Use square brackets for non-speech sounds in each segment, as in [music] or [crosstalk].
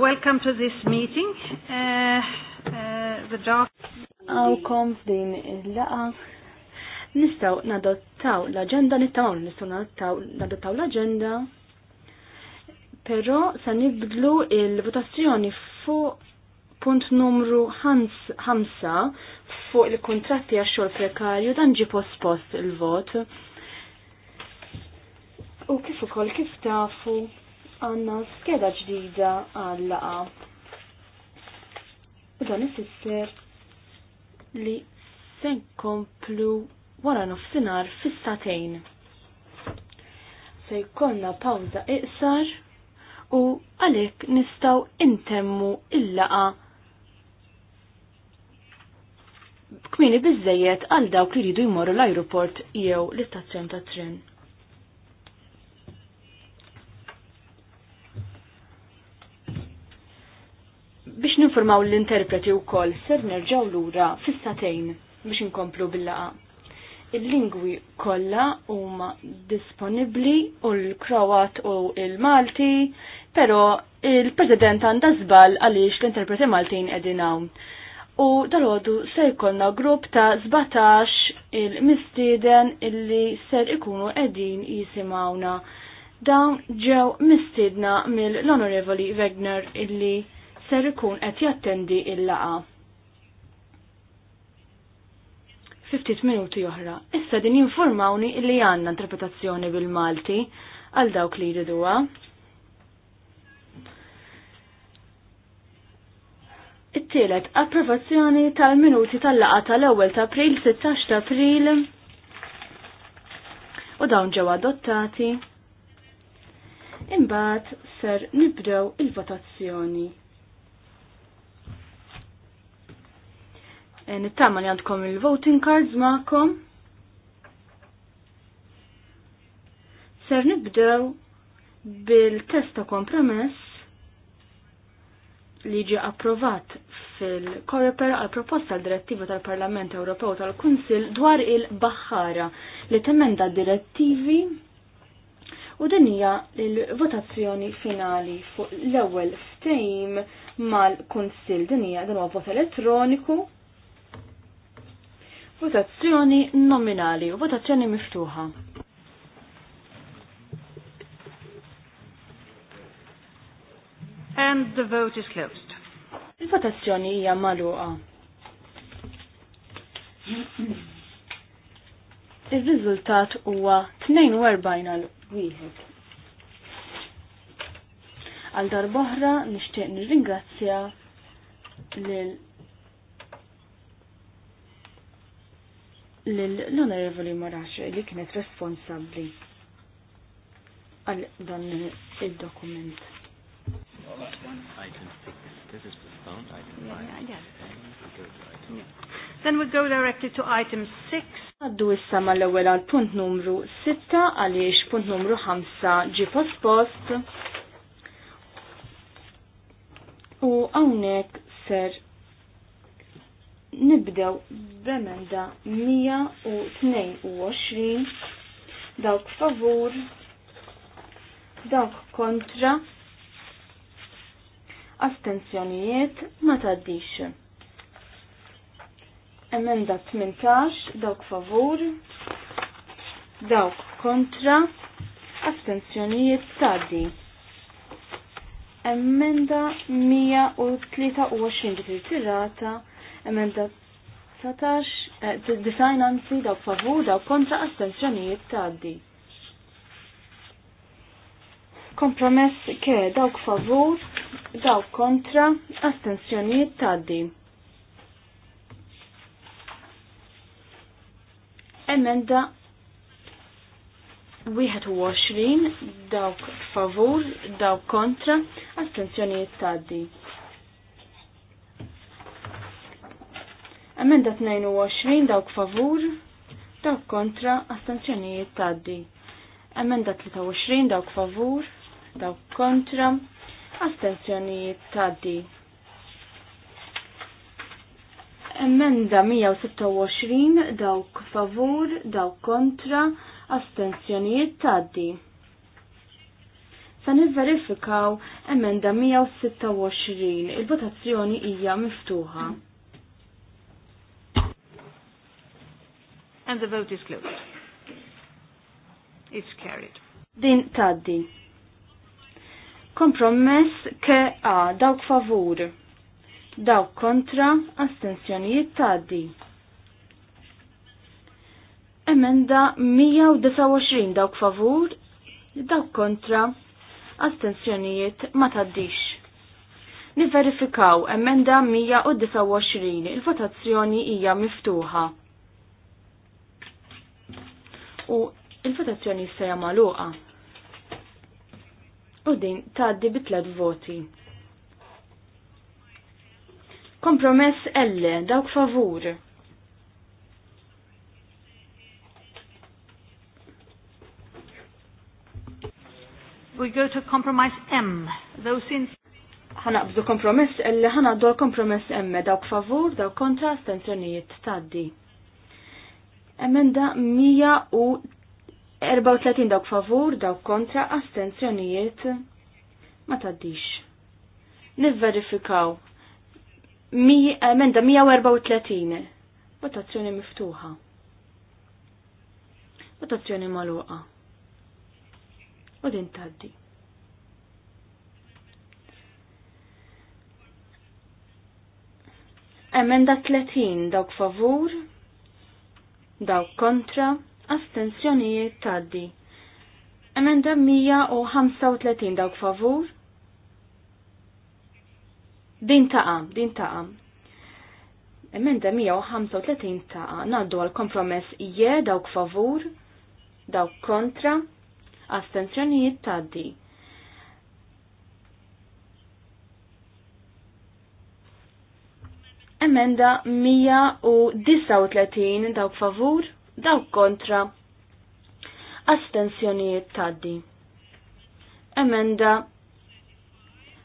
Welcome to this meeting. Uh, uh, the draft. Għawkom nadottaw l-agenda, nistaw nistaw nadottaw l-agenda. Pero sa nibdlu il-votazzjoni fuq punt numru 5 fuq il-kontratti għax-xogħol prekarju dan ġi post-post il-vot. U kif ukoll kif tafu għanna skeda ġdida għall-laqa. U dan ifisser li se nkomplu wara nofsinhar fis-satejn. Se jkollna pawża iqsar u għalhekk nistgħu intemmu il-laqa kmini bizzejiet għal dawk li jridu jmorru l-ajruport jew l-istazzjon tat-tren. biex ninformaw l-interpreti u kol, ser nerġaw lura fissatejn biex inkomplu bil-laqa. Il-lingwi kolla huma disponibli u l-Kroat u l-Malti, pero il-President għanda zbal għaliex l-interpreti Maltin edinaw. U U dalodu se jkollna grupp ta' 17 il-mistieden illi ser ikunu qegħdin jisimawna. Dawn ġew mistiedna mill-Onorevoli Wegner illi ser ikun qed jattendi il-laqa. 50 minuti oħra. Issa din jinformawni li għandna interpretazzjoni bil-Malti għal dawk li jriduha. It-tielet, approvazzjoni tal-minuti tal-laqa tal-ewwel ta' April 16 ta' April u dawn ġew adottati. Imbagħad ser nibdew il-votazzjoni. Eh, nittama li għandkom il-voting cards maħkom. Ser nibdew bil-test ta' kompromess li ġi approvat fil-Koreper għal proposta direttiva tal-Parlament Ewropew tal-Kunsil dwar il-Baħħara li temenda direttivi u din hija l-votazzjoni finali fuq l-ewwel ftehim mal-Kunsil. Din hija dan vot elettroniku. Votazzjoni nominali u votazzjoni miftuħa. And the vote is closed. Il-votazzjoni hija magħluqa. Il-riżultat huwa 42 għal wieħed. Għal darboħra nixtieq nirringrazzja lil l-Onorevoli Moraxo li kienet responsabli għal dan il-dokument. Then we go directly to item 6. Għaddu issa mal ewwel għal punt numru 6 għaliex punt numru 5 ġi post U hawnhekk ser Nibdew b'emenda 122 dawk favur, dawk kontra, astenzjonijiet ma taddix. Emenda 18 dawk favur, dawk kontra, astenzjonijiet taddi. Emenda 123 tirata Emenda 19, eh, design anzi daw favur daw kontra ta' taddi. Kompromess ke dawk favur, dawk kontra, astensjonijiet taddi. Emenda 21 dawk favur, dawk kontra, astenzjonijiet taddi. Emenda 22 dawk favur, dawk kontra, astanzjonijiet taddi. Emenda 23 dawk favur, dawk kontra, astanzjonijiet taddi. Emenda 126 dawk favur, dawk kontra, astanzjonijiet taddi. Sa nivverifikaw emenda 126, il-votazzjoni hija miftuħa. and the vote is closed. It's carried. Din taddi. Kompromess ke a dawk favur. Dawk kontra astensjonijiet taddi. Emenda 129 dawk favur, dawk kontra astensjoniet ma taddix. Niverifikaw emenda 129 il-votazzjoni hija miftuħa u il-votazzjoni jissajja maluqa. U din taddi bitlet voti. Kompromess L, dawk favur. We go to compromise M, those in ħanaqbdu kompromess, illi hana l-kompromess M. dawk favur, dawk kontra, stenzjonijiet taddi. Emenda 134 dawk favur, dawk kontra, astenzjonijiet ma taddix. Nivverifikaw. Emenda 134. Votazzjoni miftuħa. Votazzjoni maluqa. U din taddi. Emenda 30 dawk favur, daw kontra, astenzjonijiet taddi. Emenda 135 dawk favur. Din taqa, din taqa. Emenda 135 taqa, naddu għal kompromess je dawk favur, dawk kontra, astenzjonijiet taddi. Emenda 139 dawk favur, dawk kontra. Astensjonijiet taddi. Emenda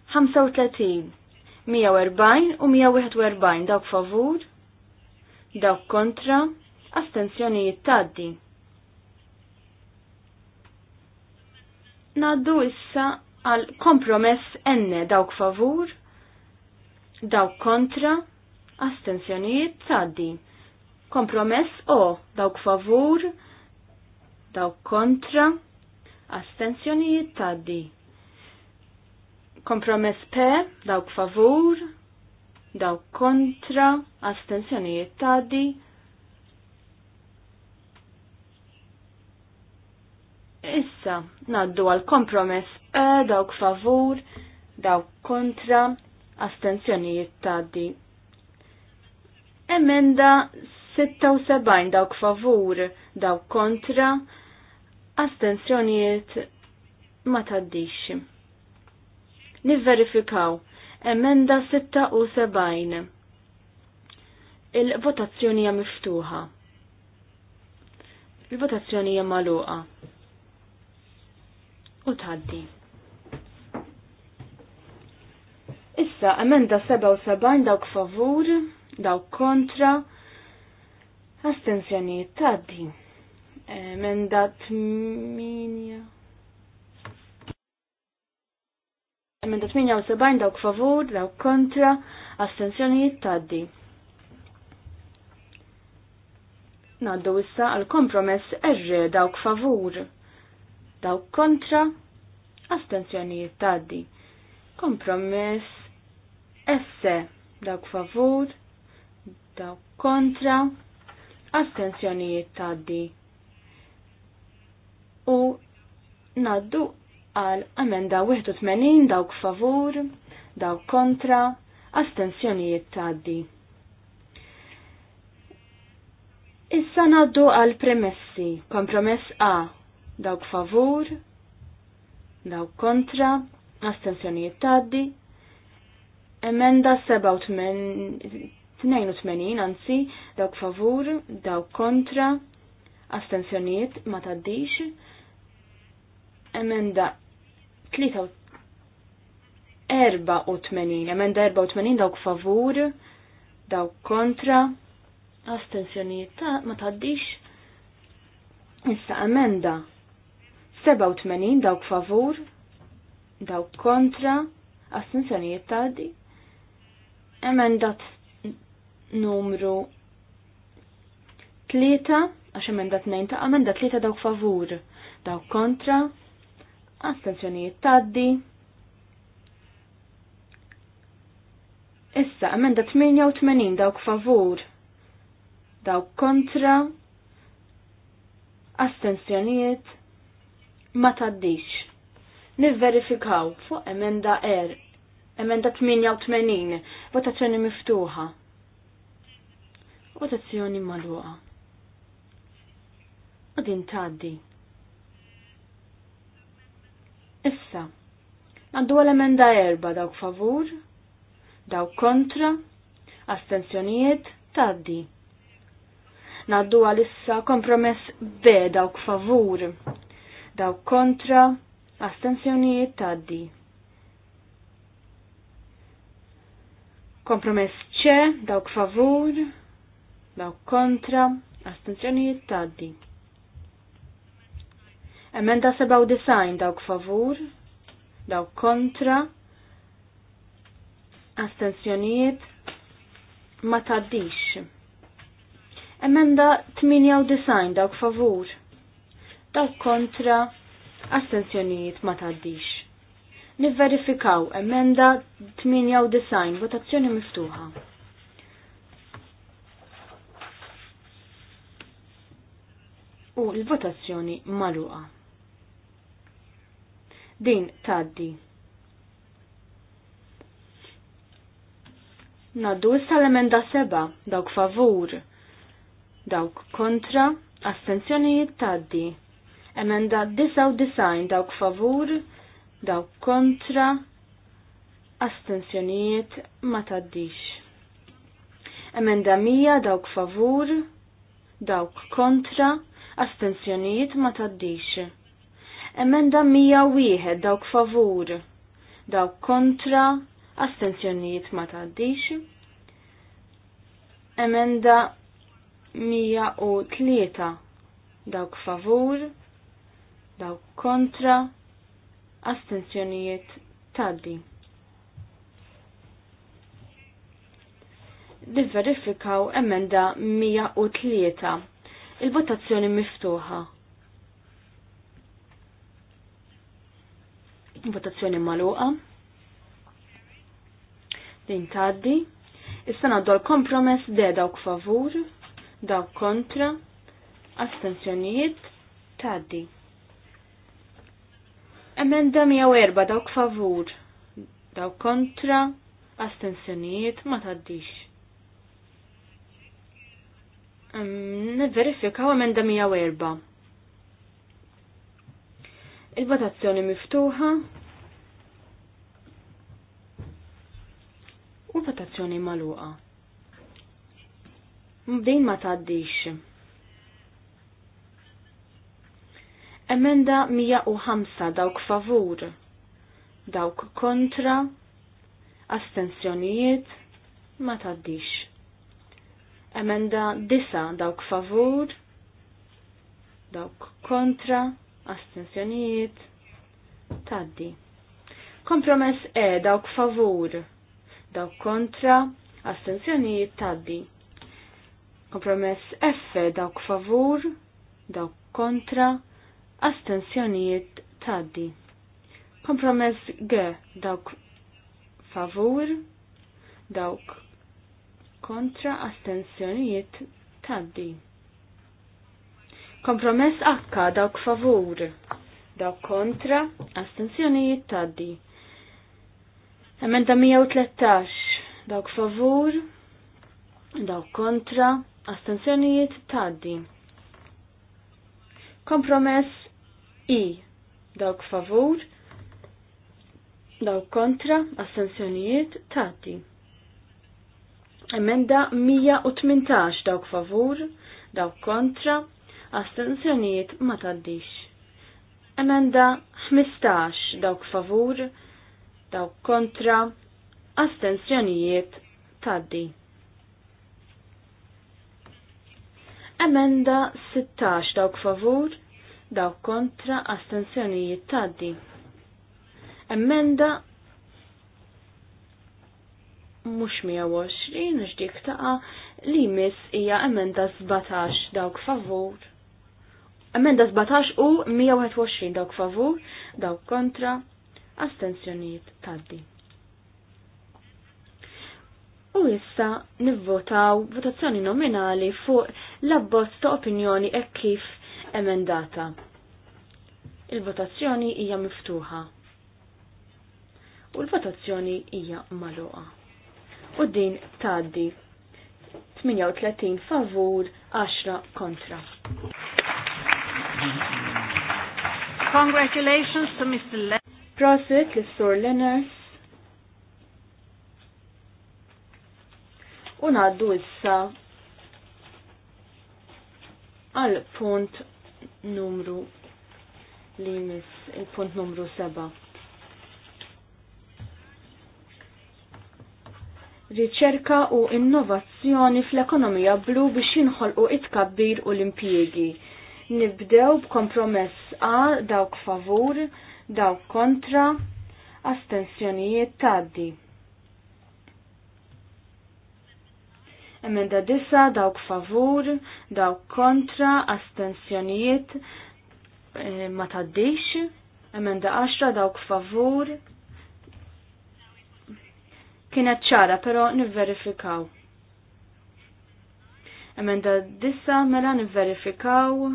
35, 140 u 141 dawk favur, dawk kontra, astensjonijiet taddi. Naddu issa għal kompromess enne dawk favur, dawk kontra, astenzjonijiet taddi. Kompromess o dawk favur, dawk kontra, astenzjonijiet taddi. Kompromess P dawk favur, dawk kontra, astenzjonijiet taddi. Issa, naddu għal kompromess e dawk favur, dawk kontra, astenzjonijiet taddi. Emenda 76 dawk favur, dawk kontra, astenzjoniet ma taddix. Nivverifikaw emenda 76. Il-votazzjoni hija miftuħa. Il-votazzjoni hija magħluqa. U tgħaddi. Issa emenda 77 dawk favur, daw kontra astensjoniet taddi. Emenda 8. Emenda 78 dawk favur, dawk kontra, astensjonijiet taddi. Naddu issa għal kompromess erre dawk favur, dawk kontra, astensjonijiet taddi. Kompromess esse dawk favur, daw kontra, astensjonijiet taddi. U naddu għal amenda 81 dawk favur, dawk kontra, astensjonijiet taddi. Issa naddu għal premessi, kompromess A, dawk favur, dawk kontra, astensjonijiet taddi, emenda 82 anzi dawk favur, dawk kontra, astensjoniet ma taddix. Emenda 84, emenda 84 dawk favur, dawk kontra, astensjoniet ta ma taddix. Issa emenda 87 dawk favur, dawk kontra, astensjoniet taddi. emenda numru 3 għax emenda 2 ta' emenda 3 dawk favur, dawk kontra, astenzjonijiet taddi. Issa emenda 88 dawk favur, dawk kontra, astenzjonijiet ma taddix. Nivverifikaw fuq emenda R, er, emenda 88, votazzjoni miftuħa votazzjoni madwaqa. U din tgħaddi. Issa, għandu l-emenda erba dawk favur, dawk kontra, astenzjonijiet tgħaddi. Naddu għal-issa kompromess B dawk favur, dawk kontra, astensjonijiet tgħaddi. kompromess C dawk favur, daw kontra astenzjonijiet taddi. Emenda 97 dawk favur, dawk kontra, astenzjonijiet ma taddix. Emenda 98 dawk favur, dawk kontra, astenzjonijiet ma taddix. Nivverifikaw emenda 98 votazzjoni miftuħa. u l-votazzjoni maluqa. Din taddi. Naddu l emenda seba, dawk favur, dawk kontra, astenzjoni taddi. Emenda 99 dawk favur, dawk kontra, astenzjonijiet ma taddix. Emenda mija dawk favur, dawk kontra, astensjonijiet ma taddix. Emenda wieħed dawk favur, dawk kontra, astensjonijiet ma taddix. Emenda tlieta dawk favur, dawk kontra, astensjonijiet taddi. Diverifikaw emenda 103 Il-votazzjoni miftuħa. Votazzjoni maluqa. Din taddi. Issa naddu l-kompromess de dawk favur, dawk kontra, astenzjonijiet, taddi. Emenda 104 dawk favur, dawk kontra, astenzjonijiet ma taddix. Nidverifikaw emenda 104. Il-votazzjoni miftuħa. U votazzjoni maluqa. Mbdejn ma taddix. Emenda 105 dawk favur, dawk kontra, astensjonijiet, ma taddix. Emenda disa dawk favur, dawk kontra, astensjonijiet, taddi. Kompromess E dawk favur, dawk kontra, astensjonijiet taddi. Kompromess F dawk favur, dawk kontra, astensjonijiet taddi. Kompromess G dawk favur, dawk kontra astensjonijiet taddi. Kompromess akka dawk favur, dawk kontra astensjonijiet taddi. Emenda 113 dawk favur, dawk kontra astensjonijiet taddi. Kompromess i dawk favur, dawk kontra astensjonijiet taddi. Emenda 118 dawk favur, dawk kontra, astensjonijiet ma taddix. Emenda 15 dawk favur, dawk kontra, astensjonijiet taddi. Emenda 16 dawk favur, dawk kontra, astensjonijiet taddi. Emenda mux 120 għax dik taqa li mis hija emenda 17 dawk favur. Emenda 17 u 121 dawk favur, dawk kontra, astensjonijiet taddi. U issa nivvotaw votazzjoni nominali fuq l-abbozz ta' opinjoni e kif emendata. Il-votazzjoni hija miftuħa. U l-votazzjoni hija magħluqa u din taddi. 38 favur, 10 kontra. Congratulations to Mr. Le Prosit li sur Lenners. Unaddu issa għal punt numru li il-punt numru 7. riċerka u innovazzjoni fl-ekonomija blu biex jinħolqu it-kabbir u l-impjiegi. Nibdew b'kompromess A dawk favur, dawk kontra, astensjonijiet taddi. Emenda disa dawk favur, dawk kontra, astensjonijiet eh, ma taddix. Emenda 10 dawk favur, kienet ċara, pero nivverifikaw. Emenda dissa mela nivverifikaw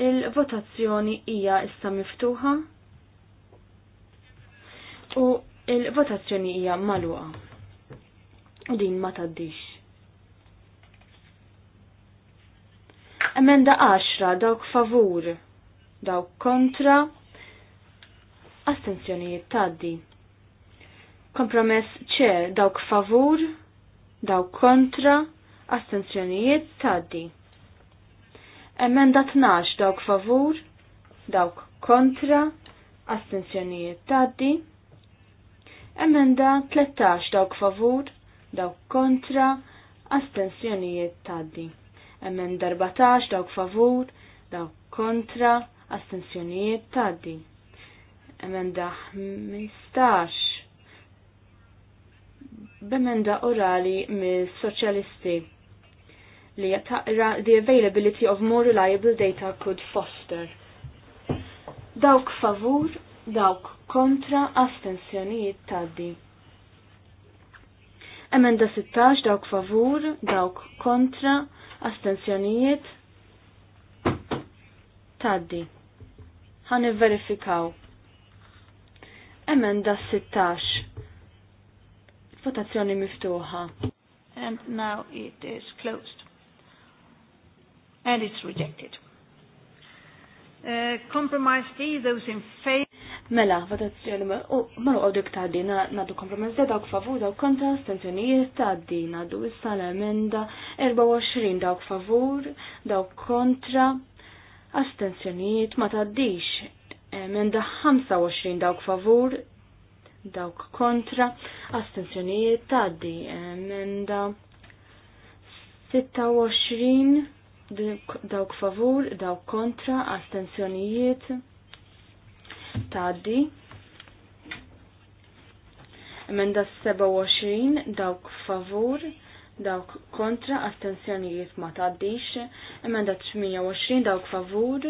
il-votazzjoni hija issa miftuħa u il-votazzjoni hija maluqa. U din ma taddix. Emenda 10 dawk favur, dawk kontra, astenzjonijiet taddi. Kompromess ċe dawk favur, dawk kontra, astenzjonijiet taddi. Emenda 12 dawk favur, dawk kontra, astenzjonijiet taddi. Emenda 13 dawk favur, dawk kontra, astenzjonijiet taddi. Emenda 14 dawk favur, dawk kontra, astenzjonijiet taddi. Emenda 15 b'emenda orali mis-soċjalisti li jataqra the availability of more reliable data could foster. Dawk favur, dawk kontra astensjonijiet taddi. Emenda 16, dawk favur, dawk kontra astensjonijiet taddi. Għan verifikaw. Emenda 16. Votazzjoni miftuħa. And now it is closed. And it's rejected. Uh, compromise D, those in favor. Mela, votazzjoni ma ruqgħu għodek ta' din nadu kompromess da dawk favur dawk kontra stenzjonijiet ta' din nadu issa l-emenda 24 dawk favur dawk kontra astenzjonijiet ma tgħaddix emenda 25 dawk favur dawk kontra, astenzjonijiet taddi, emenda 26 dawk favur, dawk kontra, astenzjonijiet taddi. Emenda 27 dawk favur, dawk kontra, astenzjonijiet ma taddix. Emenda 28 dawk favur,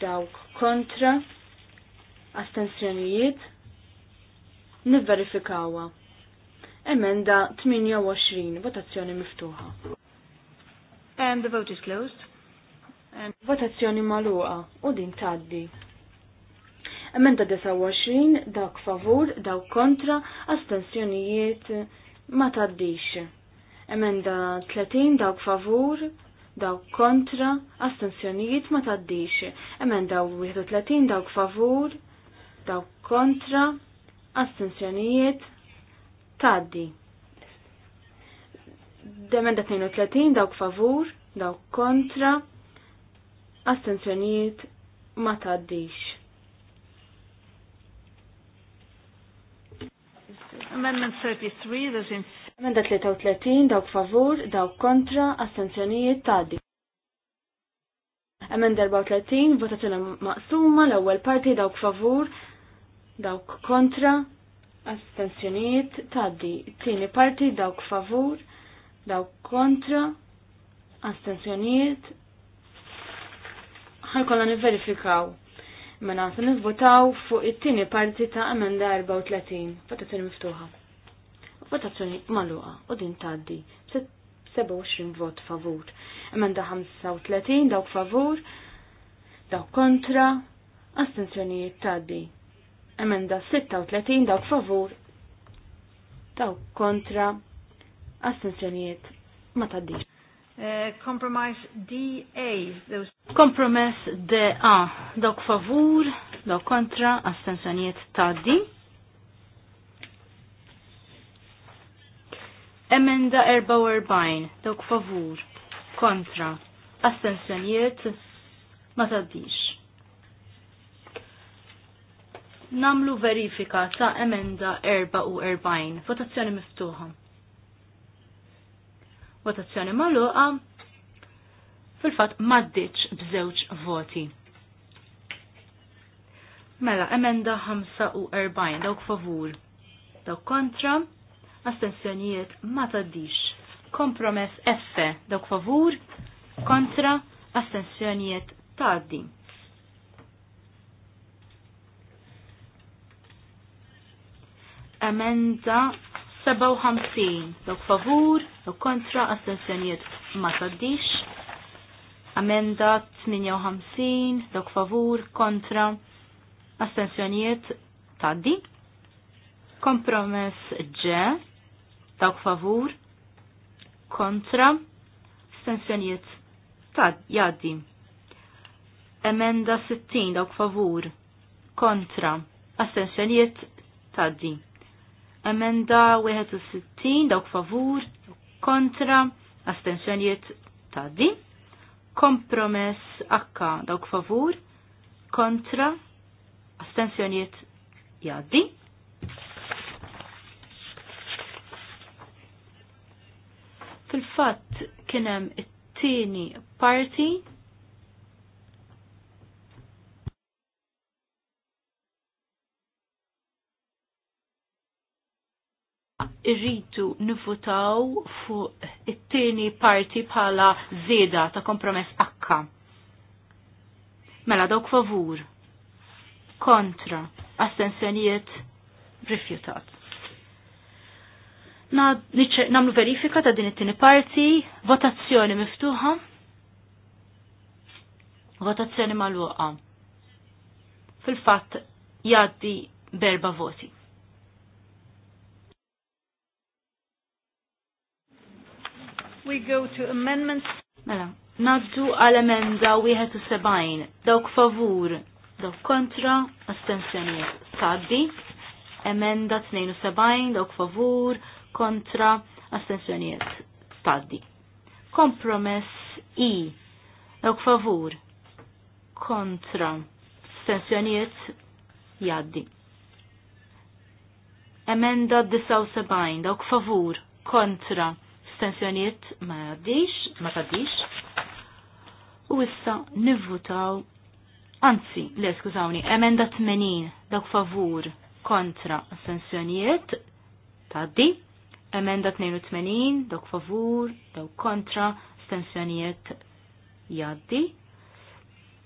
dawk kontra, astenzjonijiet nivverifikawa. Emenda 28, votazzjoni miftuħa. And the vote is closed. And... Votazzjoni maluqa u din taddi. Emenda 29, dawk favur, dawk kontra, astensjonijiet ma taddix. Emenda 30, dawk favur, dawk kontra, astensjonijiet ma taddix. Emenda 31, dawk favur, dawk kontra, astensjonijiet taddi. Demenda 32 dawk favur, dawk kontra, astensjonijiet ma taddix. Amendment 33, there's in... Amenda 33, dawk favur, dawk kontra, astensjonijiet taddi. Amenda 34, votazzjoni maqsuma, l-ewwel parti dawk favur, dawk kontra, astensjonijiet taddi. Tieni parti dawk favur, dawk kontra, astensjonijiet ħajkolla niverifikaw. Mena se nivvotaw fuq it-tieni parti ta' emenda 34, votazzjoni miftuħa. Votazzjoni maluqa, u din taddi 27 vot favur. Emenda 35 dawk favur, dawk kontra, astensjonijiet taddi. Emenda 36 dawk favur, dawk kontra, astensjonijiet ma taddix. Uh, compromise DA. Those... Kompromess DA. Dawk favur, dawk kontra, astensjonijiet taddi. Emenda 44. Dawk favur, kontra, astensjonijiet ma taddix. namlu verifika ta' emenda 44, votazzjoni miftuħa. Votazzjoni maluqa, fil-fat maddiċ bżewċ voti. Mela, emenda 45, dawk favur, dawk kontra, astensjonijiet ma taddix. Kompromess F, dawk favur, kontra, astensjonijiet taddi. Ta emenda 57, Dok favur, dok kontra, astensjoniet ma taddix. Amenda 58, Dok favur, kontra, astensjoniet taddi. Kompromess G, Dok favur, kontra, astensjoniet taddi. Emenda 60, Dok favur, kontra, astensjoniet taddi Emenda 61 dawk favur kontra astensjonijiet di, Kompromess akka dawk favur kontra astensjonijiet jaddi. Fil-fatt kienem it-tieni parti irridu nifutaw fuq it-tieni parti bħala zeda ta' kompromess akka. Mela dawk favur, kontra, astensjonijiet rifjutat. namlu verifika ta' din it-tieni parti, votazzjoni miftuħa, votazzjoni mal-waqa. Fil-fatt jaddi berba voti. we go to amendments. Mela, naddu għal emenda 71. Dawk favur, dawk kontra, astensjonijiet. Saddi, emenda 72, dawk favur, kontra, astensjonijiet. Saddi. Kompromess I. Dawk favur, kontra, astensjonijiet. Jaddi. Emenda 79, dawk favur, kontra, astensjoniet ma jaddix, ma taddix. U issa nivvutaw, anzi, le skużawni, emenda 80 dak favur kontra astensjoniet taddi. Emenda 82 dak favur, dak kontra astensjoniet jaddi.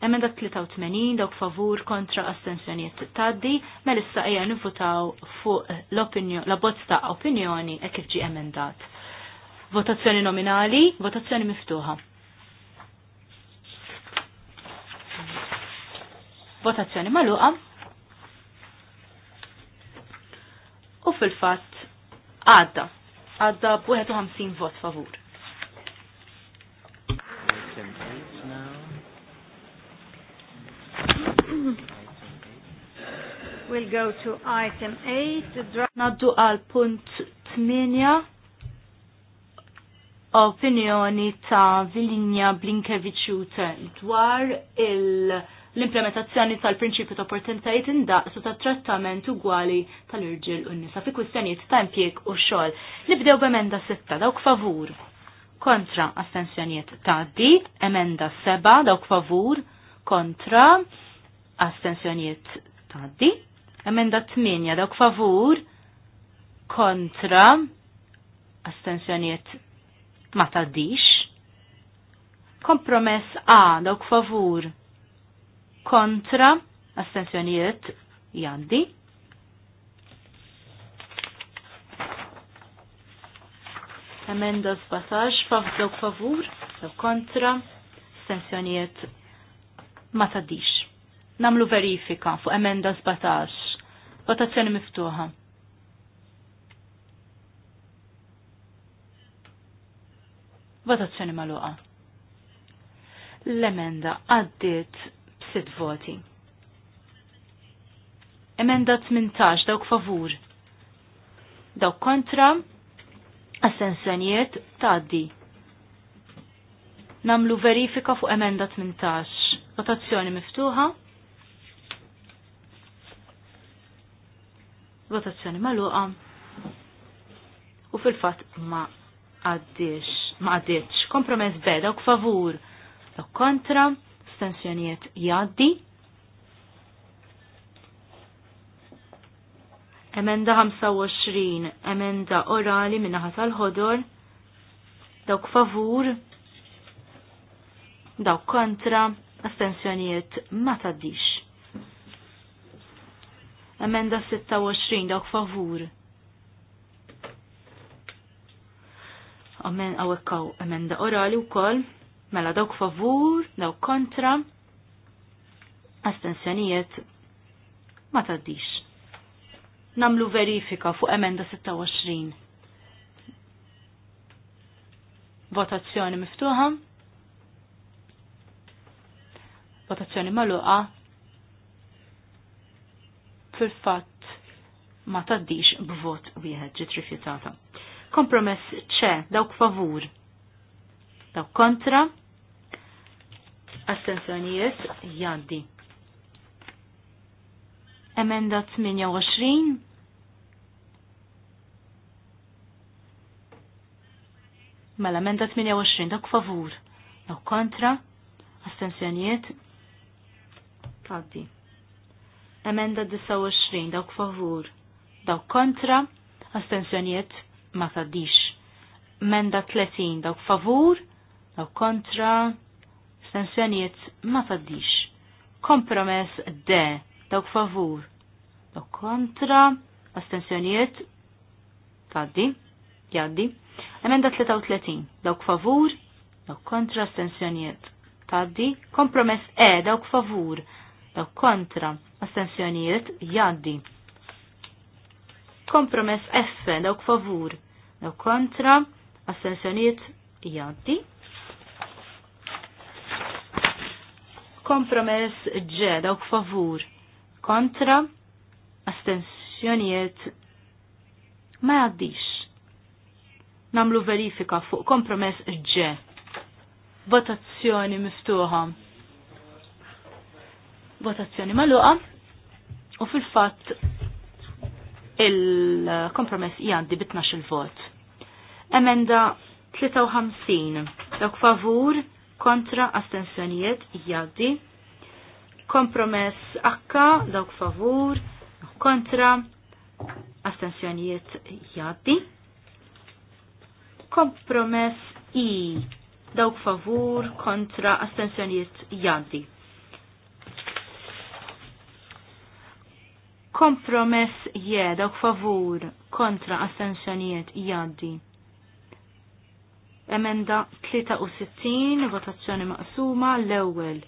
Emenda 83 dawk favur kontra astensjoniet taddi, mela issa eja nifutaw fuq l-bozz ta' opinjoni e kif ġi emendat. Votazzjoni nominali, votazzjoni miftuħa. Votazzjoni maluqa. U fil-fatt għadda. Għadda b-51 vot favur. We'll go to item 8. Naddu għal punt 8 opinjoni ta' Vilinja Blinkeviċute dwar l-implementazzjoni tal-prinċipju ta' opportunitajiet indaqsu ta' trattament ugwali tal-irġil u nisa fi kwistjonijiet ta' impjieg u xogħol. Nibdew b'emenda sitta dawk favur. Kontra astensjonijiet tgħaddi, emenda seba dawk favur, kontra astensjonijiet tgħaddi, emenda 8 dawk favur, kontra astensjonijiet ma taddix. Kompromess A dawk favur kontra astensjonijiet jaddi. Emenda 17 fav dawk favur dawk kontra astensjonijiet ma taddix. Namlu verifika fuq emenda 17. Votazzjoni miftuħa. Votazzjoni maluqa. L-emenda għaddiet b'sitt voti. Emenda 18 dawk favur. Dawk kontra. Assenzjonijiet taddi. Namlu verifika fuq emenda 18. Votazzjoni miftuħa. votazzjoni maluqa u fil-fat ma għaddiex ma għaddiċ. Kompromess beda u favur, u kontra, stensjoniet jaddi. Emenda 25, emenda orali minnaħat tal-ħodor, dawk favur, dawk kontra, astensjonijiet ma taddix. Emenda 26, dawk favur, għamen għawekkaw emenda orali u kol, mela dawk favur, dawk kontra, astensjonijiet ma taddix. Namlu verifika fuq emenda 26. Votazzjoni miftuħa. Votazzjoni maluqa. Fil-fatt ma taddix b'vot wieħed ġiet rifjutata. Kompromess ċe, dawk favur. Dawk kontra. Astenzjonijiet jaddi. Emenda 28. Mela, emenda 28, dawk favur. Dawk kontra. Astenzjonijiet għaddi. Emenda 29, dawk favur. Dawk kontra. Astenzjonijiet ma taddix. Menda tletin dawk favur, dawk kontra, stensjonijiet ma taddix. Kompromess de dawk favur, dawk kontra, astensjonijiet taddi, jaddi. Emenda 33 dawk favur, dawk kontra, astensjonijiet taddi. Kompromess E dawk favur, dawk kontra, astensjonijiet jaddi. Kompromess F, dawk favur, dawk kontra, assenzjoniet jaddi. Kompromess G, dawk favur, kontra, astensjoniet ma jaddix. Namlu verifika fuq kompromess G. Votazzjoni miftuħa. Votazzjoni maluqa u fil-fatt il-kompromess jgħaddi bitnax il-vot. Emenda 53, dawk favur kontra astensjonijiet jgħaddi. Kompromess akka dawk favur kontra astensjonijiet jgħaddi. Kompromess i dawk favur kontra astensjonijiet jgħaddi Kompromess je dawk favur kontra astensjonijiet jaddi. Emenda 63, votazzjoni maqsuma, l-ewel.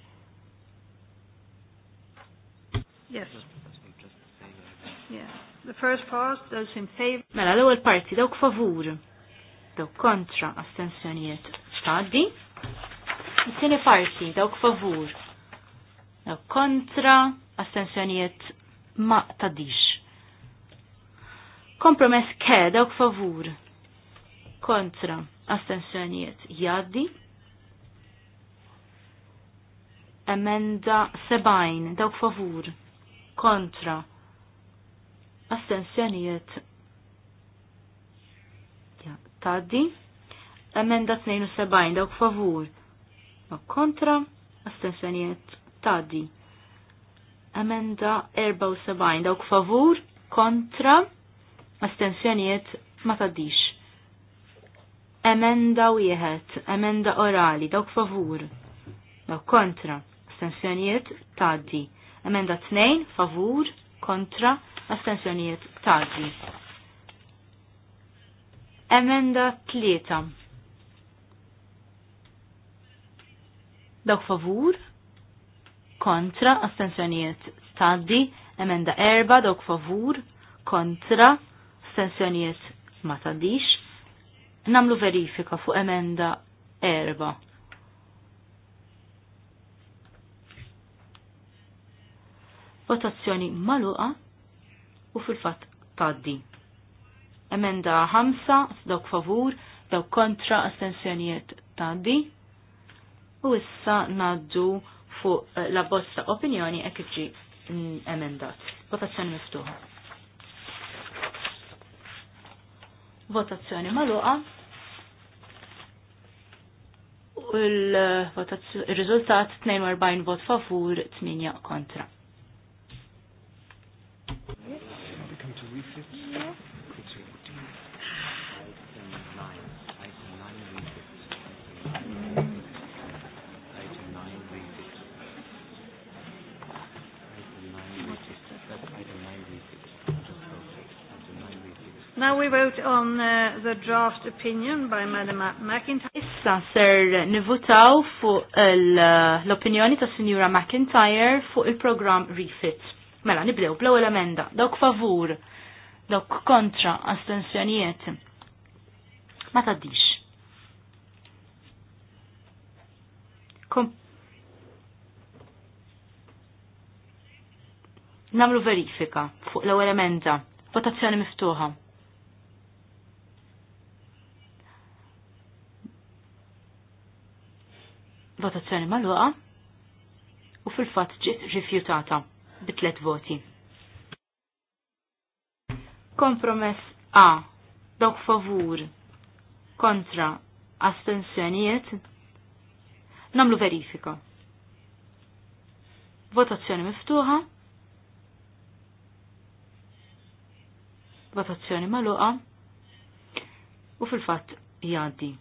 Yes. Yeah. The first part, those in favor. Mela, l-ewel parti, dawk favur. Dawk kontra astensjonijiet jaddi. il parti, dawk favur. Dawk kontra jaddi ma tadix. Kompromess ke dawk favur. Kontra astensjonijiet jaddi. Emenda sebajn dawk favur. Kontra astensjonijiet taddi. Emenda 72 dawk favur. Ma kontra astensjonijiet taddi. Amenda 74 dawk favur kontra astensjonijiet ma taddix. Emenda wieħed, emenda orali, dawk favur, dawk kontra, astensjonijiet taddi. Emenda tnejn, favur, kontra, astensjonijiet taddi. Emenda tlieta. Dawk favur, kontra astensjonijiet taddi, emenda erba dok favur kontra astensjonijiet ma taddix. Namlu verifika fuq emenda erba. Votazzjoni maluqa u fil-fat taddi. Emenda ħamsa dok favur, dok kontra astensjonijiet taddi. U issa naddu fuq eh, la bosta opinjoni e kif ġi mm, emendat. Votazzjoni miftuħa. Votazzjoni maluqa. U eh, l-riżultat 42 vot favur, 8 kontra. we vote on uh, the draft opinion by Madam McIntyre. Issa ser nivutaw fuq uh, l-opinjoni ta' Sinjura McIntyre fuq il-programm Refit. Mela, nibdew blow l-emenda. Dok favur, dok kontra astensjonijiet. Ma taddix. Kom Namlu verifika fuq l-ewwel emenda. Votazzjoni miftuħa. votazzjoni maluqa u fil-fat ġiet rifjutata bitlet voti. Kompromess A. Dok favur kontra astensjonijiet namlu verifika. Votazzjoni miftuħa. Votazzjoni maluqa u fil-fat jgħaddi.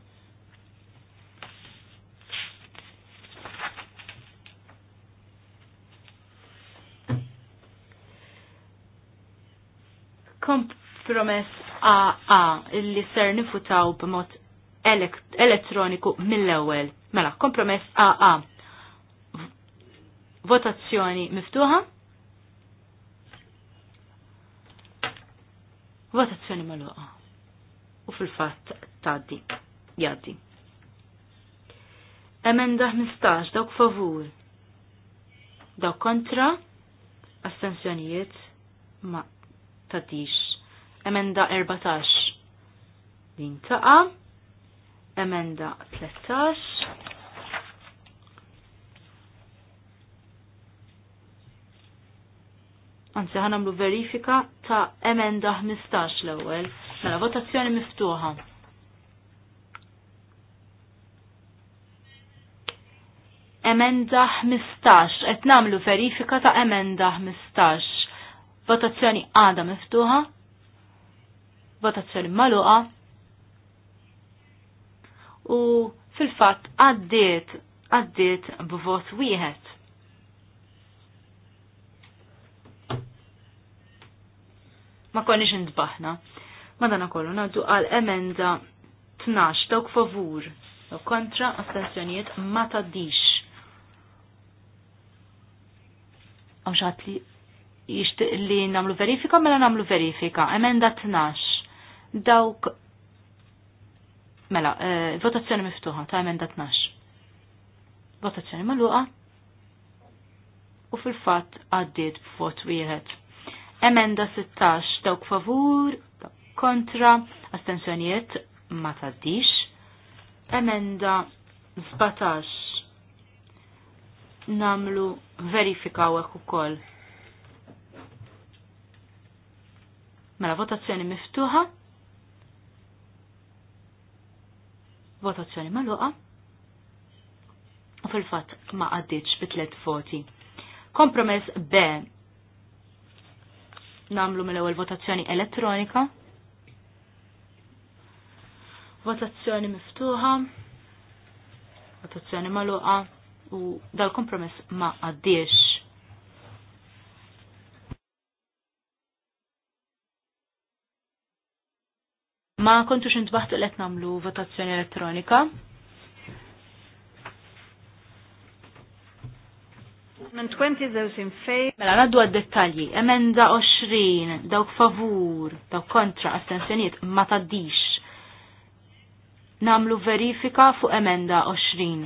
Promess AA li ser nifutaw b'mod elettroniku mill-ewwel. Mela, kompromess AA. Votazzjoni miftuħa. Votazzjoni magħluqa. U fil-fatt tgħaddi. Jaddi. Emenda 15, dawk favur. Dawk kontra, astensjonijiet ma tadix. Emenda 14. Din taqa. Emenda 13. Anzi, ħanamlu verifika ta' emenda 15 l-ewel. Mela, votazzjoni miftuħa. Emenda 15. etnamlu verifika ta' emenda 15. Votazzjoni għada miftuħa votazzjoni maluqa u fil-fatt għaddiet għaddiet b'vot wieħed. Ma konniex intbaħna. Madana kollu naddu għal emenda 12 dawk favur, u kontra astensjonijiet ma taddix. Għamxat li jishtiq li namlu verifika, mela namlu verifika. Emenda 12 dawk mela, eh, votazzjoni miftuħa ta' emenda 12. Votazzjoni maluqa u fil-fatt għaddiet b'vot wieħed. Emenda 16 dawk favur, kontra, astensjonijiet ma taddix. Emenda 17 namlu verifikawek ukoll. Mela votazzjoni miftuħa Votazzjoni maluqa. U fil-fat ma għaddiċ bitlet voti. Kompromess B. Namlu mill-ewwel votazzjoni elettronika. Votazzjoni miftuħa. Votazzjoni maluqa. U dal-kompromess ma għaddiċ. ma kontux intbaħt li qed nagħmlu votazzjoni elettronika. 20 in favor. Mela ngħaddu għad-dettalji. Emenda 20 dawk favur, dawk kontra astensjonijiet ma taddix. Namlu verifika fuq emenda 20.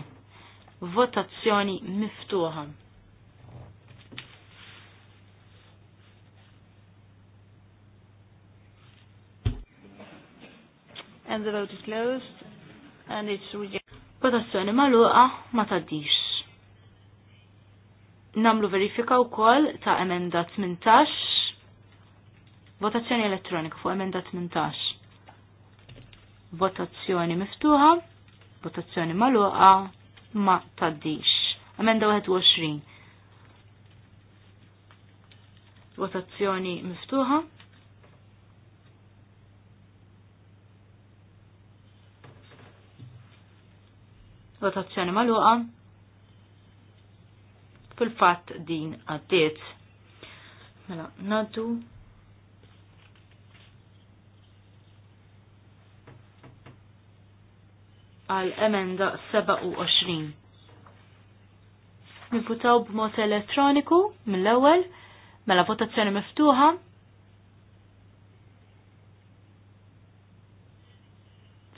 Votazzjoni miftuħa. And the vote is closed. And it's rejected. Votazzjoni maluqa ma taddix. Namlu verifika u kol ta' emenda 18. Votazzjoni elettronika fuq emenda 18. Votazzjoni miftuħa. Votazzjoni maluqa ma taddix. Emenda 21. Votazzjoni miftuħa. Votazzjoni maluqa. Fil-fatt din għaddiet. Mela, naddu għal emenda 27. Nifutaw b'mod elettroniku mill-ewwel mela votazzjoni miftuħa.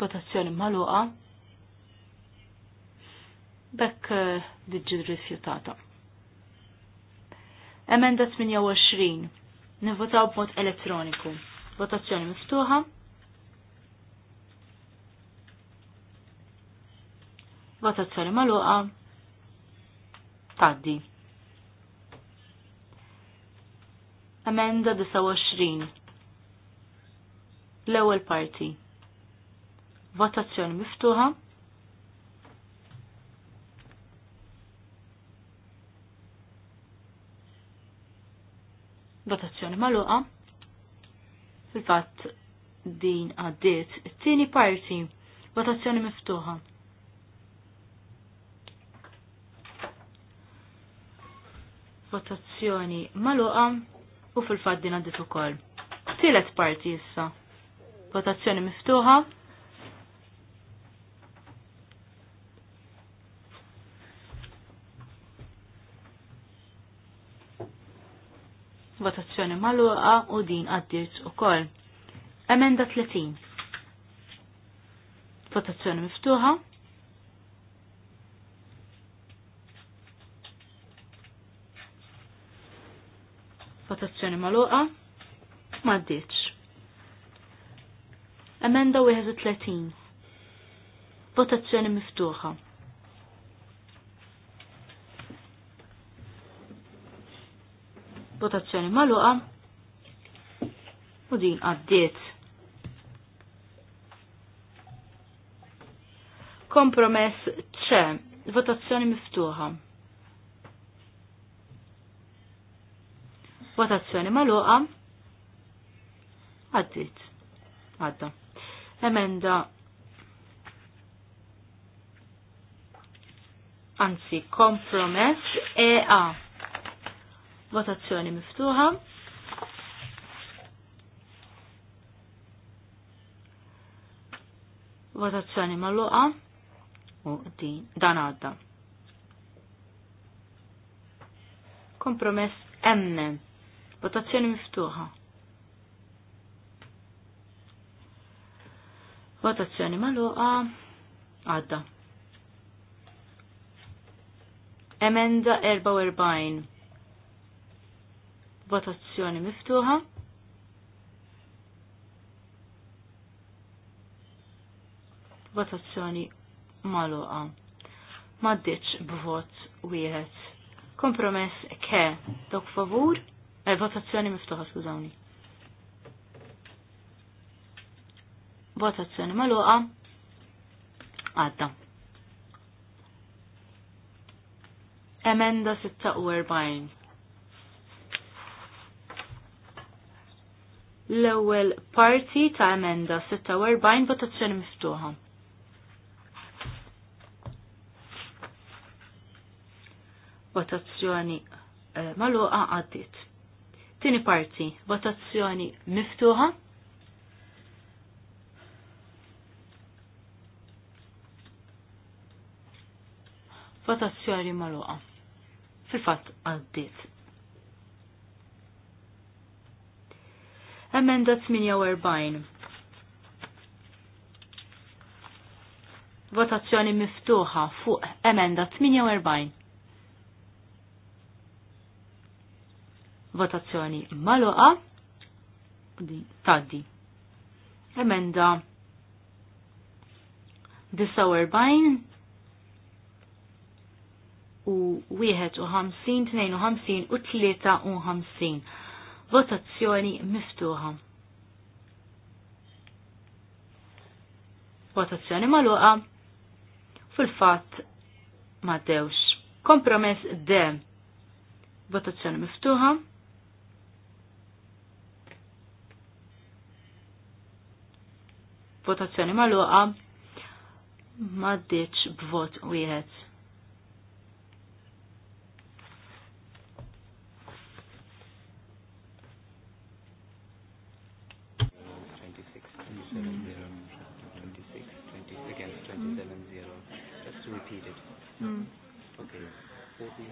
Votazzjoni magħluqa bekk eh, diġi rifjutata. Emenda 28. Nivvotaw b'mod elettroniku. Votazzjoni miftuħa. Votazzjoni maluqa. Taddi. Emenda 29. L-ewwel parti. Votazzjoni miftuħa. Votazzjoni maluqa. Fil-fatt din għaddiet. It-tieni parti. Votazzjoni miftuħa. Votazzjoni maluqa u fil-fatt din għaddiet ukoll. Tilet parti issa. Votazzjoni miftuħa. votazzjoni maluqa u din u ukoll. Emenda 30. Votazzjoni miftuħa. votazzjoni maluqa ma Emenda 31. Votazzjoni miftuħa. votazzjoni maluqa u din għaddiet. Kompromess ċe, votazzjoni miftuħa. Votazzjoni maluqa għaddiet. Għadda. Emenda anzi kompromess EA Votazzjoni miftuħa. Votazzjoni magħluqa. U din dan għadda. Kompromess emmen. Votazzjoni miftuħa. Votazzjoni magħluqa. Għadda. Emenda 44. Votazzjoni miftuħa. Votazzjoni maluqa. Maddiċ b'vot wieħed. Kompromess ke dok favur. Eh, votazzjoni miftuħa, skużawni. Votazzjoni maluqa. Għadda. Emenda 46. l-ewwel parti ta' emenda 46 votazzjoni miftuħa. Votazzjoni eh, maluqa għaddit. Tini parti, votazzjoni miftuħa. Votazzjoni maluqa. Fil-fatt għaddit. Emenda 48. Votazzjoni miftuħa fuq emenda 48. Votazzjoni maluqa. Taddi. Emenda 49 u 51, 52 u 53 votazzjoni miftuħa. Votazzjoni maluqa fil-fatt ma dewx. Kompromess D. Votazzjoni miftuħa. Votazzjoni maluqa ma ddiċ b'vot wieħed.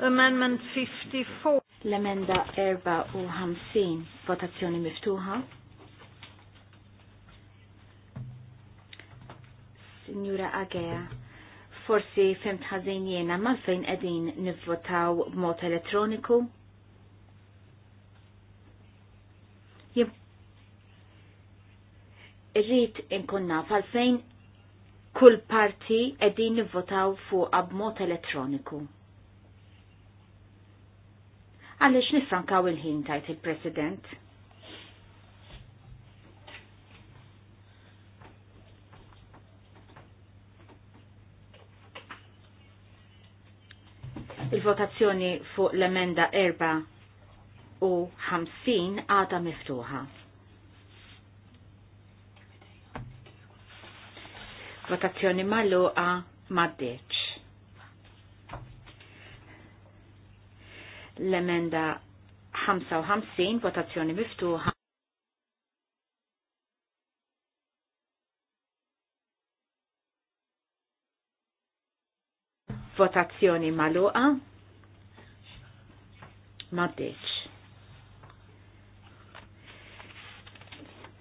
Amendment 54. L-emenda 54, votazzjoni miftuħa. Signora Agea, forsi femt ħażin jena ma fejn qegħdin nivvotaw b'mod elettroniku? Irrid inkun naf għalfejn kull parti qegħdin nivvotaw fuq mod elettroniku għaliex nifrankaw il-ħin tajt il-President. Il-votazzjoni fuq l-emenda 4 u 50 għada miftuħa. votazzjoni malluqa maddeċ. l-emenda 55, votazzjoni miftuħa. Votazzjoni maluqa. Maddeċ.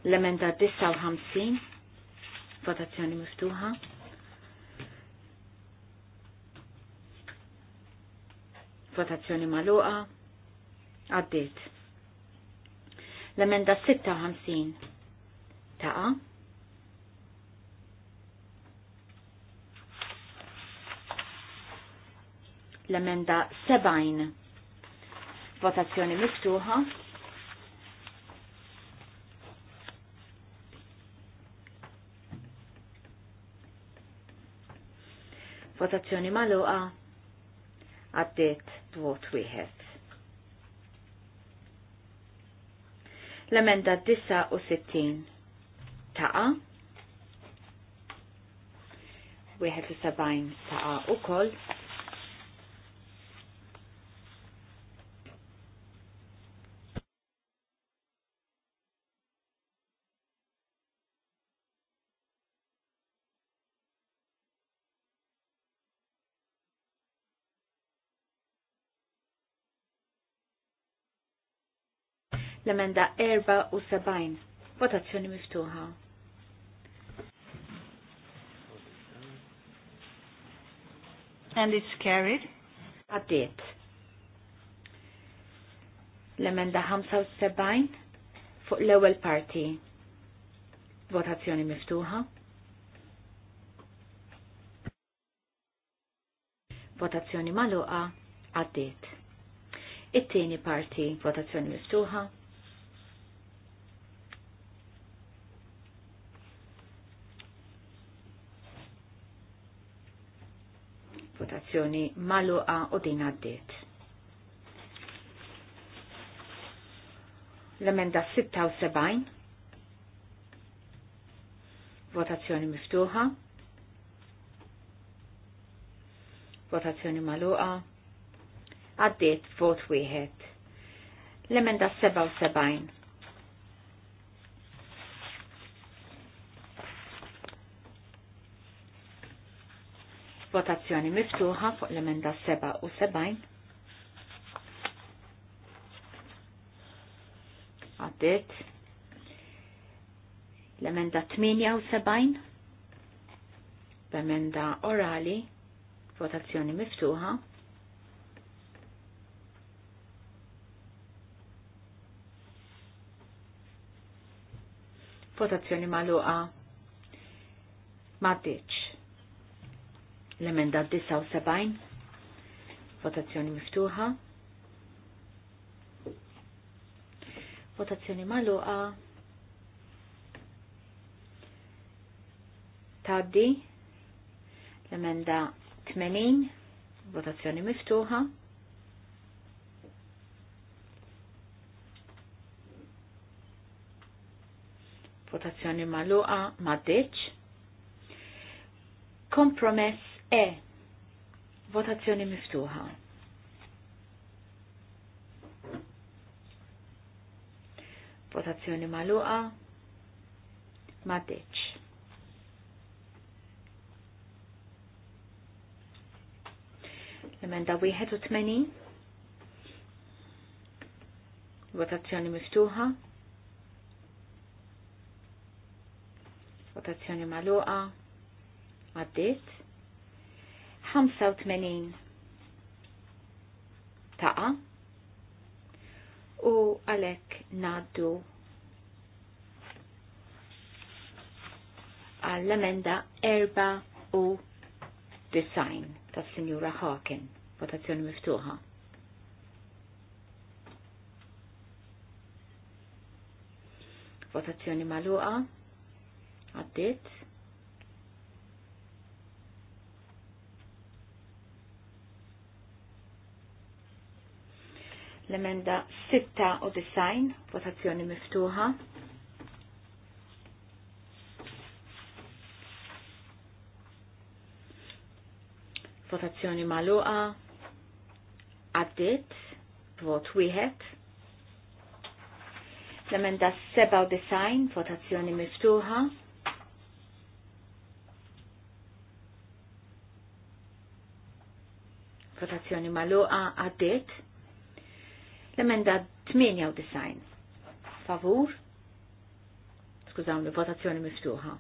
L-emenda 59, votazzjoni miftuħa. Votazzjoni maluqa. Għaddit. L-emenda 56. Taqa. L-emenda 70. Votazzjoni miftuħa. votazzjoni maluqa għaddiet b'vot wieħed. L-emenda 69 taqa. Wieħed u sebgħin taqa ukoll. l-emenda 74. Votazzjoni miftuħa. And it's carried. Għaddiet. L-emenda 75 fuq l-ewwel parti. Votazzjoni miftuħa. Votazzjoni maluqa. Għaddiet. It-tieni parti. Votazzjoni miftuħa. votazzjoni maluqa u din għaddiet. L-emenda 76, votazzjoni miftuħa, votazzjoni maluqa, għaddiet vot wieħed. L-emenda 77, Votazzjoni miftuħa fuq l-emenda 77. Għaddit. L-emenda 78. L-emenda orali. Votazzjoni miftuħa. votazzjoni maluqa ma L-emenda 79. Votazzjoni miftuħa. Votazzjoni maluqa. Taddi. L-emenda 80. Votazzjoni miftuħa. votazzjoni maluqa maddeċ. Kompromess E. Votazzjoni miftuħa. Votazzjoni maluqa. Ma deċ. Emenda 81. Votazzjoni miftuħa. Votazzjoni maluqa. Għaddit. 85 taqa u għalek naddu għall-emenda 4 u design ta' Signora Hawken, votazzjoni miftuħa. Votazzjoni maluqa, għaddit, l-emenda 96, votazzjoni miftuħa. Votazzjoni maluqa, għaddit, vot wieħed. L-emenda 97, votazzjoni miftuħa. Votazzjoni maluqa, għaddit, L-emenda 98. Favur. Skużawni, votazzjoni miftuħa.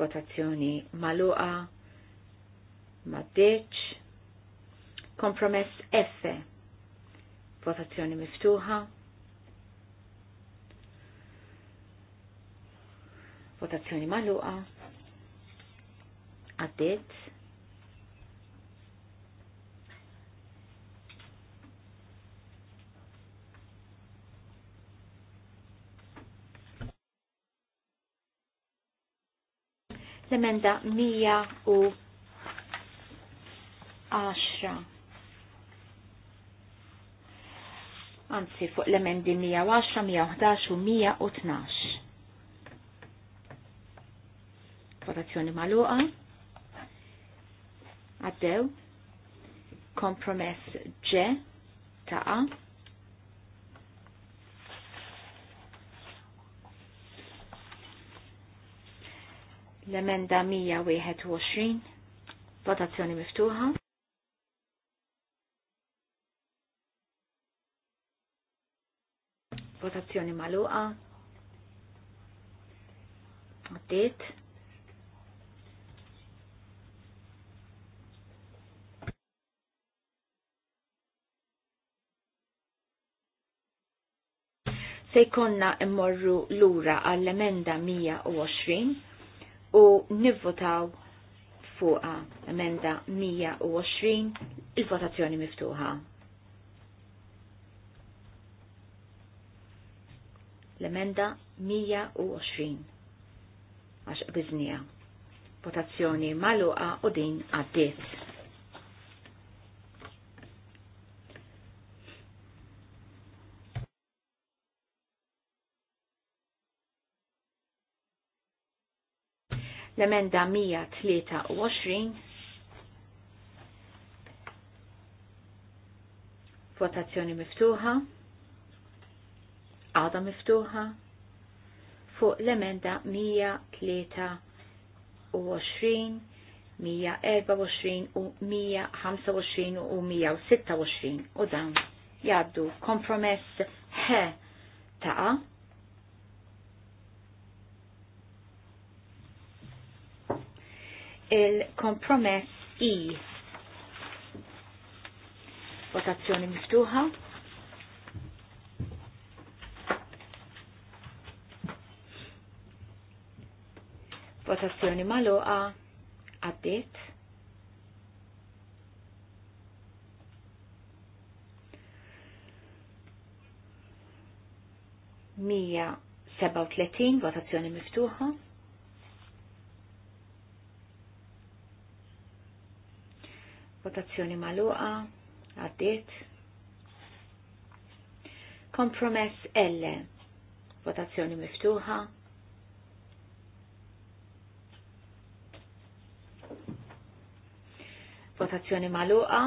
Votazzjoni maluqa. Maddeċ. Kompromess F. Votazzjoni miftuħa. votazzjoni maluqa, għaddit, l-emenda 110. Anzi, fuq l-emendi 110, 111 u 112. Votazzjoni maluqa. Għaddew. Kompromess ġe ta' l-emenda 121, votazzjoni miftuħa. Votazzjoni maluqa. Għaddit. Se jkonna l lura għall-emenda 120 u nivvotaw fuqa emenda 120 il-votazzjoni miftuħa. L-emenda 120 għax biznija. Votazzjoni maluqa u din għaddiet. L-emenda 123 votazzjoni miftuħa, għada miftuħa, fuq l-emenda 123, 124 u 125 u 126 u dan jaddu kompromess he ta' il-kompromess I. Votazzjoni miftuħa. Votazzjoni maluqa għaddit. Mija 37 votazzjoni miftuħa. votazzjoni maluqa, għaddit. Kompromess L, votazzjoni miftuħa. Votazzjoni maluqa,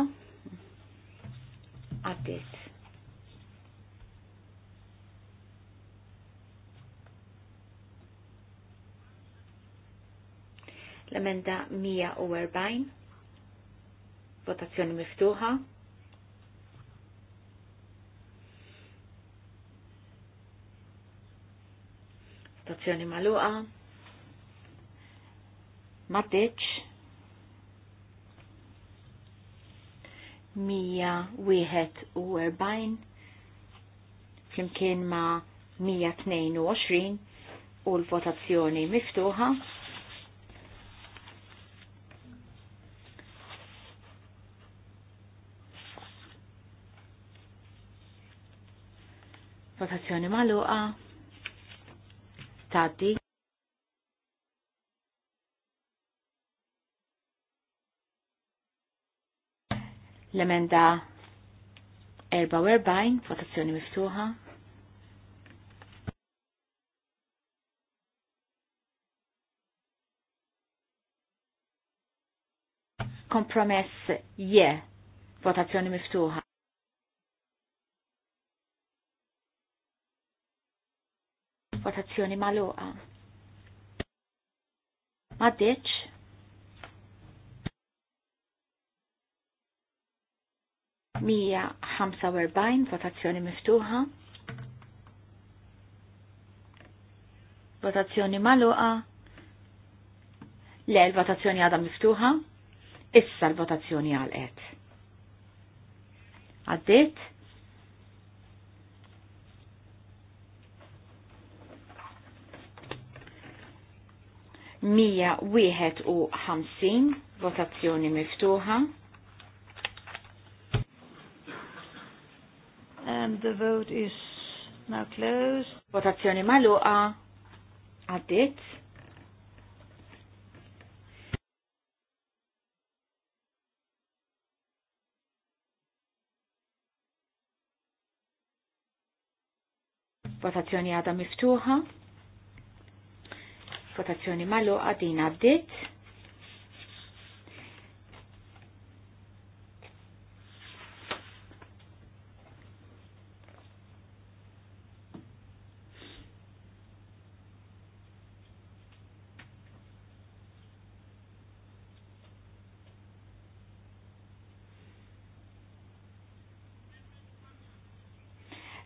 għaddit. L-emenda 140. Votazzjoni miftuħa. Votazzjoni maluqa. Matteċ. Mija wieħed u erbajn flimkien ma' 122 u l-votazzjoni miftuħa. Votazzjoni maluqa. tati. L-emenda 44, votazzjoni miftuħa. Kompromess je, yeah. votazzjoni miftuħa. Votazzjoni maluqa. Maddiċ. Mija ħamsa werbajn, votazzjoni miftuħa. Votazzjoni maluqa. Le, l-votazzjoni għada miftuħa. Issa l-votazzjoni għal-et. Għaddit. 151 votazzjoni miftuħa. And the vote is now closed. Votazzjoni maluqa għaddit. Votazzjoni għada miftuħa votazzjoni maluqa għadin għaddit.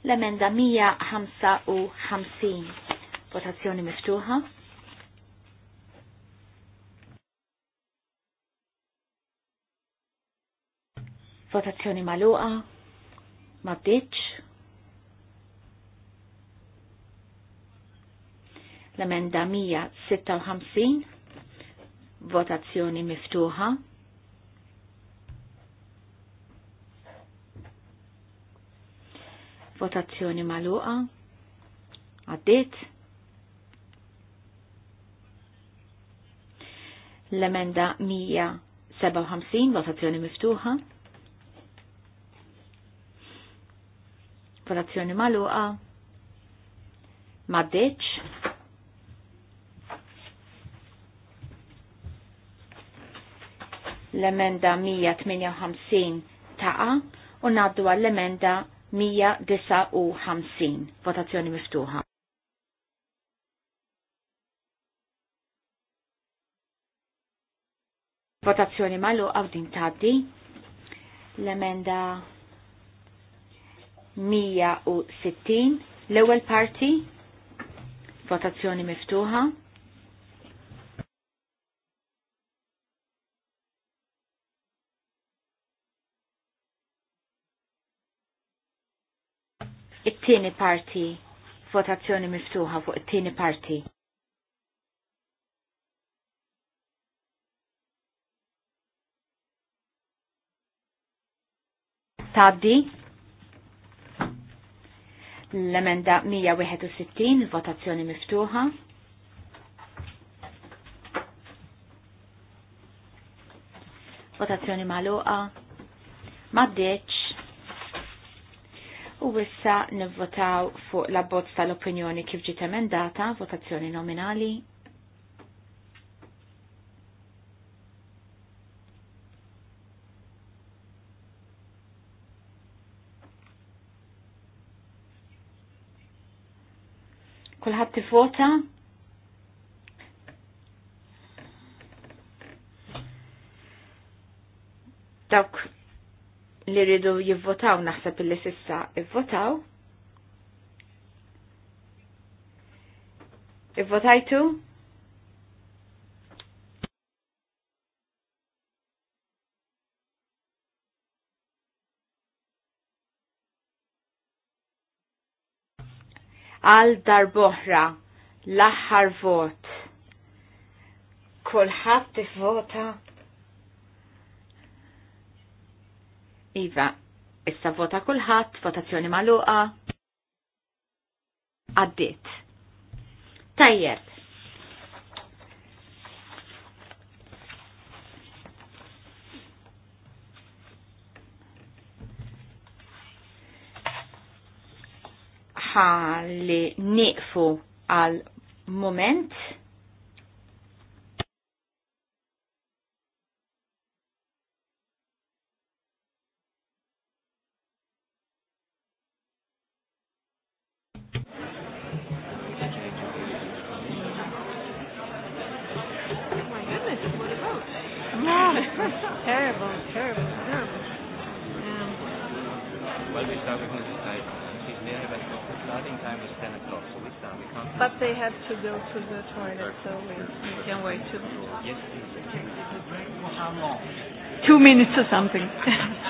l-emenda 155 votazzjoni miftuħa. Votazzjoni maluqa. Ma bdiċ. L-emenda 156. Votazzjoni miftuħa. Votazzjoni maluqa. Għaddit. L-emenda 157, votazzjoni miftuħa. Votazzjoni maluqa. Maddeċ. L-emenda 158 taqa u naddu għall-emenda 159. Votazzjoni miftuħa. Votazzjoni malu għaw din taddi. L-emenda 160 l-ewwel parti votazzjoni miftuħa it-tieni parti votazzjoni miftuħa fuq it-tieni parti Tabdi? L-emenda 161, votazzjoni miftuħa. Votazzjoni maluqa. Maddeċ. U issa nivvotaw fuq la bozza tal-opinjoni kif ġiet emendata, votazzjoni nominali. tifota. Dawk li rridu jivvotaw naħseb illi sissa ivvotaw. Jivvotajtu? għal darboħra l-aħħar vot. Kolħat vota Iva, issa vota kulħadd, votazzjoni maluqa. Għaddit. Tajjeb, ħalli nieqfu għal moment. Oh [laughs] terrible, terrible, terrible. Um, well, we start with Mrs. Tyson starting time is 10 o'clock, so we start. We can't. But they have to go to the toilet, so we, we can wait too. Yes, please. Two minutes or something. [laughs]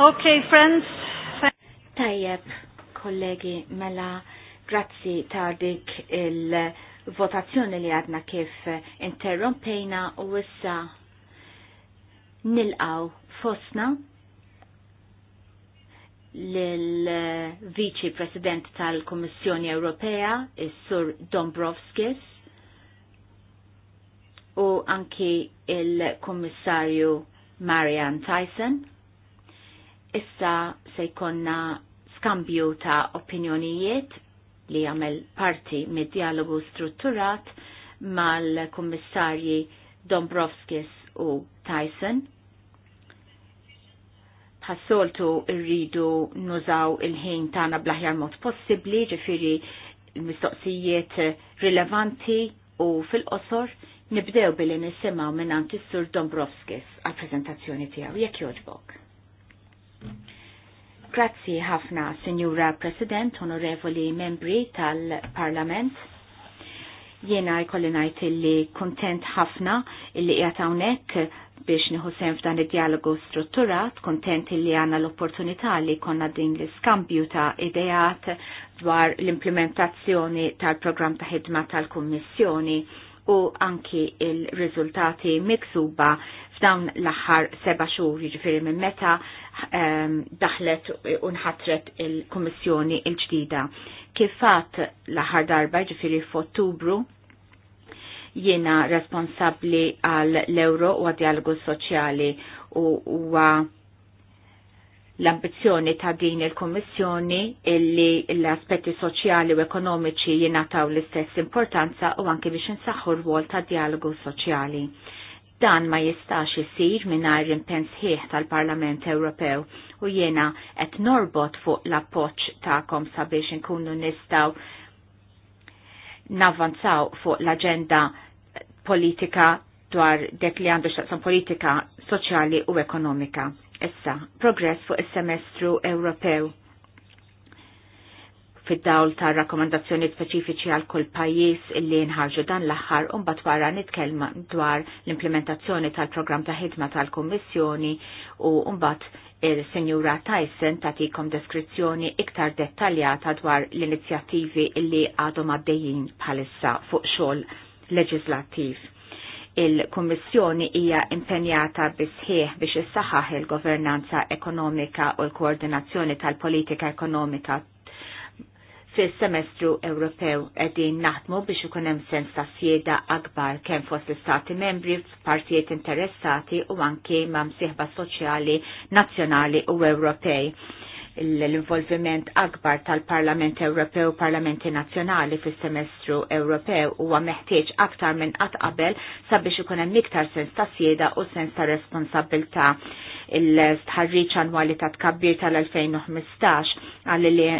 Okay, friends. Tajjeb, kollegi, mela, grazzi ta' dik il-votazzjoni li għadna kif interrompejna u issa nilqaw fosna l-Viċi President tal-Kommissjoni Ewropea, is-Sur Dombrovskis, u anki il-Kommissarju Marian Tyson Issa se jkonna skambju ta' opinjonijiet li jagħmel parti mid-dialogu strutturat mal kummissarji Dombrovskis u Tyson. Ħassoltu rridu nużaw il-ħin tagħna bl-aħjar mod possibbli, ġifieri l-mistoqsijiet rilevanti u fil-qosor nibdew billi nisimgħu minn is-Sur Dombrovskis għal-preżentazzjoni tiegħu jekk jogħġbok. Grazzi ħafna, Signora President, onorevoli membri tal-Parlament. Jena jkolli najt illi kontent ħafna illi qiegħed hawnhekk biex nħusem f'dan id-dialogu strutturat, kontent illi għanna l-opportunità li konna din l-iskambju ta' idejat dwar l-implementazzjoni tal-programm ta' ħidma tal-Kummissjoni u anki il-riżultati miksuba f'dawn l-aħħar seba' xhur, jiġifieri minn meta ehm, daħlet daħlet unħatret il-Kummissjoni l-ġdida. Kif fatt l-aħħar darba, jiġifieri f'Ottubru, jiena responsabbli għal l-euro u għad-dialogu soċjali u huwa l-ambizjoni ta' din il-Kommissjoni illi l-aspetti soċjali u ekonomiċi taw l-istess importanza u anke biex insaħħu r-wol ta' dialogu soċjali. Dan ma jistax isir mingħajr impens tal-Parlament Ewropew u jiena qed norbot fuq l-appoġġ kom sabiex nkunu nistgħu navvanzaw fuq l-aġenda politika dwar dek li għandu xaqsan politika soċjali u ekonomika. Issa, progress fuq is-semestru Ewropew fid-dawl ta' rakkomandazzjoni speċifiċi għal kull pajjiż illi nħarġu dan l-aħħar u mbagħad wara nitkellma dwar l-implementazzjoni tal-programm ta' ħidma tal-Kummissjoni u mbagħad il senjura Tyson tagħtikom deskrizzjoni iktar dettaljata dwar l-inizjattivi illi għadhom għaddejjin bħalissa fuq xogħol leġislattiv. Il-Kummissjoni hija impenjata bisħieħ biex issaħħaħ il-governanza ekonomika u l-koordinazzjoni tal-politika ekonomika fis semestru Ewropew edin naħdmu biex ikun hemm sens ta' sjeda akbar kemm fost l-istati membri, partijiet interessati u anke ma' msieħba soċjali nazzjonali u Ewropej l-involviment akbar tal-Parlament Ewropew u Parlamenti Nazzjonali fis semestru Ewropew huwa meħtieġ aktar minn qatt qabel sabiex ikun hemm iktar sens ta' sjeda u sens ta' responsabilta' il-stħarriċ annwali ta' tkabbir tal-2015 għalli li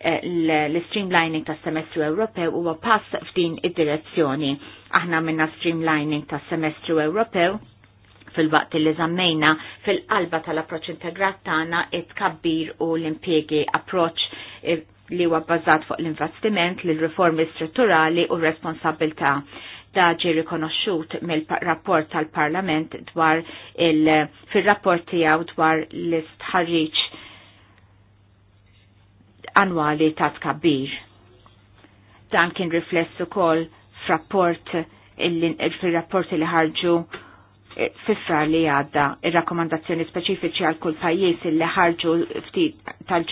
Eh, l-streamlining tas semestru Ewropew huwa pass f'din id-direzzjoni. Aħna minna streamlining tas semestru Ewropew fil-waqt li zammejna fil-qalba tal-approċ integrat tagħna it-kabbir u l-impjegi approċ eh, li huwa bbażat fuq l-investiment, l-riformi strutturali u responsabilta da ġi rikonoxxut mill-rapport tal-Parlament dwar il fil-rapport tiegħu dwar l-istħarriġ annwali ta' tkabbir. Dan kien riflessu kol frapport il-rapport li ħarġu eh, fifra li għadda il-rakkomandazzjoni speċifiċi għal kull pajjiż li ħarġu ftit tal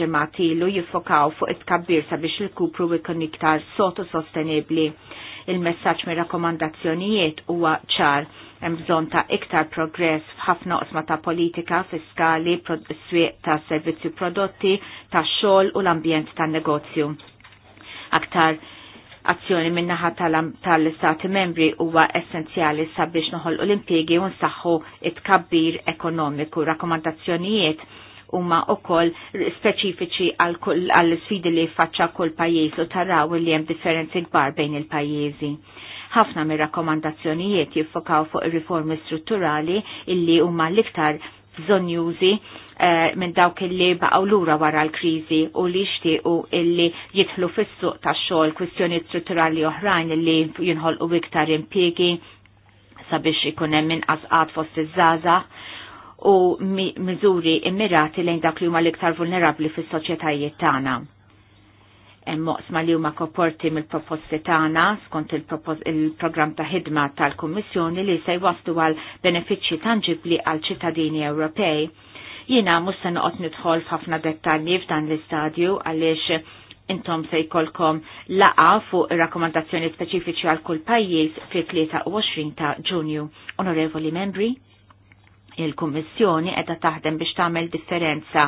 lu jiffokaw fuq it-kabbir sabiex il-kupru ikun iktar sotu sostenibli Il-messaġġ mir rakkomandazzjonijiet huwa ċar hemm bżonn ta' iktar progress f'ħafna qosma ta' politika fiskali, swieq ta' servizzi prodotti, ta' xogħol u l-ambjent tan-negozju. Aktar azzjoni minnaħa tal-istati membri huwa essenzjali sabiex noħolqu l-impjegi u nsaħħu it-kabbir ekonomiku. Rakkomandazzjonijiet huma wkoll speċifiċi għall sfidi li jfaċċa kull pajjiż u taraw li hemm differenzi kbar bejn il-pajjiżi. Ħafna mir-rakkomandazzjonijiet jiffokaw fuq ir-riformi strutturali illi huma l-iktar bżonjużi eh, minn dawk illi baqgħu lura wara l-kriżi u li jixtiequ illi jidħlu fis-suq tax-xogħol kwistjoni strutturali oħrajn illi jinħolqu iktar impjiegi sabiex ikun hemm inqas qad fost iż-żgħażagħ u miżuri immirati lejn dak li huma l-iktar vulnerabbli fis-soċjetajiet tagħna. Hemm moqsma li huma kopporti mill-proposti tagħna skont il-programm ta' ħidma tal-Kummissjoni li se jwaslu għal benefiċċji tanġibli għal ċittadini Ewropej. Jiena mhux se noqgħod nidħol f'ħafna dettalji f'dan l-istadju għaliex intom se jkollkom laqa fuq rakkomandazzjoni speċifiċi għal kull pajjiż fi 23 ta' Ġunju. Onorevoli membri, Il-Kummissjoni qiegħda taħdem biex tagħmel differenza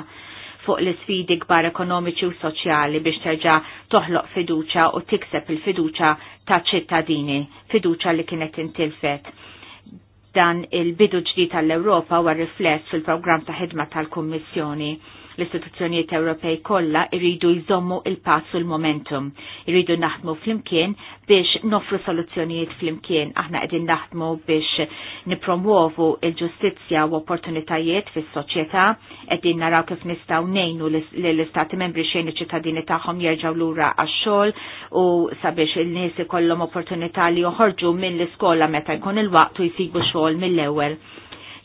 fuq l-sfidi kbar ekonomiċi u soċjali biex terġa toħloq fiduċa u tikseb il-fiduċa ta' ċittadini, fiduċa li kienet intilfet. Dan il-bidu ġdid tal-Ewropa war rifless fil-programm ta' ħidma tal-Kummissjoni L-istituzzjonijiet Ewropej kollha jridu jżommu il-pass u l-momentum. Jridu naħdmu flimkien biex nofru soluzzjonijiet flimkien. Aħna qegħdin naħdmu biex nipromuovu il-ġustizzja u opportunitajiet fis-soċjetà, qegħdin naraw kif nistgħu ngħinu lill-istati membri xejn iċ-ċittadini tagħhom jerġgħu lura għax-xogħol u sabiex il-nies ikollhom opportunità li joħorġu mill-iskola meta jkun il-waqt u jsibu xogħol mill-ewwel.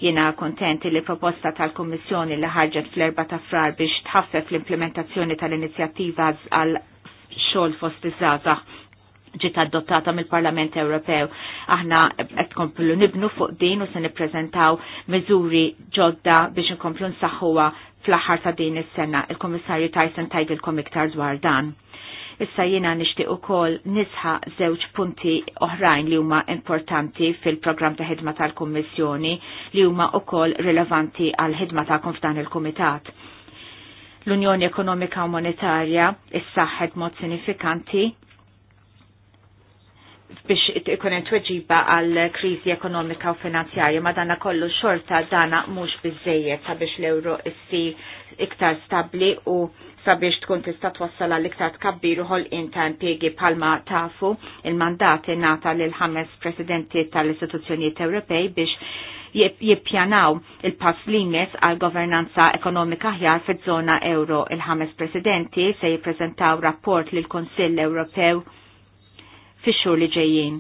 Jina kontenti li proposta tal-Kommissjoni li ħarġet fl-erba ta' frar biex tħaffef l-implementazzjoni tal-inizjattiva għal xol fost iż-żaza ġiet adottata mill-Parlament Ewropew. Aħna qed komplu nibnu fuq din u se nippreżentaw miżuri ġodda biex inkomplu nsaħħuha fl-aħħar ta' din is-sena. Il-Kummissarju Tyson tajdilkom iktar dwar dan. Issa jiena nixtieq ukoll nisħa żewġ punti oħrajn li huma importanti fil-programm ta' ħidma tal-Kummissjoni li huma kol rilevanti għal ħidma ta' f'dan il-Kumitat. L-Unjoni Ekonomika u Monetarja issaħħet mod sinifikanti biex ikun intweġiba għal kriżi ekonomika u finanzjarja ma dana kollu xorta dana mhux biżejjed sabiex l-euro issi iktar stabli u sabiex tkun tista' twassal għal iktar tkabbir uħol ta' impjegi palma tafu il-mandati nata lil ħames presidenti tal-istituzzjonijiet Ewropej biex jippjanaw il-pass limes għal governanza ekonomika ħjar fiż-żona euro. Il-ħames presidenti se jippreżentaw rapport l Kunsill Ewropew fix-xhur li ġejjin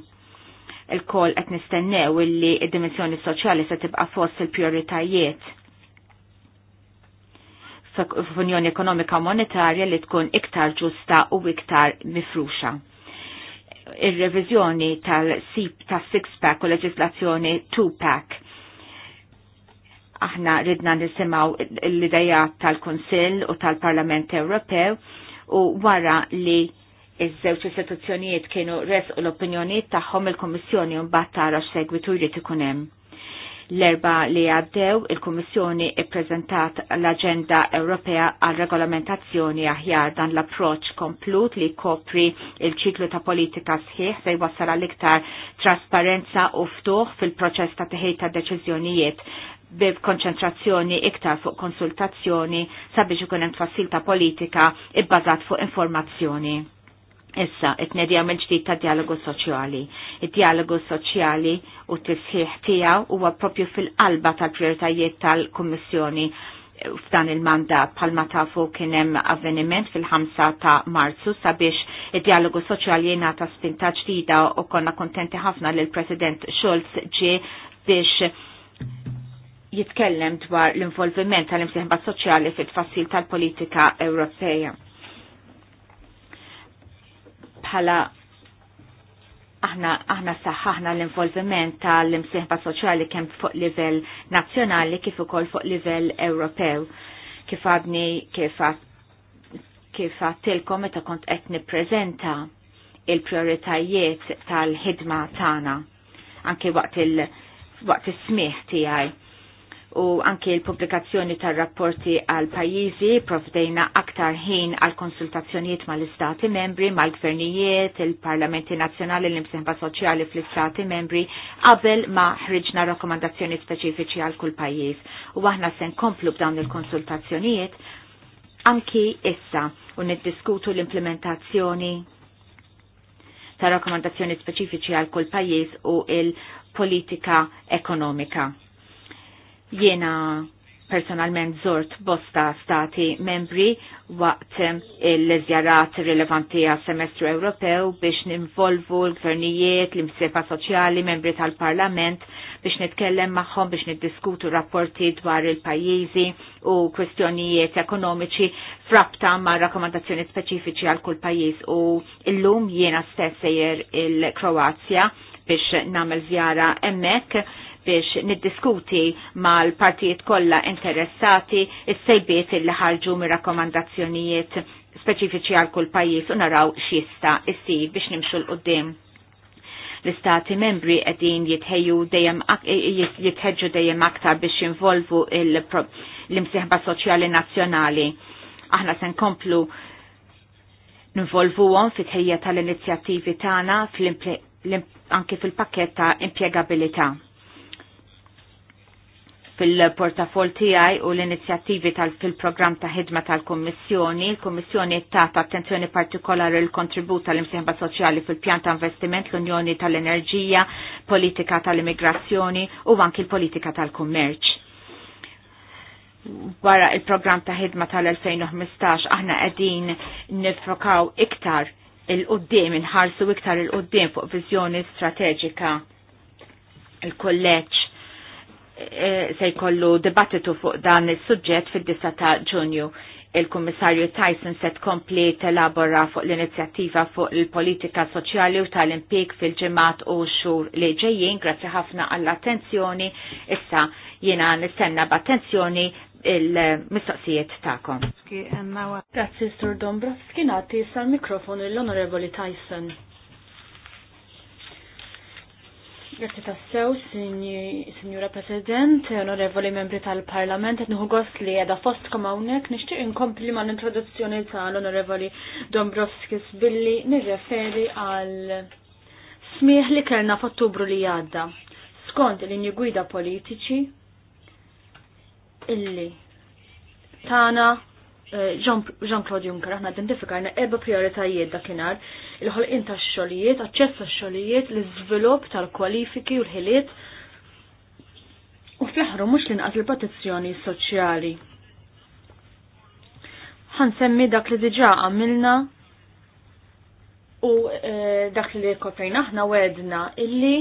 il-kol qed nistennew illi id-dimensjoni soċjali se tibqa' fost il-prioritajiet f'Unjoni Ekonomika Monetarja li tkun iktar ġusta u iktar mifruxa. Ir-reviżjoni tal-SIP tas six pack u leġislazzjoni two pack aħna ridna nisimaw l idejat tal-Konsil u tal-Parlament Ewropew u wara li iż-żewġ istituzzjonijiet kienu res u l-opinjonijiet tagħhom il-Kummissjoni mbagħad tara x'segwitu jrid ikun hemm L-erba li għaddew il-Kummissjoni prezentat l-Aġenda Ewropea għal regolamentazzjoni aħjar dan l-approċ komplut li kopri il-ċiklu ta' politika sħiħ se jwassal l-iktar trasparenza u ftuħ fil-proċess ta' teħej ta' deċiżjonijiet bib konċentrazzjoni iktar fuq konsultazzjoni sabiex ikun hemm tfassil ta' politika ibbażat fuq informazzjoni. Issa, it-nedja mill-ġdid ta' dialogu soċjali. Id-dialogu soċjali u t-tisħiħ tijaw huwa għapropju fil-qalba tal-prioritajiet tal-Kommissjoni f'dan il-mandat palma tafu kienem avveniment fil-5 ta' marzu sabiex id-dialogu soċjali jena ta' spinta ġdida u konna kontenti ħafna l president Schulz ġie biex jitkellem dwar l-involviment tal-imsieħba soċjali fit-tfassil tal-politika Ewropeja. Bħala aħna aħna saħħaħna l-involviment tal-imsieħba soċjali kemm fuq livell nazzjonali kif ukoll fuq livell Ewropew. Kif għadni kif kif għattilkom meta kont qed nippreżenta il-prioritajiet tal-ħidma tagħna anke waqt il waqt is-smieħ tiegħi u anki l-publikazzjoni tar-rapporti għal pajjiżi profdejna aktar ħin għal konsultazzjonijiet mal-istati membri, mal-gvernijiet, il-parlamenti nazzjonali l imsenba soċjali fl-istati membri qabel ma ħriġna rakkomandazzjoni speċifiċi għal kull pajjiż. U aħna se nkomplu b'dawn il-konsultazzjonijiet anki issa u niddiskutu l-implementazzjoni ta' rakkomandazzjoni speċifiċi għal kull pajjiż u il-politika ekonomika Jena personalment zort bosta stati membri waqt il-żjarat rilevanti għas semestru Ewropew biex ninvolvu l-gvernijiet, l imsefa soċjali, membri tal-parlament biex nitkellem magħhom biex niddiskutu rapporti dwar il-pajjiżi u kwestjonijiet ekonomiċi frabta ma' rakkomandazzjoni speċifiċi għal kull pajjiż u illum jiena stess sejjer il-Kroazja biex namel zjara emmek biex niddiskuti mal-partijiet kollha interessati is-sejbiet il ħarġu mir rakkomandazzjonijiet speċifiċi għal kull pajjiż u naraw x'jista' issir biex nimxu l qudiem L-istati membri qegħdin jitħejju dejjem eh, jitħeġġu dejjem aktar biex jinvolvu l-imsieħba soċjali nazzjonali. Aħna se nkomplu għon fit-ħejja tal-inizjattivi tagħna fl anke fil pakketta ta' impjegabilità fil-portafol tiegħi u l-inizjattivi tal-fil-programm ta' ħidma tal-Kommissjoni. Il-Kommissjoni tata attenzjoni partikolari l-kontribut tal-imsieħba soċjali fil-pjan ta' investiment l-Unjoni tal-Enerġija, politika tal-immigrazzjoni u anki l-politika tal-kummerċ. Wara il-programm ta' ħidma tal-2015 aħna qegħdin nifrokaw iktar il-qoddim, inħarsu iktar il-qoddim fuq viżjoni strateġika il-kolleġġ E, se jkollu dibattitu fuq dan il-sujġet fil 10 ta' ġunju. Il-Kummissarju Tyson set kompli telabora fuq l-inizjattiva fuq il-politika soċjali u tal-impik fil-ġemat u xur li ġejjin, grazzi ħafna għall-attenzjoni, issa jina nistenna b'attenzjoni il-mistoqsijiet ta'kom. Grazzi, Sur Dombrovski, nati sal-mikrofonu l-Onorevoli Tyson. Grazie tassew, Signora President, onorevoli membri tal-Parlament, etnuħu gost li edha fost komawnek, nishtiq inkompli ma l-introduzzjoni tal-onorevoli Dombrovskis billi nirreferi għal smieħ li kellna f'Ottubru li għadda. Skont li gwida politiċi illi tana eh, Jean-Claude Juncker, aħna identifikarna erba prioritajiet dakinhar il-ħolqien tax-xogħlijiet, għacċess tax-xogħlijiet, l-iżvilupp tal-kwalifiki u l-ħiliet u fl-aħħar mhux naqat il-protezzjoni soċjali. Ħansemmi dak li diġà għamilna u e, dak li kopejna aħna wedna illi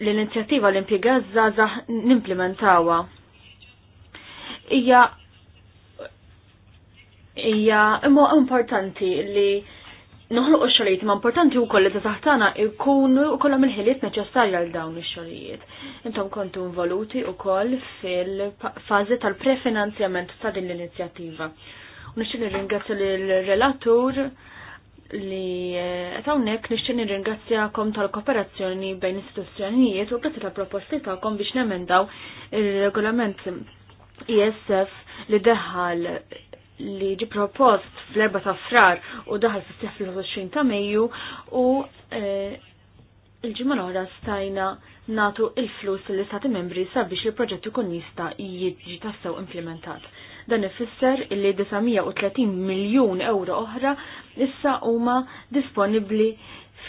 l-inizjattiva l-impjega n nimplementawha. Ija hija importanti li noħluq xogħlijiet ma' importanti wkoll li taħtana jkunu kollhom il-ħiliet neċessarja għal dawn ix-xogħlijiet. Intom kontu involuti wkoll fil-fażi tal-prefinanzjament ta' din l-inizjattiva. U ringrazzja nirringrazzja lill-relatur li unnek eh, hawnhekk nixtieq nirringrazzjakom tal-kooperazzjoni bejn istituzzjonijiet u grazzi tal-proposti tagħkom biex nemendaw ir-regolament ISF e li deħal li ġi propost fl erba ta' frar u daħal fis-seħ fil-20 ta' Mejju u eh, il-ġimgħa l stajna natu il-flus li stati membri sabiex il-proġett ikun jista' jiġi tassew implementat. Dan ifisser li 930 miljun euro oħra issa huma disponibbli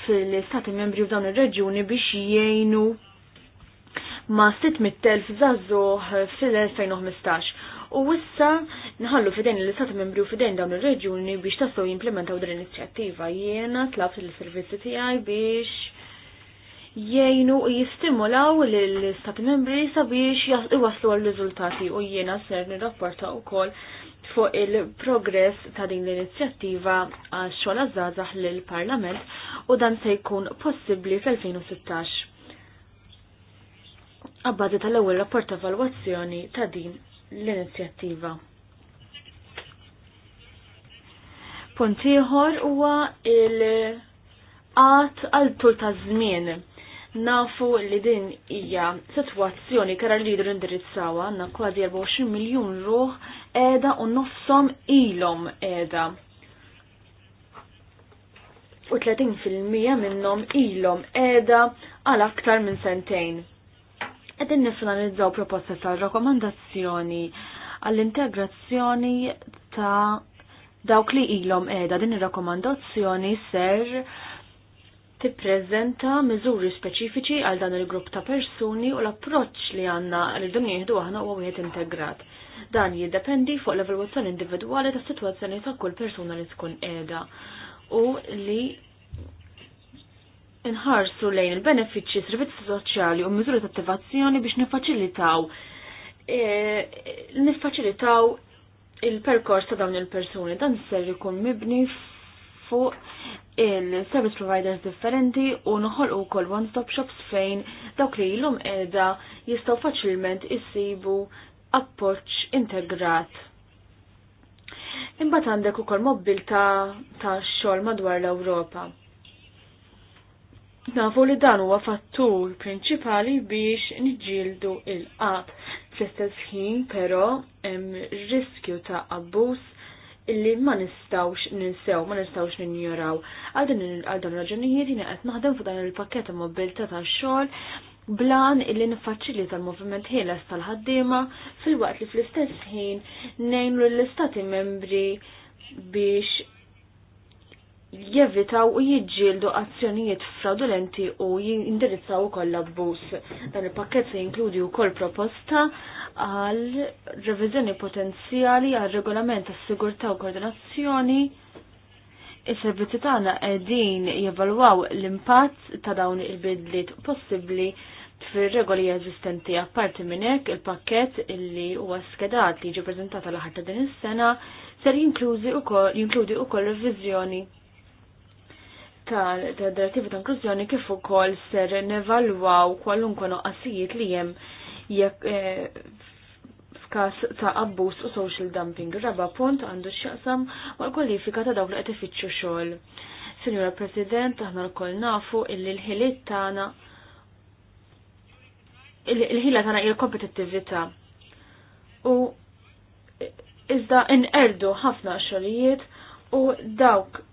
fil-stati membri f'dawn ir-reġjuni biex jgħinu ma' 600.000 zazzuħ fil-2015. U issa nħallu fidejn l-istati membri u fidejn dawn ir-reġjuni biex tassew jimplementaw din l-inizjattiva. Jiena tlab l-servizzi tiegħi biex jgħinu u jistimulaw l-istati membri sabiex iwaslu għal-riżultati u jiena ser nirrapporta wkoll fuq il-progress ta' din l-inizjattiva għax xogħol żgħażagħ lill-Parlament u dan se jkun possibbli fl-2016 għabbażi tal-ewwel rapport ta' valwazzjoni ta' din l-inizjattiva. Punt ieħor huwa il-qat għal tul ta' żmien. Nafu li din hija sitwazzjoni kera li jidru indirizzawa għandna kważi 24 miljun ruħ qiegħda u nofshom ilhom qiegħda. U 30% minnhom ilhom qiegħda għal aktar minn sentejn edin nifinalizzaw proposta tal-rakomandazzjoni għall-integrazzjoni ta' dawk li ilhom qiegħda din ir-rakkomandazzjoni ser tippreżenta miżuri speċifiċi għal dan il-grupp ta' persuni u l-approċċ li għandna li dun jieħdu aħna u wieħed integrat. Dan jiddependi fuq l evoluzzjoni individwali tas-sitwazzjoni ta' kull persuna li tkun qiegħda u li inħarsu lejn il-benefiċċji servizzi soċjali u miżuri ta' attivazzjoni biex nifaċilitaw e, nifaċilitaw il-perkors ta' dawn il-persuni dan ser ikun mibni fuq il-service providers differenti u noħol u kol one-stop shops fejn dawk li l qiegħda edha jistaw faċilment issibu appoċ integrat. Imbat għandek u kol mobilta ta' xol madwar l-Europa. Nafu li dan huwa fattur prinċipali biex niġġieldu il-qat. Fl-istess ħin però hemm riskju ta' abbuż illi ma nistawx ninsew, ma nistawx ninjoraw. Għal dan raġunijiet jina qed naħdem fuq dan il-pakket ta' mobilta tax-xogħol blan illi nifaċili tal movement ħieles tal-ħaddiema fil-waqt li fl-istess ħin nejnu l-istati membri biex jevitaw u jidġildu azzjonijiet fraudulenti u jindirizzaw ukoll abbuż. Dan il-pakket se jinkludi wkoll proposta għal reviżjoni potenzjali għal regolament tas sigurtà u koordinazzjoni. Is-servizzi tagħna qegħdin jevalwaw l-impatt ta' dawn il-bidliet possibbli fir-regoli eżistenti apparti minn hekk il-pakkett illi huwa skedat li jiġi preżentata l-aħħar ta' din is-sena ser jinkludi wkoll jinkludi wkoll reviżjoni tal-direttiva ta' inklużjoni kif ukoll ser nevalwaw kwalunkwe noqqasijiet li hemm jekk eh, f'każ ta' abbuż u social dumping. Raba punt għandu x'jaqsam mal-kwalifika ta' dawk li qed ifittxu xogħol. Sinjura President, aħna lkoll nafu illi l-ħiliet tagħna il-ħila tagħna hija kompetittività. U iżda inqerdu ħafna xogħlijiet u dawk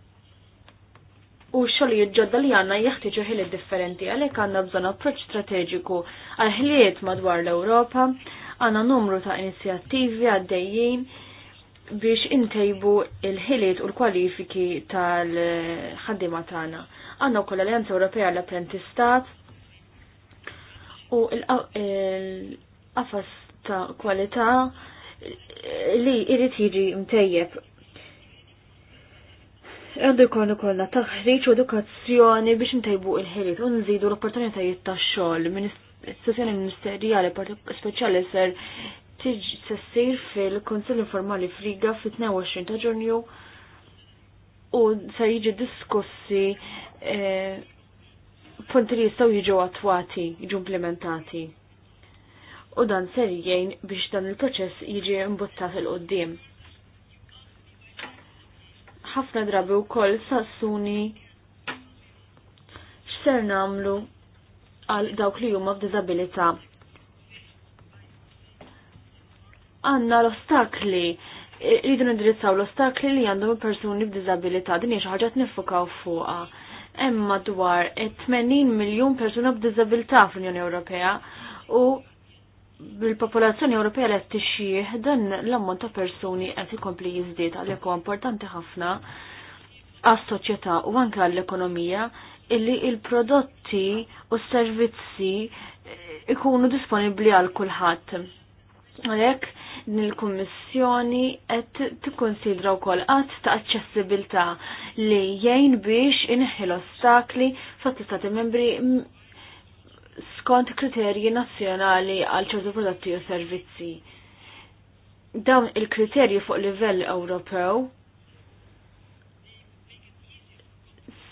u xogħlijiet ġodda li għandna jeħtieġu ħiliet differenti għalhekk għandna bżonn approċċ strateġiku għal ħiliet madwar l-Ewropa, għandna numru ta' inizjattivi għaddejjin biex intejbu il-ħiliet u l-kwalifiki tal-ħaddima tagħna. Għandna wkoll l-Alleanza Ewropea l-Apprentistat u l-qafas ta' kwalità li jrid jiġi mtejjeb għandu jkun ukoll taħriġ u edukazzjoni biex ntejbu il-ħiliet u nżidu l-opportunitajiet tax-xogħol minn sessjoni ministerjali speċjali ser tiġi sessir fil kunsill Informali Friga fit-22 ta' Ġunju u se jiġi diskussi eh, punti li jistgħu jiġu attwati, jiġu implementati. U dan ser jgħin biex dan il-proċess jiġi imbuttat il-qoddim ħafna drabi wkoll sassuni x'ser nagħmlu għal dawk li huma b'diżabilità. Għanna l-ostakli e, rridu nidrizzaw l-ostakli li għandhom persuni b'diżabilità din jiex ħagġat ħaġa tnifukaw fuqha. Hemm madwar 80 e, miljun persuna b'diżabilità fl-Unjoni Ewropea u bil-popolazzjoni Ewropea qed tixjih dan l-ammont ta' persuni qed ikompli jiżdied għalhekk huwa importanti ħafna għas-soċjetà u anke għall-ekonomija illi il-prodotti u s-servizzi ikunu disponibbli għal kulħadd. Għalhekk din il-Kummissjoni qed tikkonsidra wkoll qatt ta' aċċessibilità li jgħin biex inħil ostakli fat istati membri skont kriterji nazzjonali għal ċertu prodotti u servizzi. Dawn il-kriterji fuq livell Ewropew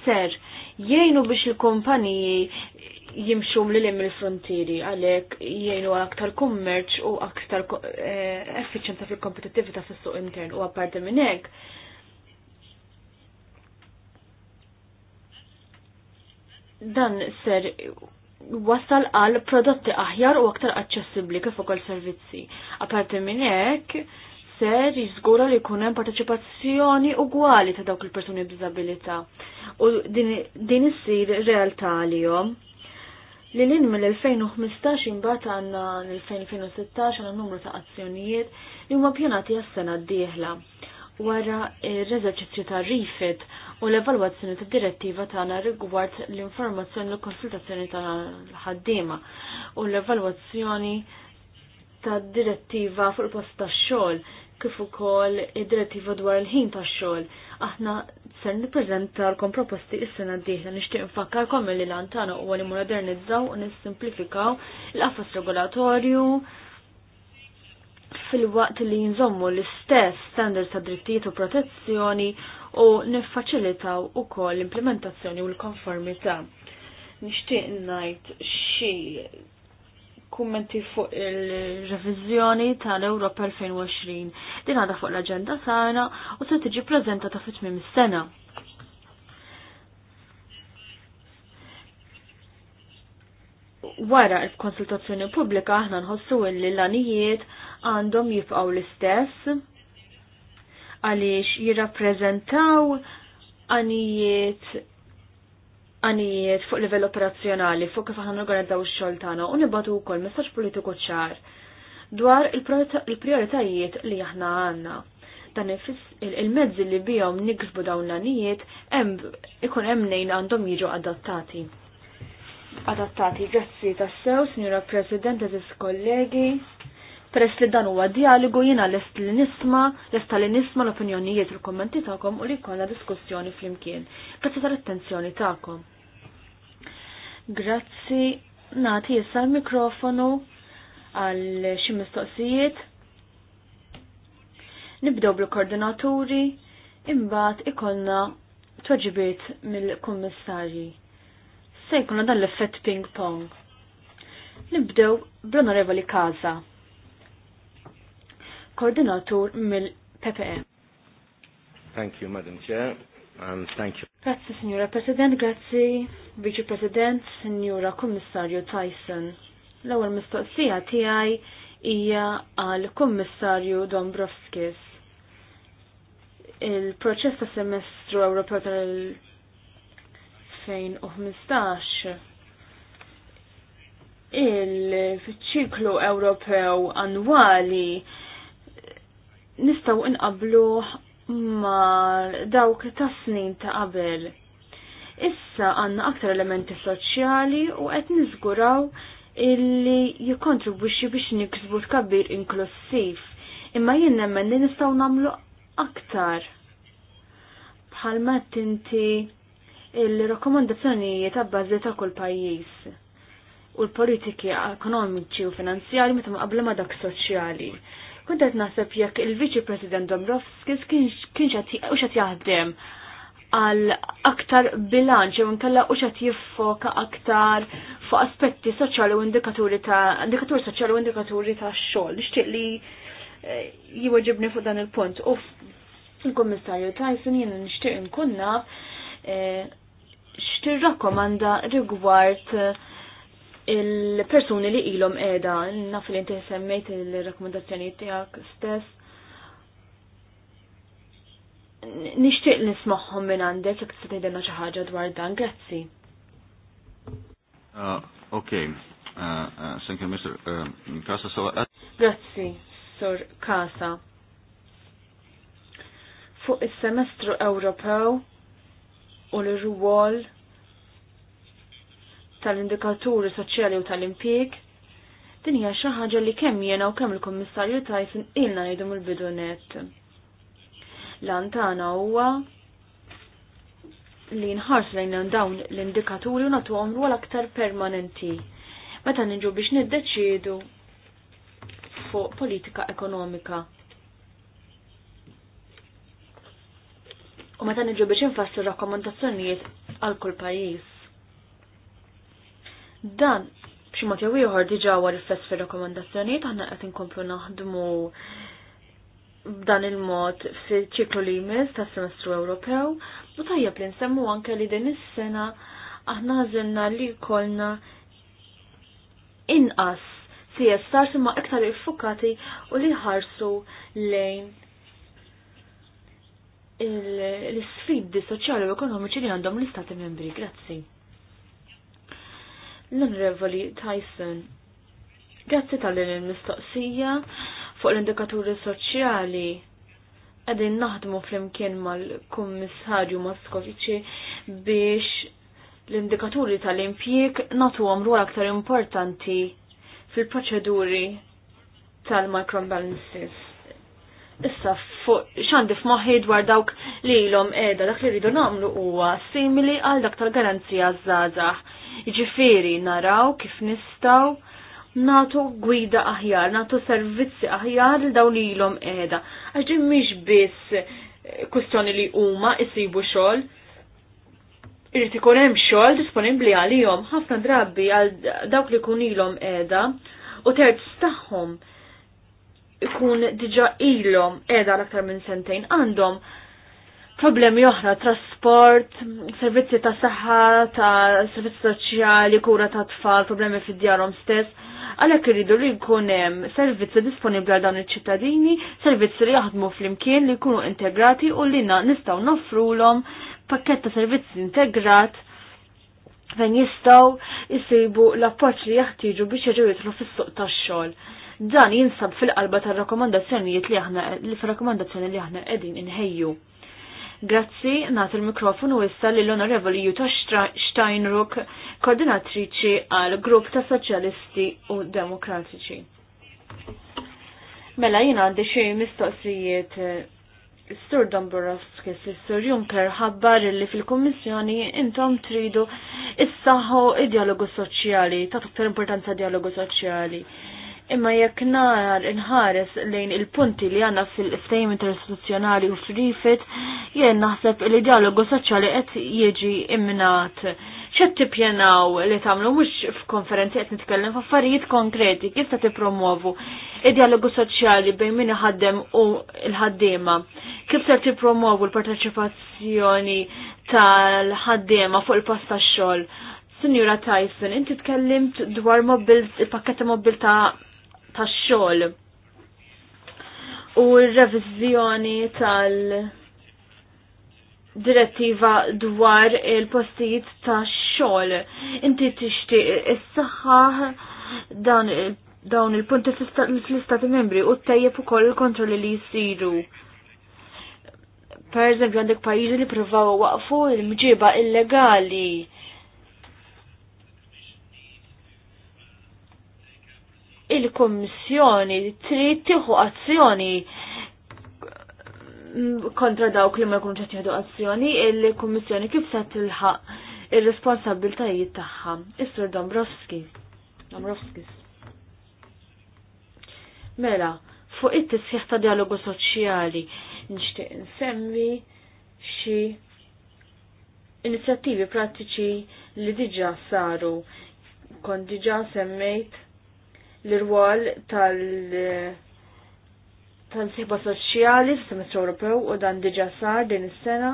ser jgħinu biex il-kumpaniji jimxu mlilim il-frontieri għalek jgħinu aktar kummerċ u aktar eh, effiċenza fil-kompetittivita fis-suq intern u apparti minn hekk. Dan ser wassal għal prodotti aħjar u aktar aċċessibbli kif ukoll servizzi. Aparti minn hekk, se jiżgura li jkun hemm partecipazzjoni ugwali ta' dawk il-persuni b'diżabilità u din issir realtà għalihom. Li l mill-2015 imbagħad għandna l-2016 għandna numru ta' azzjonijiet li huma pjanati għas-sena d-dieħla wara r-reżerċizzju ta' rifit u l-evalwazzjoni ta' direttiva tagħna rigward l-informazzjoni u konsultazzjoni ta' ħaddiema u l-evalwazzjoni ta' direttiva fuq il-post tax-xogħol kif ukoll id-direttiva dwar il-ħin tax-xogħol. Aħna ser nippreżentalkom proposti is-sena d-dieħla nixtieq infakkarkom li lantana huwa li modernizzaw u nissimplifikaw l-qafas regolatorju fil-waqt li jinżommu l-istess standards ta' drittijiet u protezzjoni u niffaċilitaw ukoll l-implementazzjoni u l-konformità. Nixtieq najt xi kummenti fuq il-reviżjoni tal-Ewropa 2020 din għadha fuq l-aġenda tagħna u se tiġi preżentata ta' tmiem is-sena. wara l-konsultazzjoni pubblika aħna nħossu li l lanijiet għandhom jibqgħu l-istess għaliex jirrappreżentaw għanijiet għanijiet fuq livell operazzjonali fuq kif aħna organizzaw ix-xogħol tagħna u nibgħatu wkoll messaġġ politiku ċar dwar il-prioritajiet li aħna għandna. Dan il-mezzi li bihom nikbu dawn l-għanijiet ikun hemm nejn għandhom jiġu adattati. Adattati, grazzi tassew, Sinjura President, eżis kollegi. Peress li dan huwa dialogu jiena lest li nisma, lest li nisma l-opinjonijiet u l-kommenti tagħkom u li jkollna diskussjoni flimkien. Grazzi tal-attenzjoni tagħkom. Grazzi nagħti issa l-mikrofonu għal xi mistoqsijiet. Nibdew bil-koordinaturi imbagħad ikollna tweġibiet mill-kummissarji. Se jkunna dan l-effett ping pong. Nibdew bl-onorevoli Kaza koordinatur mill-PPE. Thank you, Madam Chair. Um, thank you. Grazie, Signora President, grazie, Vice President, Signora Kommissarju Tyson. L-ewwel mistoqsija tiegħi hija għal Kummissarju Dombrovskis. Il-proċess ta' semestru Ewropew tal-2015 il-ċiklu Ewropew annwali nistaw inqablu ma dawk ta' snin ta' qabel. Issa għanna aktar elementi soċjali u qed niżguraw illi jikontribwixxi biex niksbu kabbir inklusiv. Imma jien nemmen li nistgħu nagħmlu aktar. Bħalma tinti il-rakkomandazzjonijiet ta' bażi ta' kull pajjiż u l-politiki ekonomiċi u finanzjali meta ma qabla ma dak soċjali qed naħseb jekk il-Viċi President Dombrovskis kienx qed jaħdem għal aktar bilanċ jew inkella u xed jiffoka aktar fuq aspetti soċjali u indikaturi ta' indikaturi soċjali u indikaturi ta' xogħol. Nixtieq li eh, jiweġibni fuq dan il-punt. U il-Kummissarju Tyson jien nixtieq nkun naf eh, x'tirrakkomanda rigward eh, il-persuni li ilhom qiegħda naf li inti semmejt il-rakkomandazzjonijiet tiegħek stess. Nixtieq nismagħhom minn għandek jekk se tgħidilna xi ħaġa dwar dan, grazzi. Ah, ok, ah, ah, thank you, Mr. Kasa. Um, so, uh, Grazzi, Sir Kasa. Fuq is semestru Ewropew u l-ruwol tal-indikaturi soċjali u tal-impjieg din hija xi ħaġa li kemm jiena u kemm il-Kummissarju Tyson ilna ngħidu mill-bidu net. Lan tagħna huwa li nħarsu lejn dawn l-indikaturi u nagħtuhom rwol aktar permanenti. Meta niġu biex niddeċiedu fuq politika ekonomika. U meta niġu biex infassu rakkomandazzjonijiet għal kull pajjiż. Dan b'xi mod jew ieħor diġà huwa rifless fir-rakkomandazzjonijiet aħna qed inkomplu naħdmu b'dan il-mod fi ċiklu li jmiss tas semestru Ewropew u tajjeb li nsemmu anke li din is-sena aħna ħażilna li jkollna inqas CSR imma iktar iffukati u li ħarsu lejn l sfiddi soċjali u ekonomiċi li għandhom l-Istati membri. Grazzi l-Onorevoli Tyson. Grazzi tal-mistoqsija fuq l-indikaturi soċjali għadin naħdmu fl-imkien mal kummissarju Moskoviċi biex l-indikaturi tal-impjek natu għamru aktar importanti fil-proċeduri tal-microbalances. Issa fuq xandi f'moħħi dwar dawk li l-om edha dak li rridu namlu huwa simili għal dak tal-garanzija zazah. Jiġifieri naraw kif nistgħu natu gwida aħjar, natu servizzi aħjar li dawn ilhom qiegħda. Għax mhix biss eh, kwistjoni li huma isibu xogħol, irrid ikun hemm xogħol disponibbli għalihom ħafna drabi għal dawk li kun ilhom qiegħda u terz tagħhom ikun diġà ilhom qiegħda l-aktar minn sentejn għandhom problemi oħra, trasport, servizzi ta' saħħa, ta' servizzi soċjali, kura ta' tfal, problemi fid djarhom stess. Għalhekk irridu li jkun hemm servizzi disponibbli għal dawn iċ-ċittadini, servizzi li jaħdmu flimkien li jkunu integrati u li nistgħu nofrulhom pakket ta' servizzi integrat fejn jistgħu jsibu l-appoġġ li jaħtieġu biex jiġu jitlu fis-suq tax-xogħol. Dan jinsab fil-qalba tar-rakkomandazzjonijiet li aħna li fir-rakkomandazzjoni li aħna qegħdin inħejju. Grazzi, nat il-mikrofonu issa l-Onorevoli Juta Steinruck, koordinatriċi għal grupp ta' Soċjalisti u Demokratiċi. Mela jina għandi xie mistoqsijiet eh, Sur Domborowski, Sur Juncker ħabbar li fil-Kommissjoni intom tridu issaħu id-dialogu soċjali, ta' tuktar importanza dialogu soċjali. Imma jekk nar inħares lejn il-punti li għanna fil-ftejm interistituzzjonali u frifit, jien naħseb li dialogu soċjali qed jiġi imminat. ċet tippjanaw li tagħmlu mhux f'konferenzi qed nitkellem f'affarijiet konkreti kif ta' tippromovu id-dialogu soċjali bejn min ħaddem u l-ħaddiema. Kif se tippromovu l partecipazzjoni tal-ħaddiema fuq il-post tax-xogħol Signora Tyson, inti tkellimt dwar il-pakketta ta' tax-xogħol u r tal- direttiva dwar il-postijiet ta' xogħol. Inti tixtieq is-saħħa dawn il-punti fl-istati membri u tejjeb ukoll il-kontrolli li jsiru. Per eżempju għandek pajjiżi li provaw waqfu l-mġiba illegali il-Kommissjoni trid tieħu azzjoni kontra dawk li ma jkunx qed jieħdu azzjoni, il-Kummissjoni kif se tilħaq ir-responsabbiltajiet tagħha. Is-Sur Dombrovski. Mela, fuq it-tisħiħ ta' dialogu soċjali nixtieq insemmi xi inizjattivi prattiċi li diġà saru. Kont diġà semmejt l-irwol tal- tal sihba soċjali fis-semestru Ewropew u dan diġà sar din is-sena.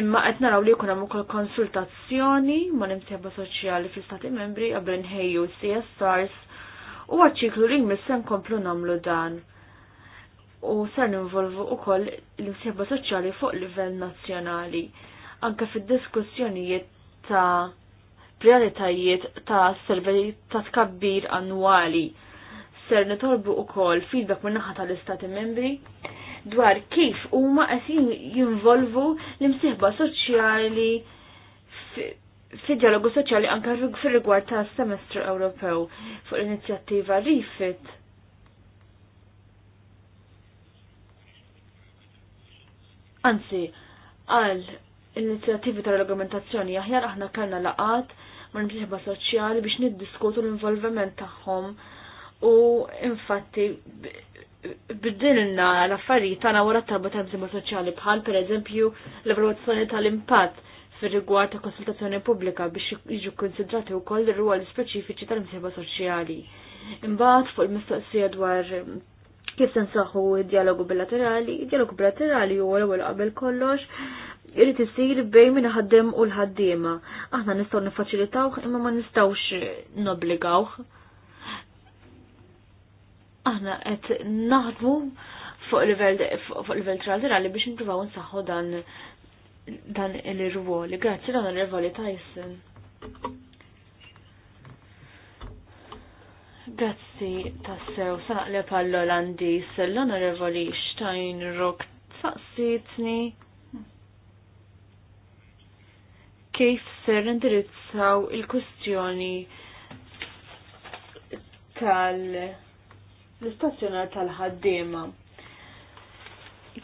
Imma qed naraw li jkun hemm ukoll konsultazzjoni mal nimsieħba soċjali fl-Istati Membri qabel nħejju CSRs u għaċ li jmiss se nkomplu nagħmlu dan. U ser ninvolvu ukoll l-imsieħba soċjali fuq livell nazzjonali anke fid-diskussjonijiet ta' prioritajiet ta' survey ta' tkabbir annwali. Ser nitolbu kol feedback minn naħa tal-Istati membri dwar kif huma qed jinvolvu l-imsieħba soċjali fi dialogu soċjali anke fir-rigward ta' semestru Ewropew fuq l-inizjattiva Refit. Anzi, għal inizjattivi tal-argumentazzjoni aħjar aħna kellna laqat ma' l soċjali biex niddiskutu l-involviment tagħhom u infatti n-nara l-affarijiet tagħna wara talba ta' imsieħba soċjali bħal pereżempju l-evalwazzjoni tal-impatt fir-rigward ta' konsultazzjoni pubblika biex jiġu konsidrati wkoll ir-rwol speċifiċi tal-imsieħba soċjali. Imbagħad fuq il-mistoqsija dwar kif nsaħħu id-dialogu bilaterali, id-dialogu bilaterali huwa l-ewwel qabel kollox irid isir bejn min ħaddem u l-ħaddiema. Aħna nistgħu niffaċilitawh imma ma nistgħux nobbligawh. Aħna qed naħdmu fuq livell fuq livell traterali biex nippruvaw nsaħħu dan dan il-rwoli. Grazzi dan ir ta' jissin. Grazzi tassew, sanaq li olandis l-Onorevoli rock saqsitni kif ser indirizzaw il-kustjoni tal-istazzjonar tal-ħaddiema.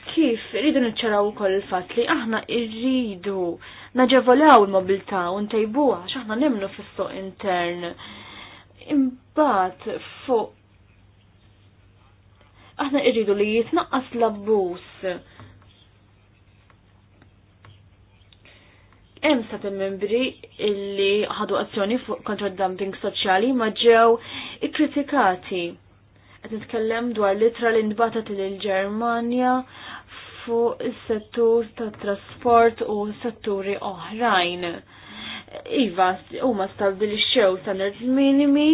Kif rridu niċċaraw ukoll il-fatt li aħna rridu naġevolaw il mobilta u ntejbuha x'aħna nemnu fis-suq intern Bat fuq aħna irridu li jitnaqqas l-abbuż. Hemm sa membri illi ħadu azzjoni kontra d-dumping soċjali ma ġew ikkritikati. Qed nitkellem dwar litra li nbatat lil Ġermanja fuq is-settur tat-trasport u setturi oħrajn. Iva, huma stabbilixxew standards minimi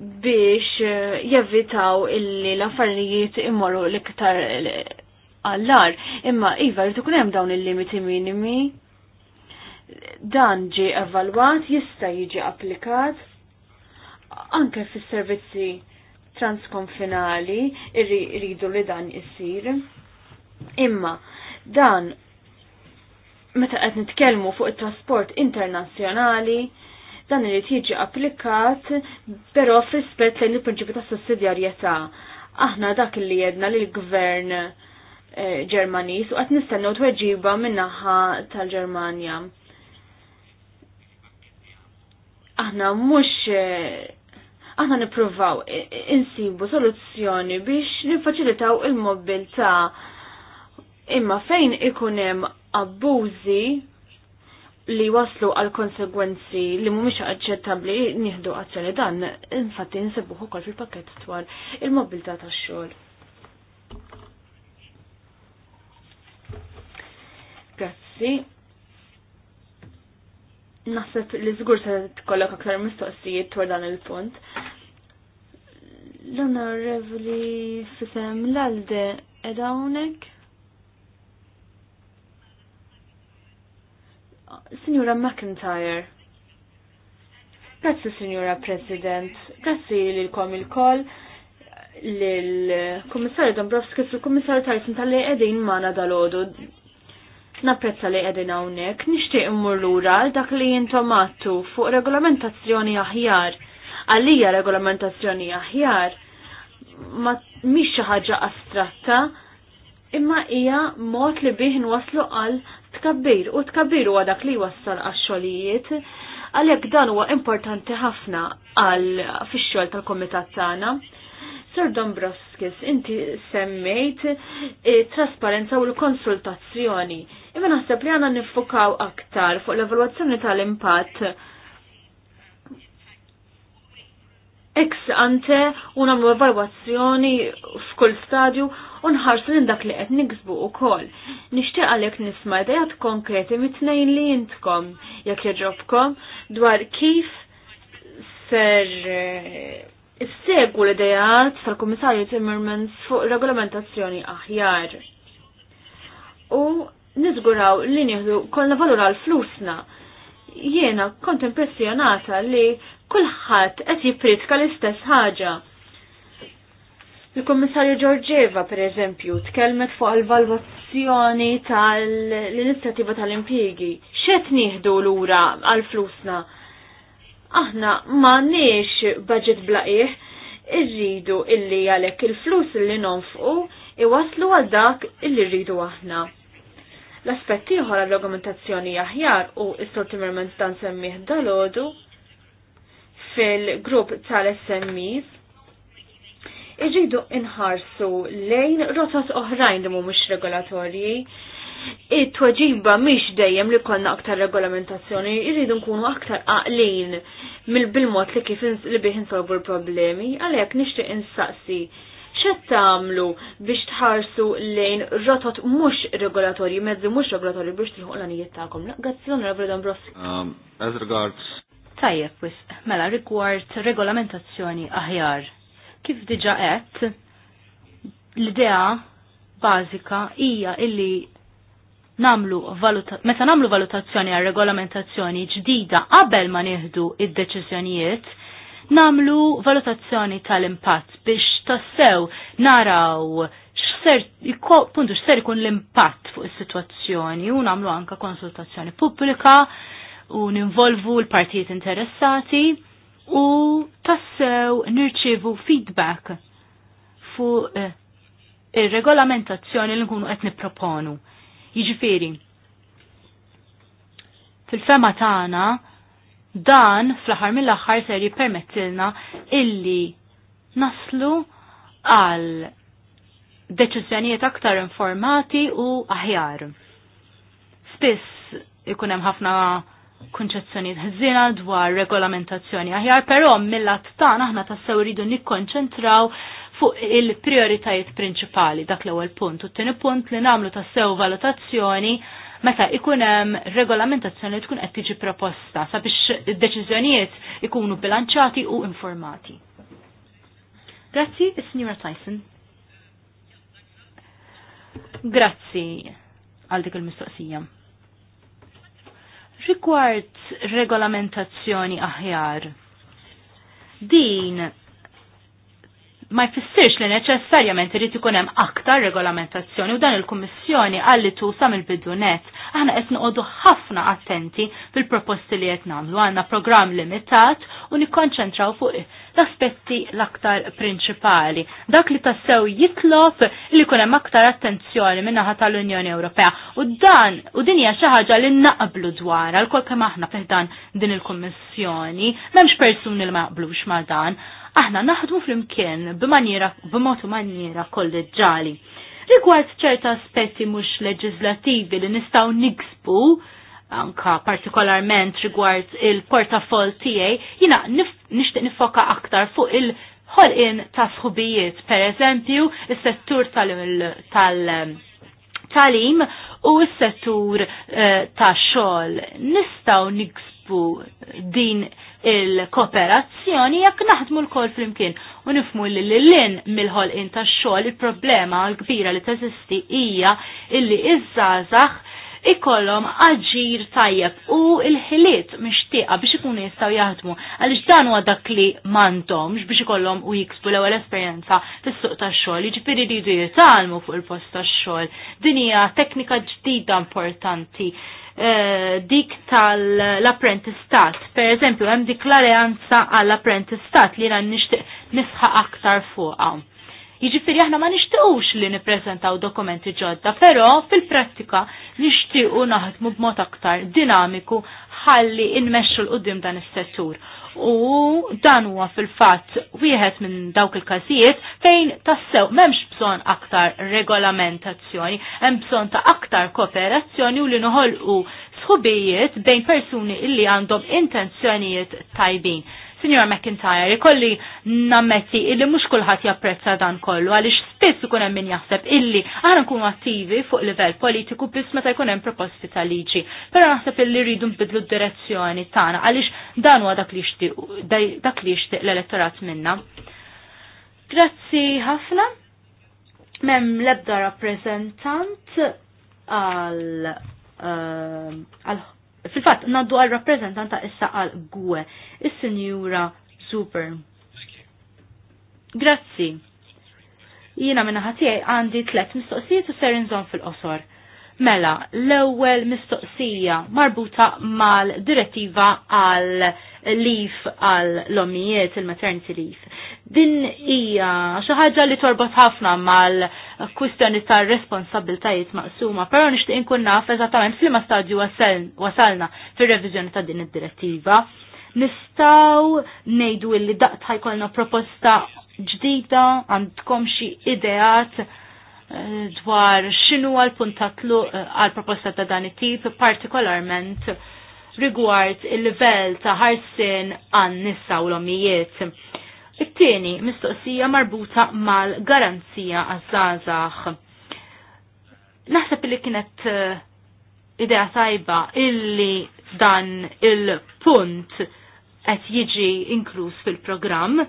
biex eh, jevitaw illi l-affarijiet immorru l-iktar għallar. Imma iva rritu hemm dawn il-limiti minimi. Dan ġi evalwat, jista jiġi applikat anke fis servizzi transkonfinali irridu li dan jissir. Imma dan meta qed nitkellmu fuq it-trasport internazzjonali, dan irid jiġi applikat però f'rispett lejn il-prinċipju ta' sussidjarjetà. Aħna dak li jedna li l-gvern eh, Ġermanis u qed nistennew tweġiba min-naħa tal-Ġermanja. Aħna mhux eh, aħna nippruvaw insibu soluzzjoni biex nifaċilitaw il-mobilità imma fejn ikun hemm abbużi li waslu għal konsegwenzi li mhumiex aċċettabbli nieħdu azzjoni dan infatti nsibuh ukoll fil-pakkett dwar il-mobilità tax-xogħol. Grazzi. Naħseb li żgur se tkollok aktar mistoqsijiet dwar dan il-punt. L-onorevoli fisem l-alde edawnek. Signora McIntyre. Grazie, Signora President. Grazie li l-kom il-koll l-Komissarju Dombrovski fil-Komissarju Tyson tal-li edin mana dal-ħodu. Napprezza li edin għawnek, nishtiq immur lura dak li jintomattu fuq regolamentazzjoni aħjar. Għalija regolamentazzjoni aħjar, ma miex ħaġa astratta, imma hija mod li biħin waslu għal tkabbir u tkabbir huwa dak li wassal għax-xogħlijiet għalhekk dan huwa importanti ħafna għal fix-xogħol tal-kumitat tagħna. Sir Dombrovskis, inti semmejt eh, trasparenza u l-konsultazzjoni. Imma naħseb li għandna nifukaw aktar fuq l-evalwazzjoni tal-impatt ex ante u nagħmlu evalwazzjoni f'kull stadju u nħarsu dak li qed niksbu wkoll. Nixtieq għalhekk nisma' idejat konkreti mit-tnejn li intkom jekk jaġobkom dwar kif ser eh, is l-idejat tal-Kummissarju Timmermans fuq regolamentazzjoni aħjar. U nizguraw li nieħdu kollha valur għal flusna. Jiena kont impressjonata li kulħadd qed jipritka l-istess ħaġa. il kummissarju Giorgieva, per eżempju, tkellmet fuq il-valvazzjoni tal-inizjattiva tal-impjegi. Xet nieħdu l-ura għal-flusna? Aħna ma nix budget blaqih, irridu illi għalek il-flus illi nonfqu iwaslu għal dak illi rridu aħna. L-aspetti ieħor l argumentazzjoni aħjar u s-sortimment dan semmih dalodu fil-grupp tal-SMEs iġidu inħarsu lejn rotot oħrajn li mhumiex regolatorji. It-tweġiba mhix dejjem li konna aktar regolamentazzjoni, irridu nkunu aktar aqlin mill-bil-mod li kif li bih insolvu l-problemi, għalhekk nixtieq insaqsi xed tagħmlu biex tħarsu lejn rotot mhux regolatorji, mezzi mhux regolatorji biex tilħuq l għanijiet tagħkom. Grazzi l-Onorevoli um, As regards Tajjeb, wis, mela rigward regolamentazzjoni aħjar. Kif diġa qed, l-idea bażika hija illi namlu valuta meta namlu valutazzjoni għal regolamentazzjoni ġdida qabel ma nieħdu id-deċiżjonijiet, namlu valutazzjoni tal-impatt biex tassew naraw x'ser puntu x'ser ikun l-impatt fuq is-sitwazzjoni u namlu anka konsultazzjoni pubblika u ninvolvu l-partijiet interessati u tassew nirċivu feedback fuq eh, ir-regolamentazzjoni li nkunu qed nipproponu. Jiġifieri, fil-fema tagħna dan fl-aħħar mill-aħħar ser jippermettilna illi naslu għal deċiżjonijiet aktar informati u aħjar. Spiss ikun hemm ħafna kunċezzjoni ħżina dwar regolamentazzjoni aħjar, però mill-att tagħna aħna tassew iridu nikkonċentraw fuq il-prioritajiet prinċipali dak l-ewwel punt u t-tieni punt li nagħmlu sew valutazzjoni meta ikun hemm regolamentazzjoni li tkun qed tiġi proposta sabiex id-deċiżjonijiet ikunu bilanċati u informati. Grazzi, s sinjura Tyson. Grazzi għal dik il-mistoqsija. Rikward regolamentazzjoni aħjar. Din ma jfissirx li neċessarjament irid ikun hemm aktar regolamentazzjoni u dan il-Kummissjoni għalli tusa mill-bidu net. Aħna qed noqogħdu ħafna attenti fil-proposti li qed nagħmlu għandna programm limitat u nikkonċentraw fuq l-aspetti l-aktar prinċipali. Dak li tassew jitlob li jkun hemm aktar attenzjoni min-naħa tal-Unjoni Ewropea u dan u din hija xi ħaġa li naqblu dwarha l kemm aħna fih dan din il-Kummissjoni m'hemmx persuni li ma jaqblux ma' dan Aħna naħdmu flimkien b'maniera b'motu maniera kolleġġali. Rigward ċerta aspetti mhux leġislattivi li nistgħu niksbu anka partikolarment rigward il-portafol tiegħi, jina nixtieq nifoka aktar fuq il-ħolqien ta' sħubijiet, per eżempju, il settur tal-talim u s-settur eh, ta' xogħol nistgħu niksbu din il-kooperazzjoni jekk naħdmu l-kol flimkien u nifmu li l-lin mill ħol inta xogħol il-problema l-kbira li teżisti hija illi iż-żazax ikollhom aġir tajjeb u l-ħiliet mixtieqa biex ikunu jistgħu jaħdmu għaliex dan huwa dak li m'għandhomx biex ikollhom u jiksbu l-ewwel esperjenza fis-suq tax-xogħol, jiġifieri jridu jitalmu fuq il-post tax-xogħol. Din hija teknika ġdida importanti. Uh, dik tal-apprentistat. Per eżempju, hemm dik l-alleanza għall-apprentistat li jena nishtiq nisħa aktar fuqha Jiġifieri aħna ma nixtiequx li nippreżentaw dokumenti ġodda, però fil-prattika nixtiequ naħdmu b'mod aktar dinamiku ħalli nmexxu l qudiem dan is-settur. U dan huwa fil-fatt wieħed minn dawk il-każijiet fejn tassew m'hemmx bżonn aktar regolamentazzjoni, hemm bżonn ta' aktar kooperazzjoni u li noħolqu sħubijiet bejn persuni illi għandhom intenzjonijiet tajbin. Signora McIntyre, ikolli nammetti illi mux kullħat japprezza dan kollu, għalix spess ikun hemm min jaħseb illi aħna nkunu attivi fuq livell politiku biss meta jkun hemm proposti ta' liġi. Però naħseb illi rridu nbidlu d-direzzjoni tagħna għaliex dan huwa dak li jixtieq l-elettorat minna. Grazzi ħafna. Mem lebda rappresentant għal uh, Fil-fatt, naddu għal rappresentanta issa għal gwe, il-senjura super. Grazzi. Jina minna ħatijaj għandi tlet mistoqsijiet u ser nżom fil-qosor. Mela, l-ewwel mistoqsija marbuta mal-direttiva għal lif għal l-omijiet il-maternity leaf. Din hija xi ħaġa li torbot ħafna mal-kwistjoni tar responsabiltajiet maqsuma, però nixtieq inkun naf eżattament f'liema stadju wasalna fir-reviżjoni ta' din id-direttiva. Nistgħu ngħidu li daqt ħajkolna proposta ġdida, għandkom xi ideat Eh, dwar xinu għal puntatlu eh, għal proposta ta' dan it-tip, partikolarment rigward il-level ta' ħarsin għan nissa u l-omijiet. It-tieni mistoqsija marbuta mal-garanzija għazzazax. Naħseb li kienet eh, idea tajba illi dan il-punt qed jiġi inkluż fil-programm,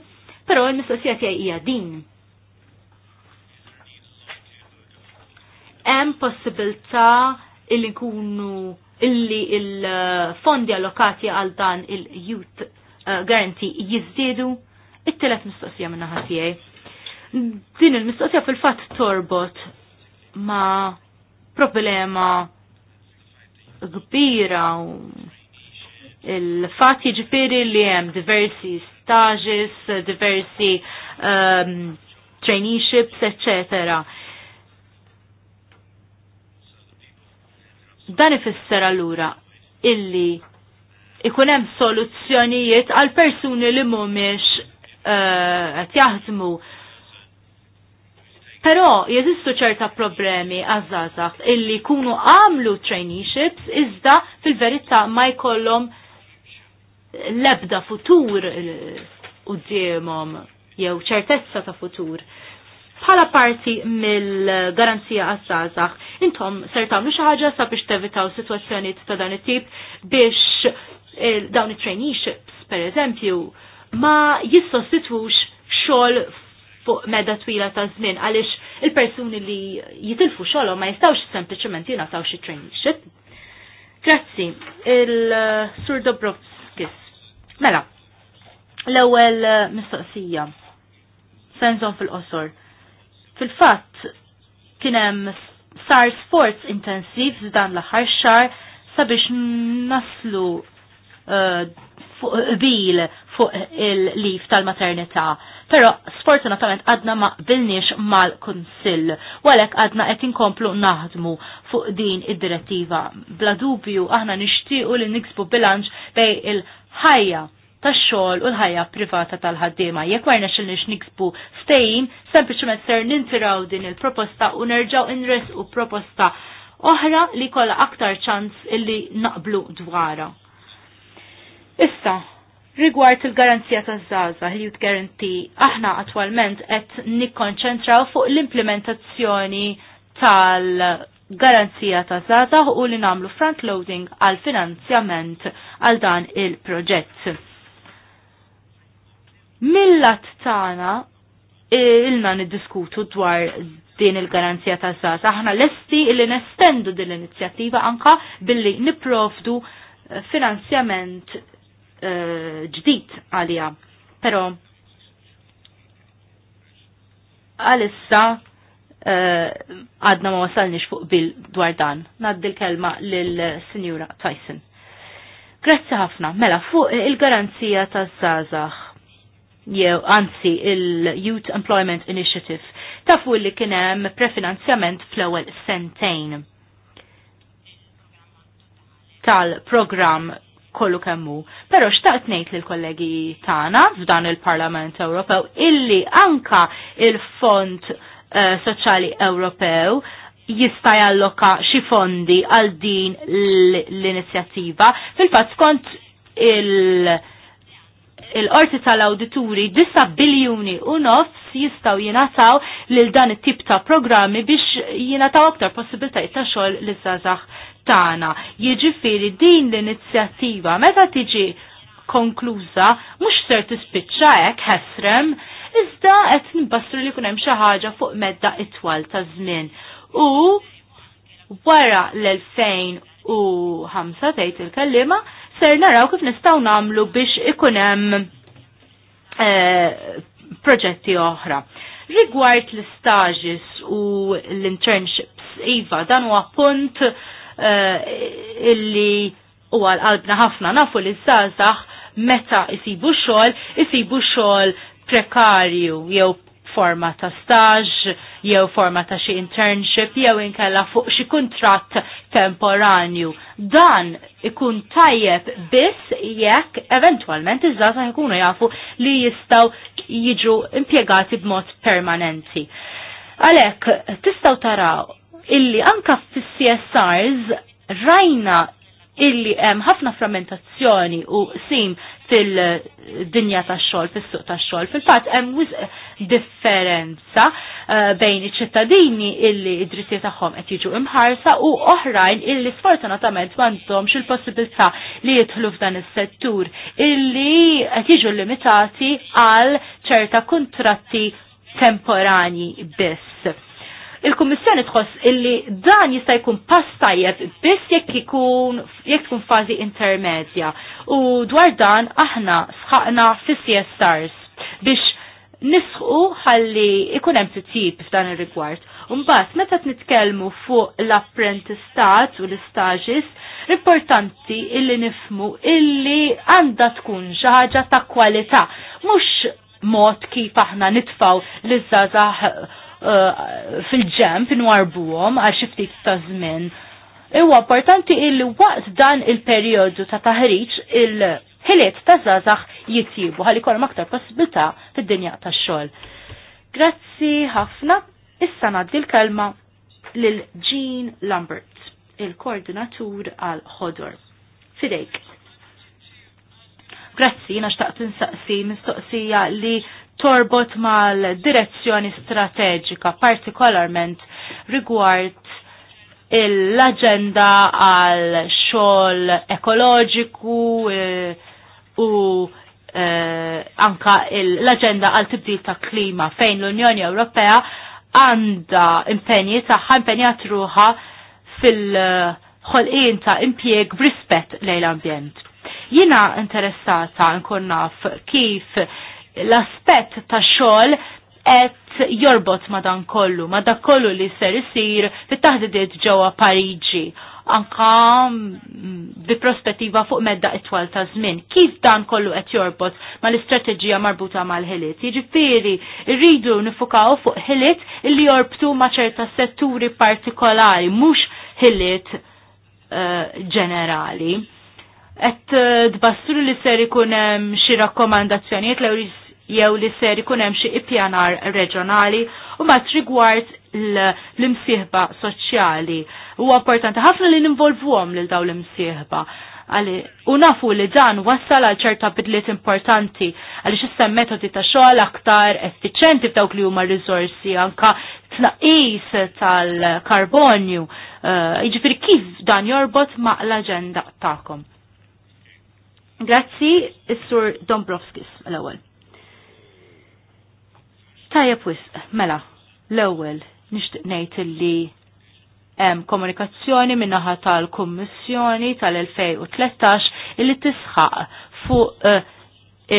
però l-mistoqsija tiegħi hija din hemm possibilità illi nkunu illi il-fondi allokati għal dan il-youth eh, guarantee jizdidu it-telef mistoqsija minna ħatijaj. Din il-mistoqsija fil-fat torbot ma problema kbira u il-fat jġifiri li jem diversi stages, diversi um, traineeships, eccetera Dan ifisser allura illi ikun hemm soluzzjonijiet għal persuni li mhumiex eh, qed uh, jaħdmu. Però jeżistu ċerta problemi għazzazax illi kunu għamlu traineeships iżda fil-verità ma jkollhom l-ebda futur eh, u d jew ċertezza ta' futur bħala parti mill-garanzija għas-sazax. Intom ser tamlu xi ħaġa sabiex tevitaw sitwazzjonijiet ta' dan it-tip biex dawn it-traineeships pereżempju ma jissostitwux xogħol fuq medda twila ta' żmien għaliex il-persuni li jitilfu xogħolhom ma jistgħux sempliċement jingħataw xi traineeship. Grazzi, il-Sur Dobrovskis. Mela, l-ewwel mistoqsija. Senżon fil-qosor Fil-fatt, kienem sar sports intensiv dan l-aħħar xar sabiex naslu uh, bil fuq il-lif tal-maternità. Pero sfortunatament għadna ma qbilniex mal-Kunsill, u għalhekk għadna qed inkomplu naħdmu fuq din id-direttiva. Bla dubju aħna nixtiequ li niksbu bilanċ bej il-ħajja tax-xogħol u l-ħajja privata tal-ħaddiema. Jekk ma rnexxilniex niksbu stejn, sempliċement ser nintiraw din il-proposta u nerġa'w inres u proposta oħra li kolla aktar ċans illi naqblu dwarha. Issa, Rigward il-garanzija ta' zaza, youth guarantee, aħna attualment qed nikkonċentraw fuq l-implementazzjoni tal-garanzija ta' zaza u li namlu front-loading għal finanzjament għal dan il-proġett. Millat tagħna eh, ilna niddiskutu dwar din il-garanzija ta' zaz. Aħna lesti illi nestendu din l-inizjattiva anka billi nipprovdu eh, finanzjament eh, ġdid għalija. Però għalissa għadna ma wasalniex fuq bil dwar dan. Naddi l-kelma l sinjura Tyson. Grazzi ħafna. Mela, fuq il-garanzija ta' zazax jew anzi il-Youth Employment Initiative. Tafu li kien hemm prefinanzjament fl-ewwel sentejn tal-programm kollu kemmu. Pero xtaqt nejt li l-kollegi tana f'dan il-Parlament Ewropew illi anka il-Fond uh, Soċjali Ewropew jista jalloka xi fondi għal din l-inizjattiva. Fil-fatt skont il- il-qorti tal-awdituri 9 biljuni u nofs jistaw jinataw lil dan it-tip ta' programmi biex jinataw aktar possibiltajiet ta' xogħol li żazax tagħna. Jiġifieri din l-inizjattiva meta tiġi konkluża mhux ser tispiċċa hekk ħesrem, iżda qed nbassru li kun hemm xi ħaġa fuq medda itwal ta' żmien. U wara l-2005 tgħid il-kellima, ser naraw kif nistgħu nagħmlu biex ikun hemm e, proġetti oħra. Rigward l-istaġis u l-internships, Iva, dan huwa punt e, illi huwa l-qalbna ħafna nafu li żgħażagħ meta isibu xogħol, isibu xogħol prekarju jew forma ta' staġ, jew forma ta' xi internship, jew inkella fuq xi kuntratt temporanju. Dan ikun tajjeb biss jekk eventwalment iż-żgħażagħ ikunu jafu li jistgħu jiġu impjegati b'mod permanenti. Għalhekk tistgħu taraw illi anka fis-CSRs rajna illi hemm ħafna frammentazzjoni u sim fil-dinja tax-xogħol, fis-suq tax-xogħol. Fil-fatt hemm differenza eh, bejn iċ-ċittadini illi id-drittijiet tagħhom qed jiġu imħarsa u oħrajn illi sfortunatament m'għandhomx il-possibilità li jidħlu f'dan is-settur illi qed jiġu limitati għal ċerta kuntratti temporani biss il-Kummissjoni tħoss illi dan jista' jkun pass tajjeb biss jekk ikun jekk tkun fażi intermedja. U dwar dan aħna sħaqna fis-CSRs biex nisħu ħalli ikun hemm titjib f'dan ir-rigward. Mbagħad meta nitkellmu fuq l-apprentistat u l-istaġis, importanti illi nifmu illi għandha tkun xi ħaġa ta' kwalità, mhux mod kif aħna nitfaw l-żazax Uh, fil-ġemp inwarbuhom għal xi ftit ta' żmien. Huwa importanti il waqt dan il-perjodu ta' taħriġ il-ħiliet ta' zazax jitjibu għalli kol aktar possibilità fid-dinja tax-xogħol. Grazzi ħafna. Issa ngħaddi l-kelma lil Jean Lambert, il-koordinatur għal ħodor. Fidejk. Grazzi, naċtaqt nsaqsi mistoqsija li torbot mal-direzzjoni strateġika, partikolarment rigward l-agenda għal xogħol ekoloġiku eh, u eh, anka l-agenda għal tibdil ta' klima fejn l-Unjoni Ewropea għanda impenji taħħa impenjat ruħa fil-ħolqien ta' impjeg b'rispett lejn ambjent Jina interessata nkun naf kif l-aspett ta' xogħol qed jorbot ma' dan kollu, ma' dak kollu li ser isir fit-taħdidiet ġewwa Pariġi anka mm, bi prospettiva fuq medda itwal ta' żmien. Kif dan kollu qed jorbot ma' l-istrateġija marbuta mal-ħiliet? Jiġifieri rridu nifukaw fuq ħiliet li jorbtu ma' ċerta setturi partikolari, mhux ħiliet eh, ġenerali. Uh, eh, Et dbassru li ser ikun xi rakkomandazzjonijiet li jew li ser ikun hemm xi ippjanar reġjonali u ma rigward l-imsieħba soċjali. Huwa importanti ħafna li ninvolvuhom lil dawn l-imsieħba. U nafu li dan wassal għal ċerta bidliet importanti għaliex issa metodi ta' xogħol aktar effiċenti f'dawk li huma rizorsi anka tnaqis tal-karbonju. Eh, jiġifieri kif dan jorbot ma' l agenda tagħkom. Grazzi, is-Sur Dombrovskis l-ewwel. Tajja wis, mela, l-ewwel nixtieq nejt li hemm komunikazzjoni min-naħa tal-Kummissjoni tal-2013 illi tisħaq fuq uh,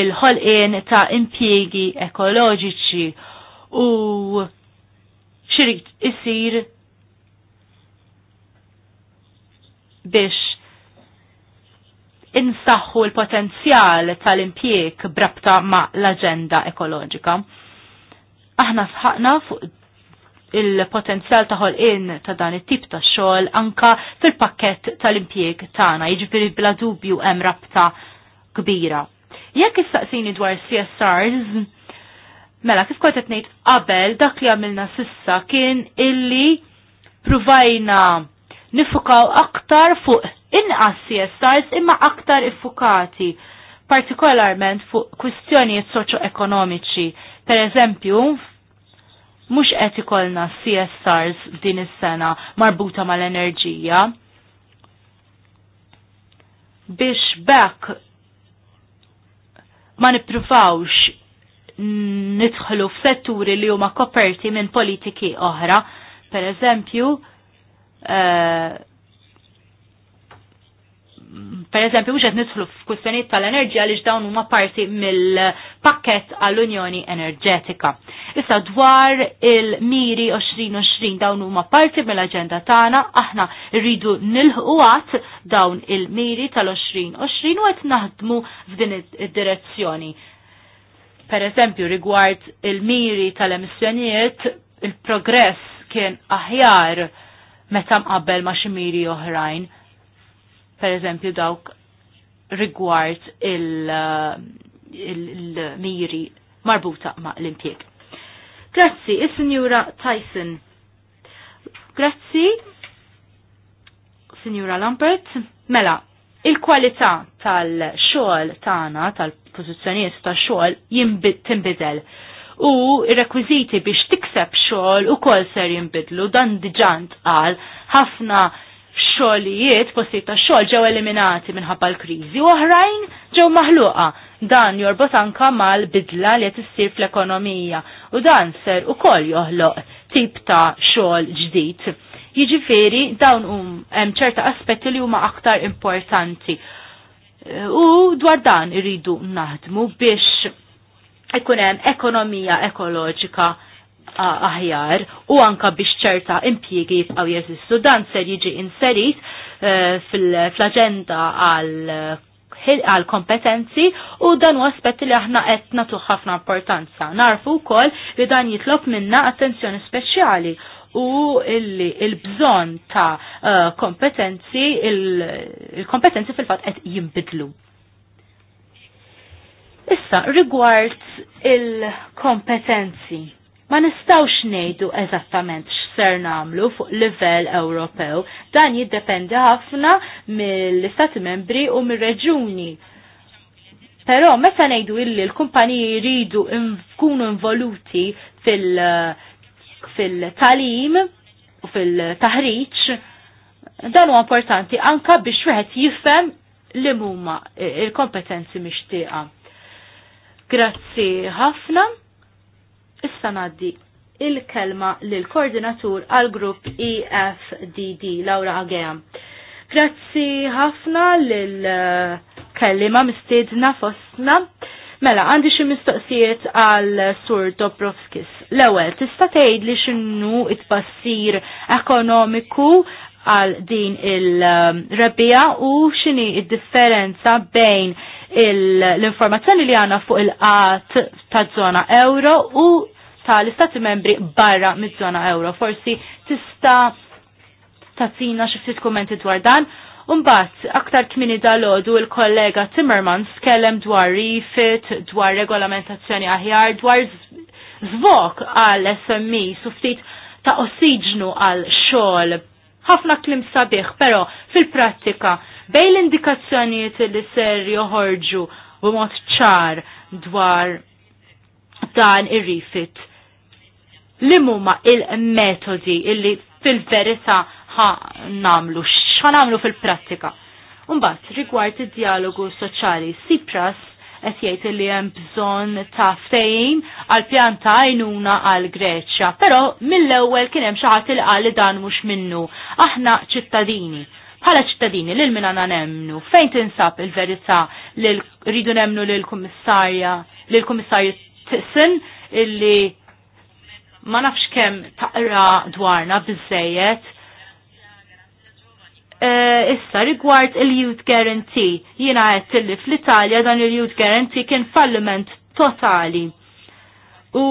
il-ħolqien ta' impjiegi ekoloġiċi u xirid isir biex insaħħu l-potenzjal tal impjeg brabta ma' l-agenda ekoloġika aħna sħaqna fuq il-potenzjal ta' in ta' dan it-tip ta' xogħol anka fil-pakket tal-impjieg tagħna, jiġifieri bla dubju hemm rabta kbira. Jekk istaqsini dwar CSRs, mela kif kont qed ngħid qabel dak li għamilna sissa kien illi pruvajna nifukaw aktar fuq inqas CSRs imma aktar iffukati partikolarment fuq kwistjonijiet soċo-ekonomiċi Per eżempju, mux qed CSRs din is-sena marbuta mal-enerġija. Biex bekk ma nippruvawx nidħlu f'setturi li huma koperti minn politiki oħra, per eżempju, uh, per eżempju, mux għed nidħlu f'kustjoniet tal-enerġija li dawn huma parti mill-pakket għall-Unjoni Enerġetika. Issa dwar il-miri 2020 dawn huma parti mill-aġenda tagħna, aħna rridu nilħu għat dawn il-miri tal-2020 u qed naħdmu f'din id-direzzjoni. Per eżempju, rigward il-miri tal-emissjonijiet, il-progress kien aħjar meta mqabbel ma' xi miri oħrajn per eżempju dawk rigward il-miri uh, marbuta ma' l-impieg. Grazzi, il-Sinjura Tyson. Grazzi, Sinjura Lambert. Mela, il-kwalità tal-xogħol tagħna, tal-pożizzjonijiet tax-xogħol tinbidel. U ir-rekwiżiti biex tikseb xogħol ukoll ser jinbidlu dan diġant għal ħafna xogħlijiet postijiet ta' xogħol ġew eliminati minħabba l-kriżi u oħrajn ġew maħluqa. Dan jorbot anka mal-bidla li qed issir fl-ekonomija u dan ser ukoll joħloq tip ta' xogħol ġdid. Jiġifieri dawn hemm ċerta aspetti li huma aktar importanti. U dwar dan irridu naħdmu biex ikun hemm ekonomija ekoloġika aħjar u anka biex ċerta impjiegi jibqaw jeżistu. Dan ser jiġi inserit eh, fl fil-agenda eh, għal kompetenzi u dan u aspetti li aħna qed tuħafna ħafna importanza. Narfu wkoll li dan jitlob minna attenzjoni speċjali u il-bżon ta' eh, kompetenzi, il-kompetenzi il kompetenzi fil fat qed jimbidlu. Issa, rigward il-kompetenzi, ma nistawx nejdu eżattament x'ser namlu fuq livell Ewropew. Dan jiddependi ħafna mill-Istati membri u mir-reġuni. Però meta ngħidu illi l-kumpaniji jridu jkunu involuti fil-talim u fil-taħriġ, dan huwa importanti anka biex wieħed jifhem li huma il-kompetenzi mixtieqa. Grazzi ħafna. Issa naddi il-kelma l-koordinatur għal-grupp EFDD, Laura Agea. Grazzi ħafna l-kellima eh, mistedna fostna. Mela, għandi xi mistoqsijiet għal Sur Dobrovskis. L-ewwel, tista' tgħid li x'inhu t-passir ekonomiku għal din il-rebbija u x'inhi d differenza bejn l-informazzjoni li għandna fuq il-qat ta' zona euro u tal-istati membri barra mid-zona euro. Forsi tista tazzina xiftit kommenti dwar dan. Umbat, aktar kmini dal-ħodu il-kollega Timmermans kellem dwar rifit, dwar regolamentazzjoni aħjar, dwar zvok għal SMI, suftit ta' ossiġnu għal xol. ħafna klim sabiħ, pero fil-prattika, bej l-indikazzjoniet li ser joħorġu b'mod ċar dwar dan ir-rifit li huma il-metodi illi fil-verità ħa namlu, xa namlu fil-prattika. Umbat, rigward id-dialogu soċjali, Sipras qed jgħid li hemm bżonn ta' ftehim għal pjan ta' għajnuna għal Greċja, però mill-ewwel kien hemm xi ħadd li li dan mhux minnu. Aħna ċittadini, bħala ċittadini lil min għandna nemmnu. fejn tinsab il-verità li rridu nemnu lil kummissarja, lil kummissarju Tisin illi ma nafx kem taqra dwarna bizzejet. E, issa rigward il-Youth Guarantee, jina għed li fl-Italja dan il-Youth Guarantee kien falliment totali. U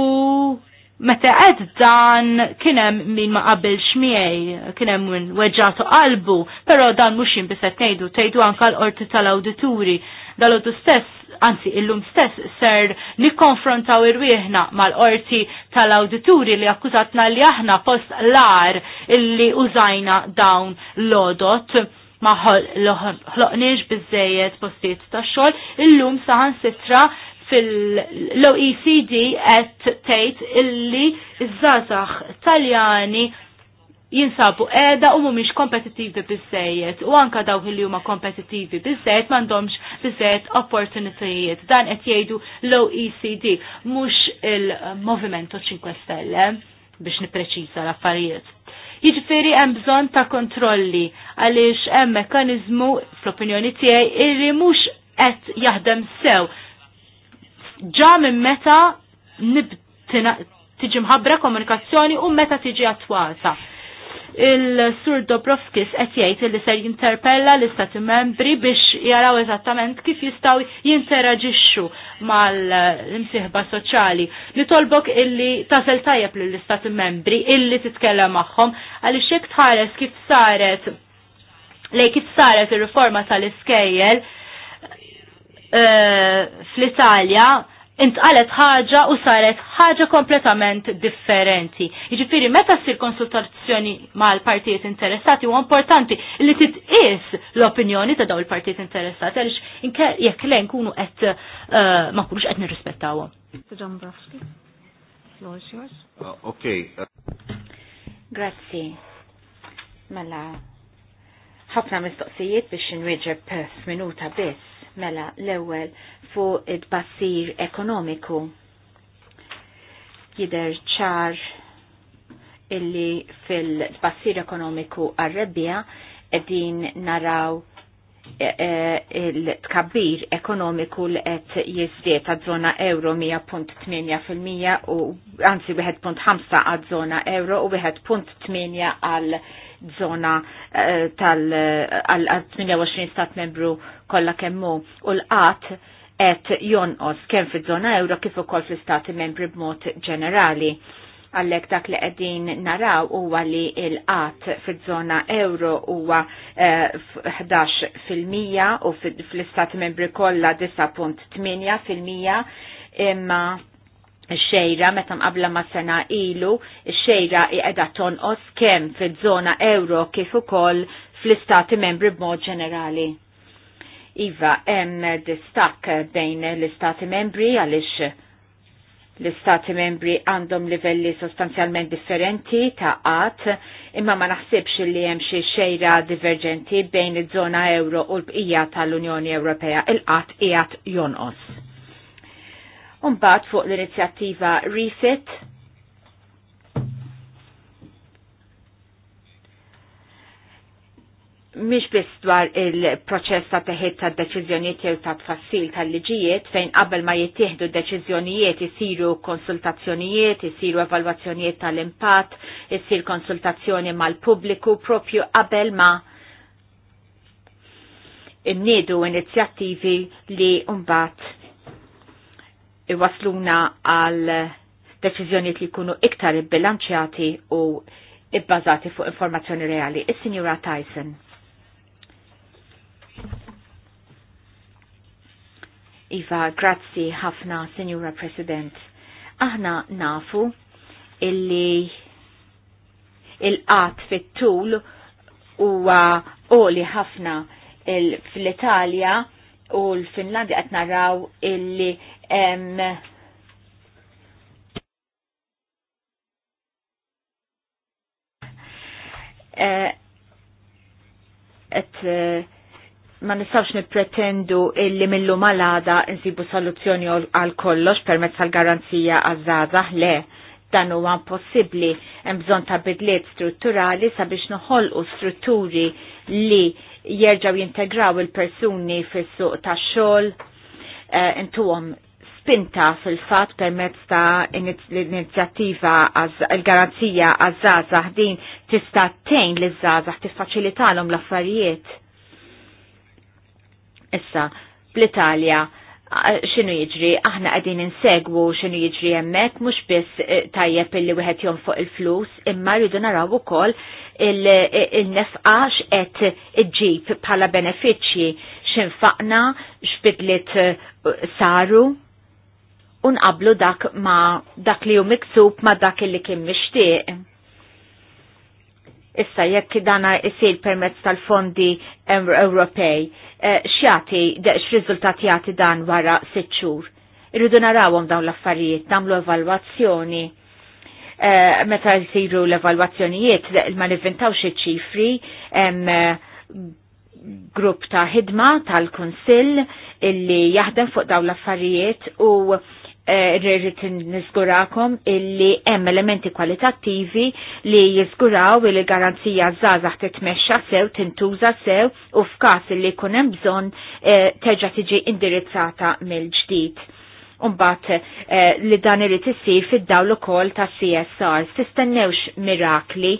meta għed dan kien hemm min ma qabel miegħi, kien hemm min weġġatu qalbu, però dan mhux jinbiset ngħidu, tgħidu anke l-qorti tal-awdituri. Dalodu stess anzi illum stess ser nikkonfrontaw irwieħna mal-qorti tal-awdituri li akkużatna li aħna post l-ar illi użajna dawn l-odot ma ħloqniex bizzejiet postiet ta' xol, illum saħan sitra fil-OECD għet tejt illi iż-żazax taljani jinsabu edha u mumiex kompetitivi bizzejiet u anka dawk li huma kompetitivi bizzejiet m'għandhomx bizzejiet opportunitajiet. Dan qed jgħidu l-OECD mhux il-Movimento 5 Stelle biex nippreċiża l-affarijiet. Jiġifieri hemm bżonn ta' kontrolli għaliex hemm mekkaniżmu fl-opinjoni tiegħi irri mhux qed jaħdem sew. Ġa minn meta nib tiġi mħabbra komunikazzjoni u meta tiġi attwata il-Sur Dobrovskis qed jgħid li ser jinterpella l-Istati Membri biex jaraw eżattament kif jistgħu jinteraġixxu mal-imsieħba soċjali. Nitolbok illi tasel tajjeb lill-Istati Membri illi titkellem magħhom għaliex hekk tħares kif saret lej kif saret ir-riforma tal-iskejjel eh, fl-Italja intqalet ħaġa u saret ħaġa kompletament differenti. Jiġifieri meta ssir konsultazzjoni mal-partijiet interessati huwa importanti li titqis l-opinjoni ta' dawn il-partijiet interessati għaliex inke jekk le nkunu qed eh, ma kunux qed nirrispettawhom. Uh, okay. Uh, Grazzi. Mela ħafna mistoqsijiet biex nwieġeb minuta biss Mela, l-ewel fuq id-bassir ekonomiku. Jider ċar illi fil-bassir ekonomiku għarrebbija edin naraw e, e, il-tkabbir ekonomiku li qed jiżdied għad-żona euro 100.8% u anzi 1.5 għad-żona euro u 1.8 għal zona eh, tal-28 stat membru kollha kemmu u l-qat qed jonqos kemm fiż-żona euro kif ukoll fl-istati membri b'mod ġenerali. Għallek dak li qegħdin naraw huwa li l-qat fiż-żona euro huwa eh, 11% u fl-istati membri kollha 9.8% imma xejra meta mqabla ma' sena ilu, xejra qiegħda tonqos kemm fiż-żona euro kif ukoll fl-istati membri b'mod ġenerali. Iva, hemm distak bejn l-istati membri għaliex l-istati membri għandhom livelli sostanzjalment differenti ta' qatt, imma ma naħsibx li hemm xi xejra diverġenti bejn iż-żona euro u l-bqija tal-Unjoni Ewropea il-qatt qiegħed jonqos. Umbat fuq l-inizjattiva Reset. Mish biss dwar il-proċess ta' teħed ta' deċiżjonijiet jew ta' tfassil tal-liġijiet fejn qabel ma jittieħdu deċiżjonijiet isiru konsultazzjonijiet, isiru evalwazzjonijiet tal-impatt, isir konsultazzjoni mal-pubbliku propju qabel ma innedu inizjattivi li mbagħad iwasluna għal deċiżjonijiet li jkunu iktar bilanċjati u ibbażati fuq informazzjoni reali. Is-Sinjura Tyson. Iva, grazzi ħafna, Sinjura President. Aħna nafu illi il-qat fit-tul huwa oli ħafna fl-Italja u l finlandi qed naraw illi em, eh, et eh, ma nistawx nipretendu illi millu malada nsibu soluzzjoni għal kollox permezz għal garanzija għazzazah le dan huwa possibli hemm bżonn ta' bidliet strutturali sabiex noħolqu strutturi li jerġaw jintegraw il-persuni fis-suq tax-xogħol, eh, intuhom spinta fil-fat permezz ta' l-inizjattiva il-garanzija għaż-żgħażagħ din tista' tgħin liż-żgħażagħ tiffaċilitalhom l-affarijiet. Issa, bl-Italja xinu jiġri, aħna għadin insegwu xinu jiġri jemmek, mux biss eh, tajjeb il-li wieħed jom fuq il-flus, imma rridu naraw ukoll eh, il-nefqax qed iġġib bħala benefiċċji x'infaqna, xbidlit eh, saru, unqablu dak ma dak li hu miksub ma dak li kien mixtieq Issa jekk dana isir permezz tal-fondi Ewropej, eh, xjati, x-rizultat jati dan wara sitt xhur. Irridu narawhom dawn l-affarijiet, namlu evalwazzjoni. Eh, meta jsiru l-evalwazzjonijiet, ma nivvintawx iċ-ċifri, eh, grupp ta' ħidma tal-Kunsill illi jaħdem fuq dawn l-affarijiet u Eh, rrit nizgurakom illi hemm elementi kwalitattivi li jizguraw li garanzija zazax titmexxa sew tintuża sew u f'kas li jkun hemm bżonn eh, terġa' tiġi indirizzata mill-ġdid. Umbat eh, li dan irid isir fid-dawl ukoll ta' CSR. Tistennewx mirakli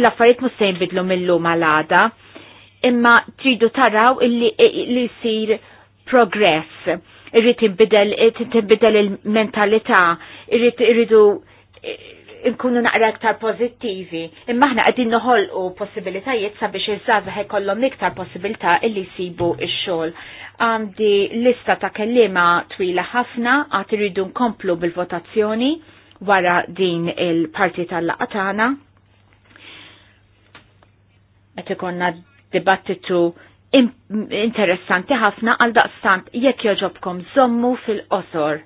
l-affarijiet mhux se jinbidlu mill-lum għal imma tridu taraw li jsir progress irrid tinbidel il-mentalità, irridu nkunu naqra iktar pozittivi. Imma aħna qegħdin noħolqu possibilitajiet sabiex il żgħażagħ ikollhom iktar possibilità illi jsibu il xogħol Għandi lista ta' kellima twila ħafna għad irridu nkomplu bil-votazzjoni wara din il-parti tal-laqatana. Qed ikonna dibattitu interessanti ħafna għal daqstant jekk joġobkom zommu fil-qosor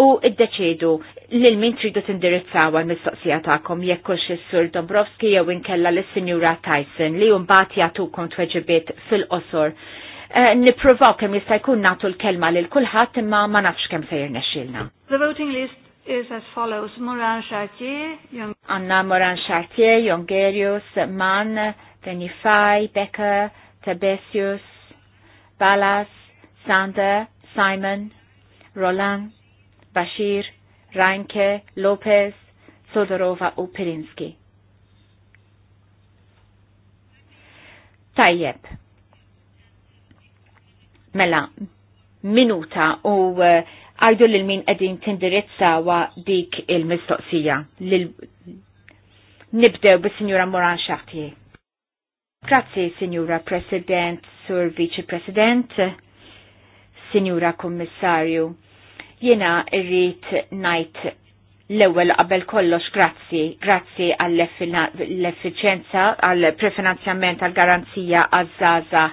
u id-deċidu lil min tridu tindirizzaw għal mistoqsija tagħkom jekk hux is-Sur Dombrovski jew inkella lis-Sinjura Tyson li mbagħad jagħtukom tweġibiet fil-qosor. Uh, eh, Nipprovaw kemm jista' jkun nagħtu l-kelma lil kulħadd imma ma nafx kemm sejr jirnexxilna. The voting list is as follows. Moran Chartier, Anna Moran Chartier, Jongerius, Mann, Venifai, Becker, Tebesius, Balas, Sander, Simon, Roland, Bashir, Reinke, Lopez, Sodorova u Pirinski. Tajjeb. Mela, minuta u eh, għajdu uh, l min għedin tindirizza wa dik il-mistoqsija. Nibdew bis-Sinjura Moran Xaħtje. Grazzi, Signora President, Sur Vice President, Signora Kommissarju. Jena irrit najt l-ewel qabel kollox grazzi, grazzi għall efficienza għall-prefinanzjament, għall-garanzija għazzaza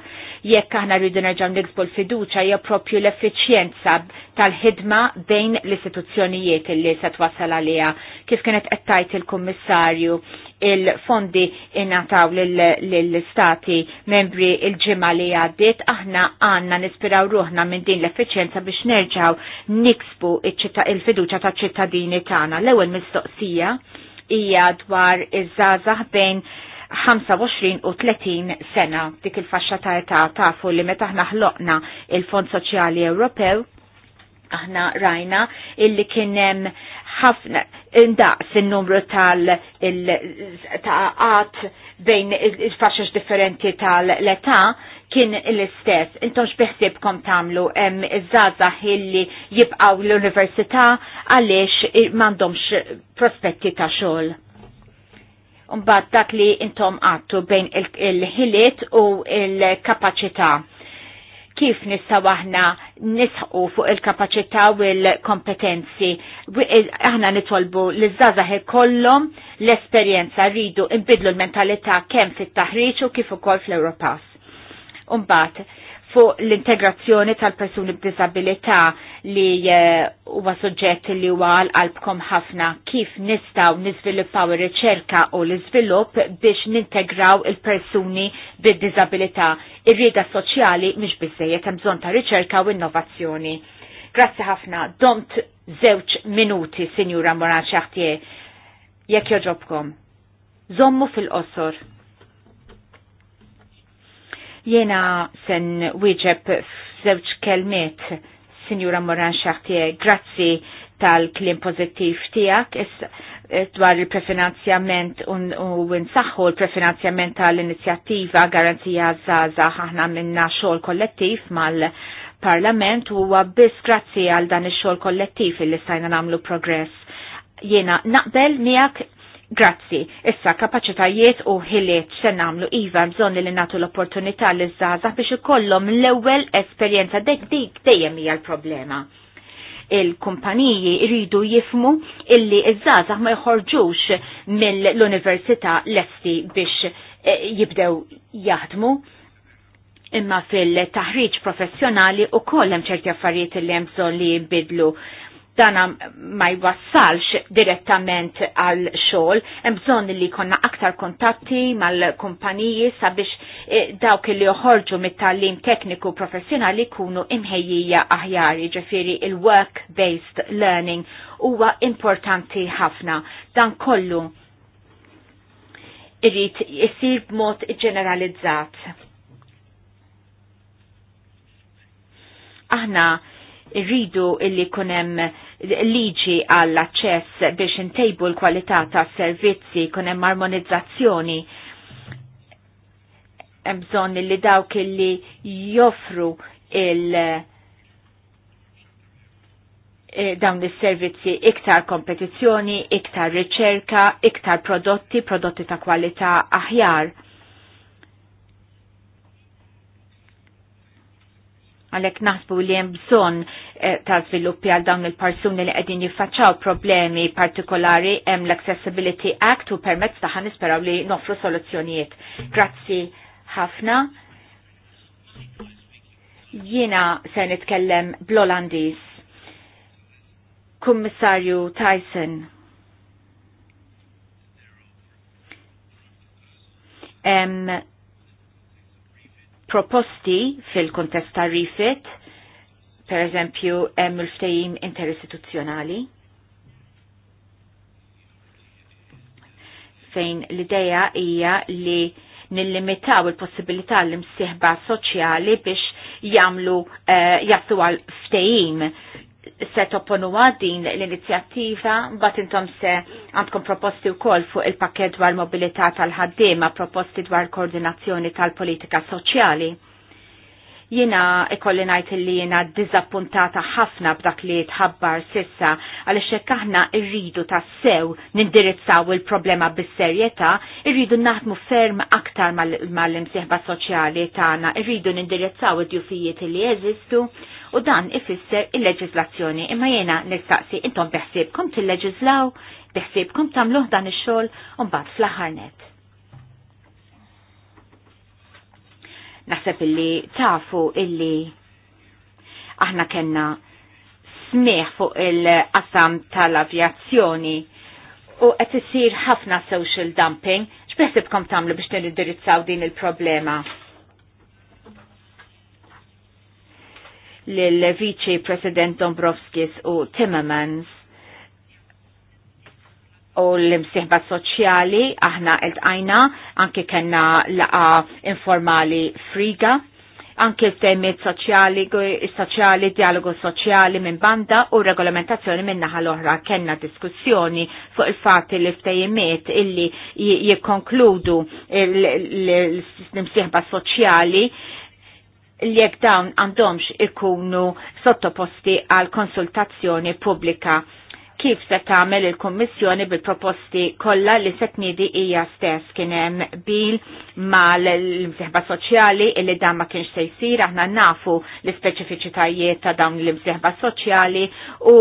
jekk aħna rridu nerġgħu niksbu l-fiduċja hija propju l-effiċjenza tal-ħidma bejn l-istituzzjonijiet li se twassal għaliha. Kif kienet qed tajt il-Kummissarju il-fondi innataw lill istati membri il-ġimgħa li għaddiet aħna għandna nispiraw ruħna minn din l-effiċjenza biex nerġgħu niksbu il-fiduċja tal ċittadini tagħna. L-ewwel mistoqsija hija dwar iż-żgħażagħ bejn 25 u 30 sena dik il-faxxa ta' età tafu li meta aħna ħloqna il-Fond Soċjali Ewropew aħna rajna illi kien hemm ħafna indaqs in-numru tal taqat bejn il-faxxax differenti tal-età kien l-istess. Intom x'beħsiebkom tagħmlu hemm iż-żgħażagħ illi jibqgħu l-università għaliex m'għandhomx prospetti ta' xogħol. Mbagħad dak li intom għattu bejn il-ħiliet il u il-kapaċità. Kif nistgħu aħna nisħu fuq il-kapaċità u l-kompetenzi. Aħna nitolbu li żgħażagħ ikollhom l-esperjenza rridu imbidlu l-mentalità kemm fit-taħriġ u kif ukoll fl-Europass. Mbagħad fuq l-integrazzjoni tal-persuni b'disabilità li eh, huwa suġġett li huwa għal-qalbkom ħafna kif nistgħu niżviluppaw ir-riċerka u l-iżvilupp biex nintegraw il-persuni bid-disabilità. Ir-rieda soċjali mhix biżejjed hemm bżonn ta' riċerka u innovazzjoni. Grazzi ħafna, domt żewġ minuti, Sinjura Moran Xaħtie, jekk joġobkom. Zommu fil-qosor. Jena sen wieġeb f'żewġ kelmiet, Sinjura Moran Xaħtie, grazzi tal-klim pozittiv tijak eh, dwar il-prefinanzjament u nsaħħu il-prefinanzjament tal-inizjattiva Garanzija Zaza ħahna minna xol kollettiv mal-parlament u biss grazzi għal dan il-xol kollettiv il-li stajna namlu progress. Jena naqbel miak Grazzi, issa kapacitajiet u ħiliet se namlu iva bżon li natu l-opportunità li zaza biex ikollhom l-ewwel esperjenza dek dik dejjem hija l-problema. Il-kumpaniji rridu jifmu illi iż żaza ma jħorġux mill-università lesti biex eh, jibdew jaħdmu imma fil-taħriġ professjonali u kollem hemm ċerti affarijiet li hemm bżonn li jinbidlu dana ma jwassalx direttament għal xogħol, hemm bżonn li konna aktar kontatti mal-kumpaniji sabiex eh, dawk li joħorġu mit-tagħlim tekniku professjonali kunu imħejjija aħjar, ġifiri il-work-based learning huwa importanti ħafna. Dan kollu irrid isir b'mod ġeneralizzat. Aħna rridu illi kunem hemm liġi għall-aċċess biex intejbu l-kwalità tas servizzi kun hemm armonizzazzjoni hemm bżonn li dawk li joffru il- e, dawn is-servizzi iktar kompetizzjoni, iktar riċerka, iktar prodotti, prodotti ta' kwalità aħjar għalek naħsbu li hemm bżonn eh, ta' sviluppi għal dawn il-persuni li qegħdin jiffaċċaw problemi partikolari hemm l-Accessibility Act u permezz ta' nisperaw li nofru soluzzjonijiet. Grazzi ħafna. Jiena se nitkellem bl-Olandis. Kummissarju Tyson. Em, proposti fil-kontest ta' rifit, per eżempju, hemm il-ftehim interistituzzjonali. Fejn l-ideja hija li nillimitaw il-possibilità l-imsieħba soċjali biex jamlu uh, eh, għal ftehim se topponu din l-inizjattiva bat intom se għandkom proposti wkoll fuq il-pakket dwar mobilità tal-ħaddiema proposti dwar koordinazzjoni tal-politika soċjali. Jina ikolli najt li jina dizappuntata ħafna b'dak li tħabbar sissa għal xekk aħna irridu ta' sew nindirizzaw il-problema bis-serjetà, irridu naħdmu ferm aktar mal-imsieħba soċjali tagħna, irridu nindirizzaw id-djufijiet li jeżistu u dan ifisser il leġislazzjoni Imma jena nistaqsi intom beħsiebkom til-leġizlaw, beħsiebkom tagħmluh dan ix-xogħol u mbagħad fl-aħarnet. Naħseb illi tafu illi aħna kenna smieħ fuq il-qasam tal-avjazzjoni u qed isir ħafna social dumping. X'beħsibkom tagħmlu biex tindirizzaw din il-problema? Lil viċi President Dombrovskis u Timmermans u l-imsieħba soċjali aħna il-tqajna anki kena laqa informali friga anki l-temiet soċjali, soċjali, dialogu soċjali minn banda u regolamentazzjoni minn naħa l-oħra kena diskussjoni fuq il-fatti li ftejimiet illi jikonkludu l-imsieħba soċjali li jek dawn għandhomx ikunu sottoposti għal konsultazzjoni pubblika kif se tagħmel il-Kummissjoni bil-proposti kollha li se tniedi hija stess kien hemm bil mal-imsieħba soċjali illi dan ma kienx se jsir aħna nafu l-ispeċifiċitajiet ta' dawn l-imsieħba soċjali u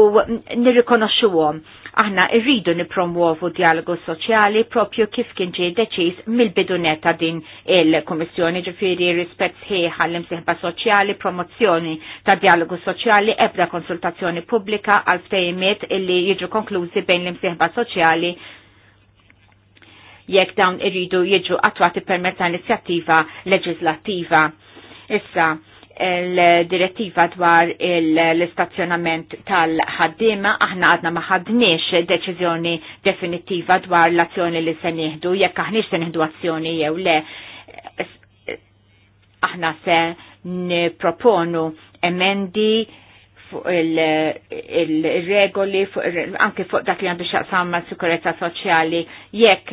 nirrikonoxxuhom Aħna irridu nipromuovu dialogu soċjali propju kif kien ġie deċiż mill-bidunet ta' din il-Kummissjoni ġifieri rispett sħiħa l imsieħba soċjali, promozzjoni ta' dialogu soċjali, ebda konsultazzjoni pubblika għal ftejimiet illi jiġu konklużi bejn l-imsieħba soċjali jekk dawn irridu jiġu attwati permezz ta' inizjattiva leġislattiva. Issa, il-direttiva dwar l-istazzjonament tal-ħaddima, aħna għadna maħadniex deċizjoni definitiva dwar l-azzjoni li se nieħdu, jekk aħniex se nieħdu azzjoni jew le. Aħna se niproponu emendi fuq il-regoli, anke fuq dak li għandu xaqsam ma' sikurezza soċjali, jekk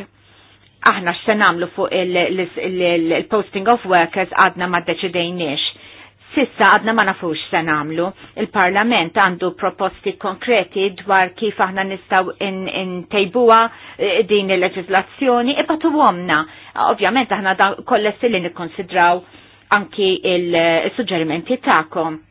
aħna x'se nagħmlu fuq il-posting of workers għadna ma' deċidejniex Sissa għadna ma nafux se namlu. Il-Parlament għandu proposti konkreti dwar kif aħna nistaw intejbuwa in eh, din il leġizlazzjoni e patu għomna. Ovvjament aħna da kollessi li nikkonsidraw anki il-suġġerimenti eh, ta'kom.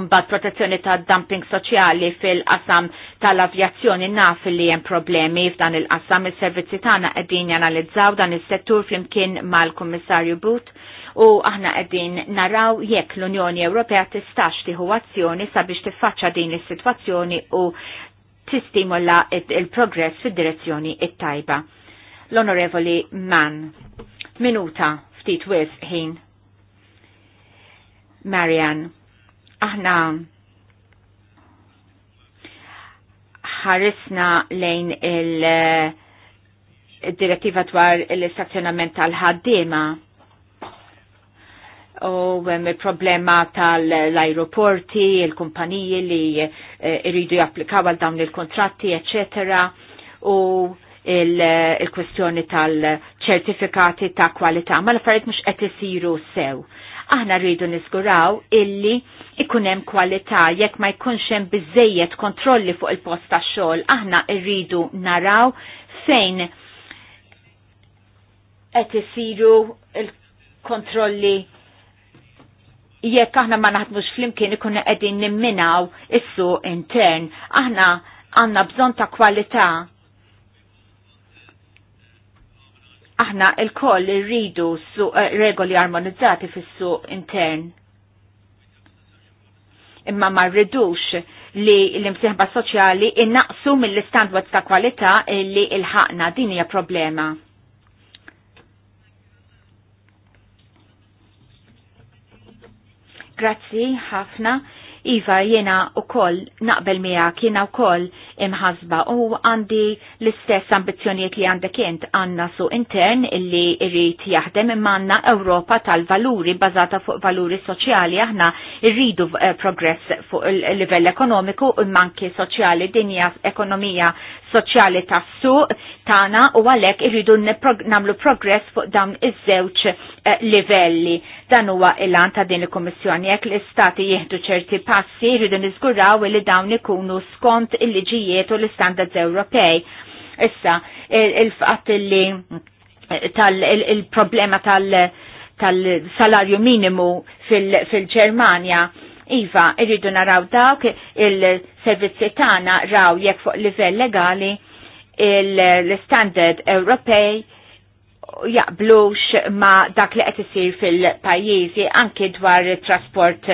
Mbagħad protezzjoni ta' dumping soċjali fil-qasam tal-avjazzjoni naf li hemm problemi f'dan il-qasam is-servizzi tagħna qegħdin janalizzaw dan is-settur flimkien mal-Kummissarju But u aħna qegħdin naraw jekk l-Unjoni Ewropea tistax tieħu azzjoni sabiex tiffaċċa din is-sitwazzjoni u tistimola il-progress fil direzzjoni it-tajba. L-Onorevoli Mann. Minuta ftit wif ħin. Marianne. Aħna ħarisna lejn il-direttiva dwar il istazzjonament tal-ħaddima u il-problema tal-aeroporti, il-kumpaniji li eh, irridu japplikaw għal dawn il-kontratti, etc. U il-kwestjoni tal-ċertifikati ta' kwalità, ma l-affarijiet mhux qed isiru sew. Aħna rridu nisguraw illi ikun hemm kwalità jekk ma jkunx hemm biżejjed kontrolli fuq il-post tax-xogħol. Aħna rridu naraw fejn qed isiru l kontrolli jekk aħna ma naħdmux flimkien ikun qegħdin nimminaw is-suq intern. Aħna għandna bżonn ta' kwalità aħna il-koll su eh, regoli armonizzati fis-suq intern. Imma ma rridux li l-imsieħba soċjali innaqsu mill-standards ta' kwalità li il-ħaqna din hija problema. Grazzi ħafna Iva, jena u koll naqbel miegħek jena u koll imħazba u għandi l-istess ambizjoniet li għandek jent għanna su intern illi irrit jaħdem imma għanna Ewropa tal-valuri bazata fuq valuri soċjali aħna irridu eh, progress fuq il-livell ekonomiku u manki soċjali dinja ekonomija soċjali tas-suq tana u għalek irridu namlu progress fuq dawn iż-żewġ eh, livelli. Dan huwa il-lan ta' din il komissjoni jekk l-Istati jieħdu ċerti passi irridu niżguraw li dawn ikunu skont il-liġijiet u l-istandards Ewropej. Issa, il-fatt li eh, tal-problema tal-salarju minimu fil-Ġermanja Iva, irridu naraw dawk il-servizzi tagħna raw jekk fuq livell legali l-standard Ewropej jaqblux ma dak li qed isir fil-pajjiżi anke dwar trasport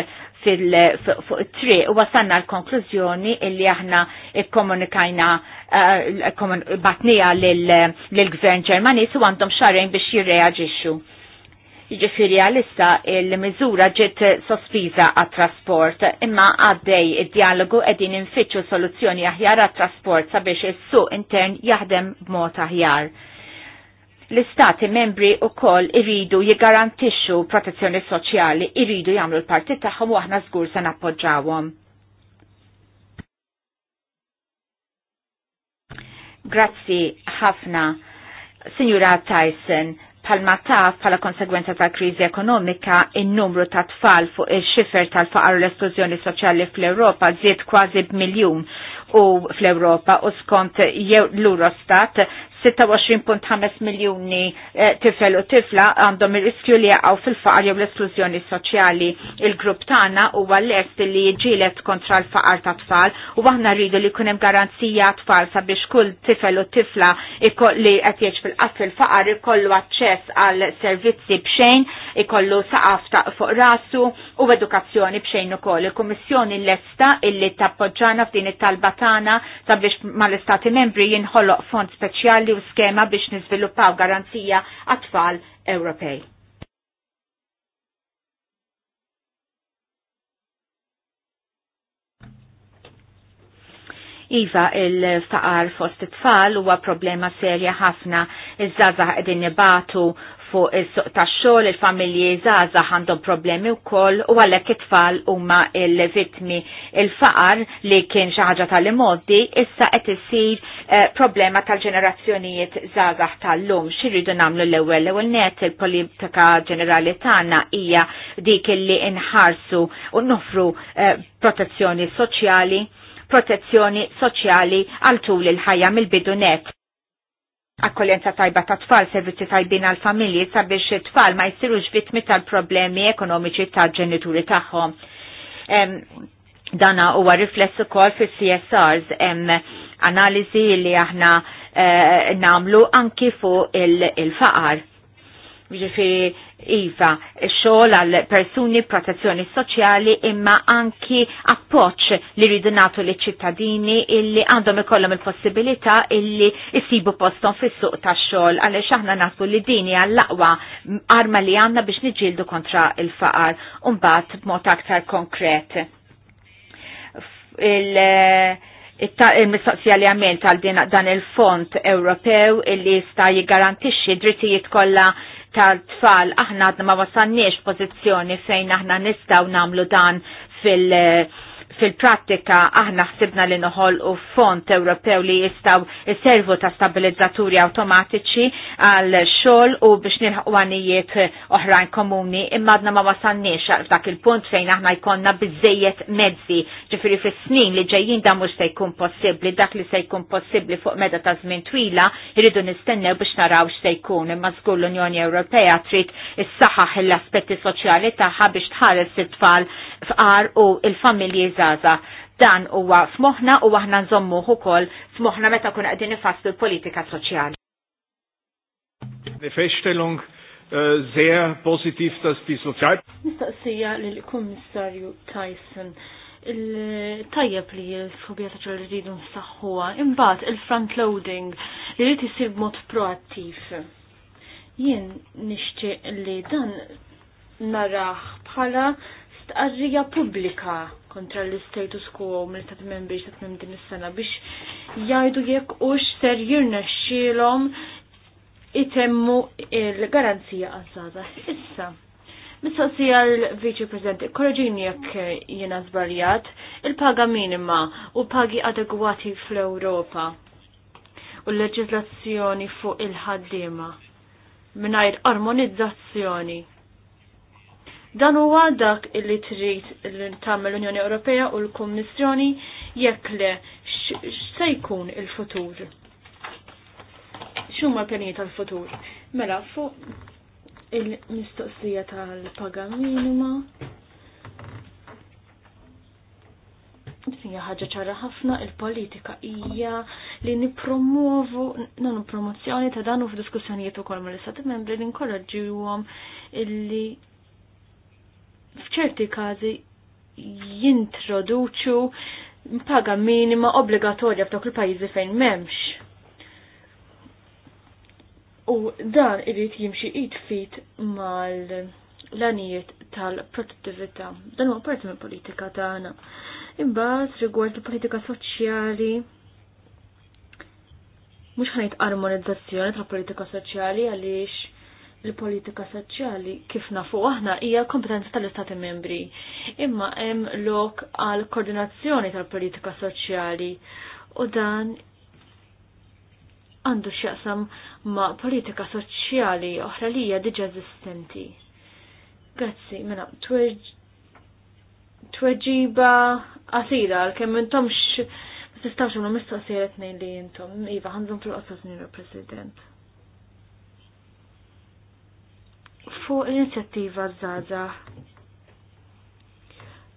fuq tri u wasanna l-konklużjoni illi aħna ikkomunikajna eh, batnija lill-gvern Ġermaniż u għandhom xarrejn biex jirreaġixxu. Jiġifieri għalissa il-miżura ġiet sospiża għat-trasport imma għaddej id-dialogu qegħdin infittxu soluzzjoni aħjar għat-trasport sabiex is-suq intern jaħdem b'mod aħjar l-istati membri u koll iridu jigarantixxu protezzjoni soċjali, iridu jagħmlu l-partit tagħhom u aħna żgur se nappoġġawhom. Grazzi ħafna, Signora Tyson palma taf pala konsegwenza ta' krizi ekonomika il-numru ta' tfal fuq il-xifer tal-faqar l-esplosjoni soċjali fl-Europa zied kważi b'miljun u fl-Europa u skont l-Eurostat 26.5 miljoni eh, tifel u tifla għandhom il-riskju li għaw fil-faqar jew l-esklużjoni soċjali. Il-grupp tagħna huwa lest li jġielet kontra l-faqar ta' tfal u aħna rridu li kunem garanzija tfal sabiex kull tifel u tifla li qed jgħix fil qas fil-faqar ikollu aċċess għal servizzi bxejn, ikollu saqaf ta' fuq rasu u edukazzjoni bxejn ukoll. Il-Kummissjoni l-esta illi tappoġġana f'din it-talba tagħna sabiex mal-Istati Membri jinħoloq fond speċjali fondi skema biex nizviluppaw garanzija għatfall Ewropej. Iva, il-faqar fost it-tfal huwa problema serja ħafna iż-żazax qegħdin nibatu fuq is-suq tax-xogħol il-familji żgħażagħ għandhom problemi wkoll u għalhekk it-tfal huma l-vittmi il-faqar li kien xi ħaġa tal-imoddi issa qed isir eh, problema tal-ġenerazzjonijiet żgħażagħ tal-lum. X'iridu nagħmlu l-ewwel l-ewwel net il-politika ġenerali tagħna hija dik illi inħarsu u nofru eh, protezzjoni soċjali protezzjoni soċjali għal tul il-ħajja mill-bidunet akkoljenza tajba ta' tfal, servizzi tajbin għal familji sabiex it-tfal ma jsirux vittmi tal-problemi ekonomiċi ta' ġenituri tagħhom. Dana huwa rifless ukoll fis-CSRs hemm analiżi li aħna eh, namlu anki fuq il-faqar. Il ġifiri iva, xogħol għal persuni protezzjoni soċjali imma anki appoċ li rridu nagħtu li ċittadini illi għandhom ikollhom il-possibilità illi jisibu postom fis-suq tax-xogħol għaliex aħna nafu li dini għall laqwa arma li għandna biex niġġieldu kontra il-faqar u mbagħad b'mod aktar konkret. il- il-mistoqsija li għamil tal dan il-fond Ewropew illi sta jgarantixxi drittijiet kollha tal-tfal aħna għadna ma wasanniex pozizjoni fejn aħna nistaw namlu dan fil- uh, fil-prattika aħna ħsibna li noħol u font Ewropew li jistaw servu ta' stabilizzaturi automatiċi għal xol u biex nilħu għanijiet oħrajn komuni immadna ma wasanniex f'dak il-punt fejn aħna jkonna bizzejiet mezzi ġifiri fis snin li ġejjin da mux se jkun possibli dak li se jkun possibli fuq meda ta' żmien twila jridu nistennew biex naraw x'se jkun imma zgur l-Unjoni Ewropea trid issaħħaħ l-aspetti soċjali tagħha biex tħares it-tfal fqar u il-familji zaza. Dan huwa f'moħħna u aħna nżommu ukoll f'moħħna meta kun qegħdin ifasslu l-politika soċjali. Die Feststellung äh, sehr positiv, dass die Sozial... Nistaqsija lill-Kummissarju Tyson il-tajjeb li l-fobija ta' li rridu nsaħħuha, imbagħad il-front loading li rrid isir b'mod proattiv. Jien nixtieq li dan naraħ bħala għazija pubblika kontra l-status quo mill istat Membri ta' tmiem din is-sena biex jgħidu jekk hux ser jirnexxielhom itemmu l garanzija għazzada. Issa, mistoqsija l-Viċi President, korreġini jekk jiena żbaljat, il-paga minima u pagi adegwati fl-Ewropa u l-leġiżlazzjoni fuq il-ħaddiema mingħajr armonizzazzjoni Dan huwa dak illi trid tagħmel l-Unjoni Ewropea u l-Kummissjoni jekk le se jkun il-futur. X'huma l-pjanijiet tal-futur? Mela fuq il-mistoqsija tal-paga minima. Hija ħaġa ċara ħafna il-politika hija li nippromuvu nagħmlu promozzjoni ta' dan u f'diskussjonijiet ukoll mal-istati membri li nkoraġġihom illi f'ċerti każi jintroduċu paga minima obbligatorja f'dawk il-pajjiżi fejn m'hemmx. U dan irid jimxi id mal lanijiet tal-produttività. Dan huwa parti mill politika tagħna. Imbagħad rigward il-politika soċjali mhux ħanejt armonizzazzjoni tal-politika soċjali għaliex il-politika soċjali kif nafu aħna hija kompetenza tal-Istati membri. Imma hemm lok għal koordinazzjoni tal-politika soċjali u dan għandu x'jaqsam ma' politika soċjali oħra li hija diġà eżistenti. Grazzi, mela tweġiba għal għalkemm intomx ma tistgħux mistoqsija tnejn li jintom, Iva, ħandhom fil-qosas President. fuq l-inizjattiva Zaza.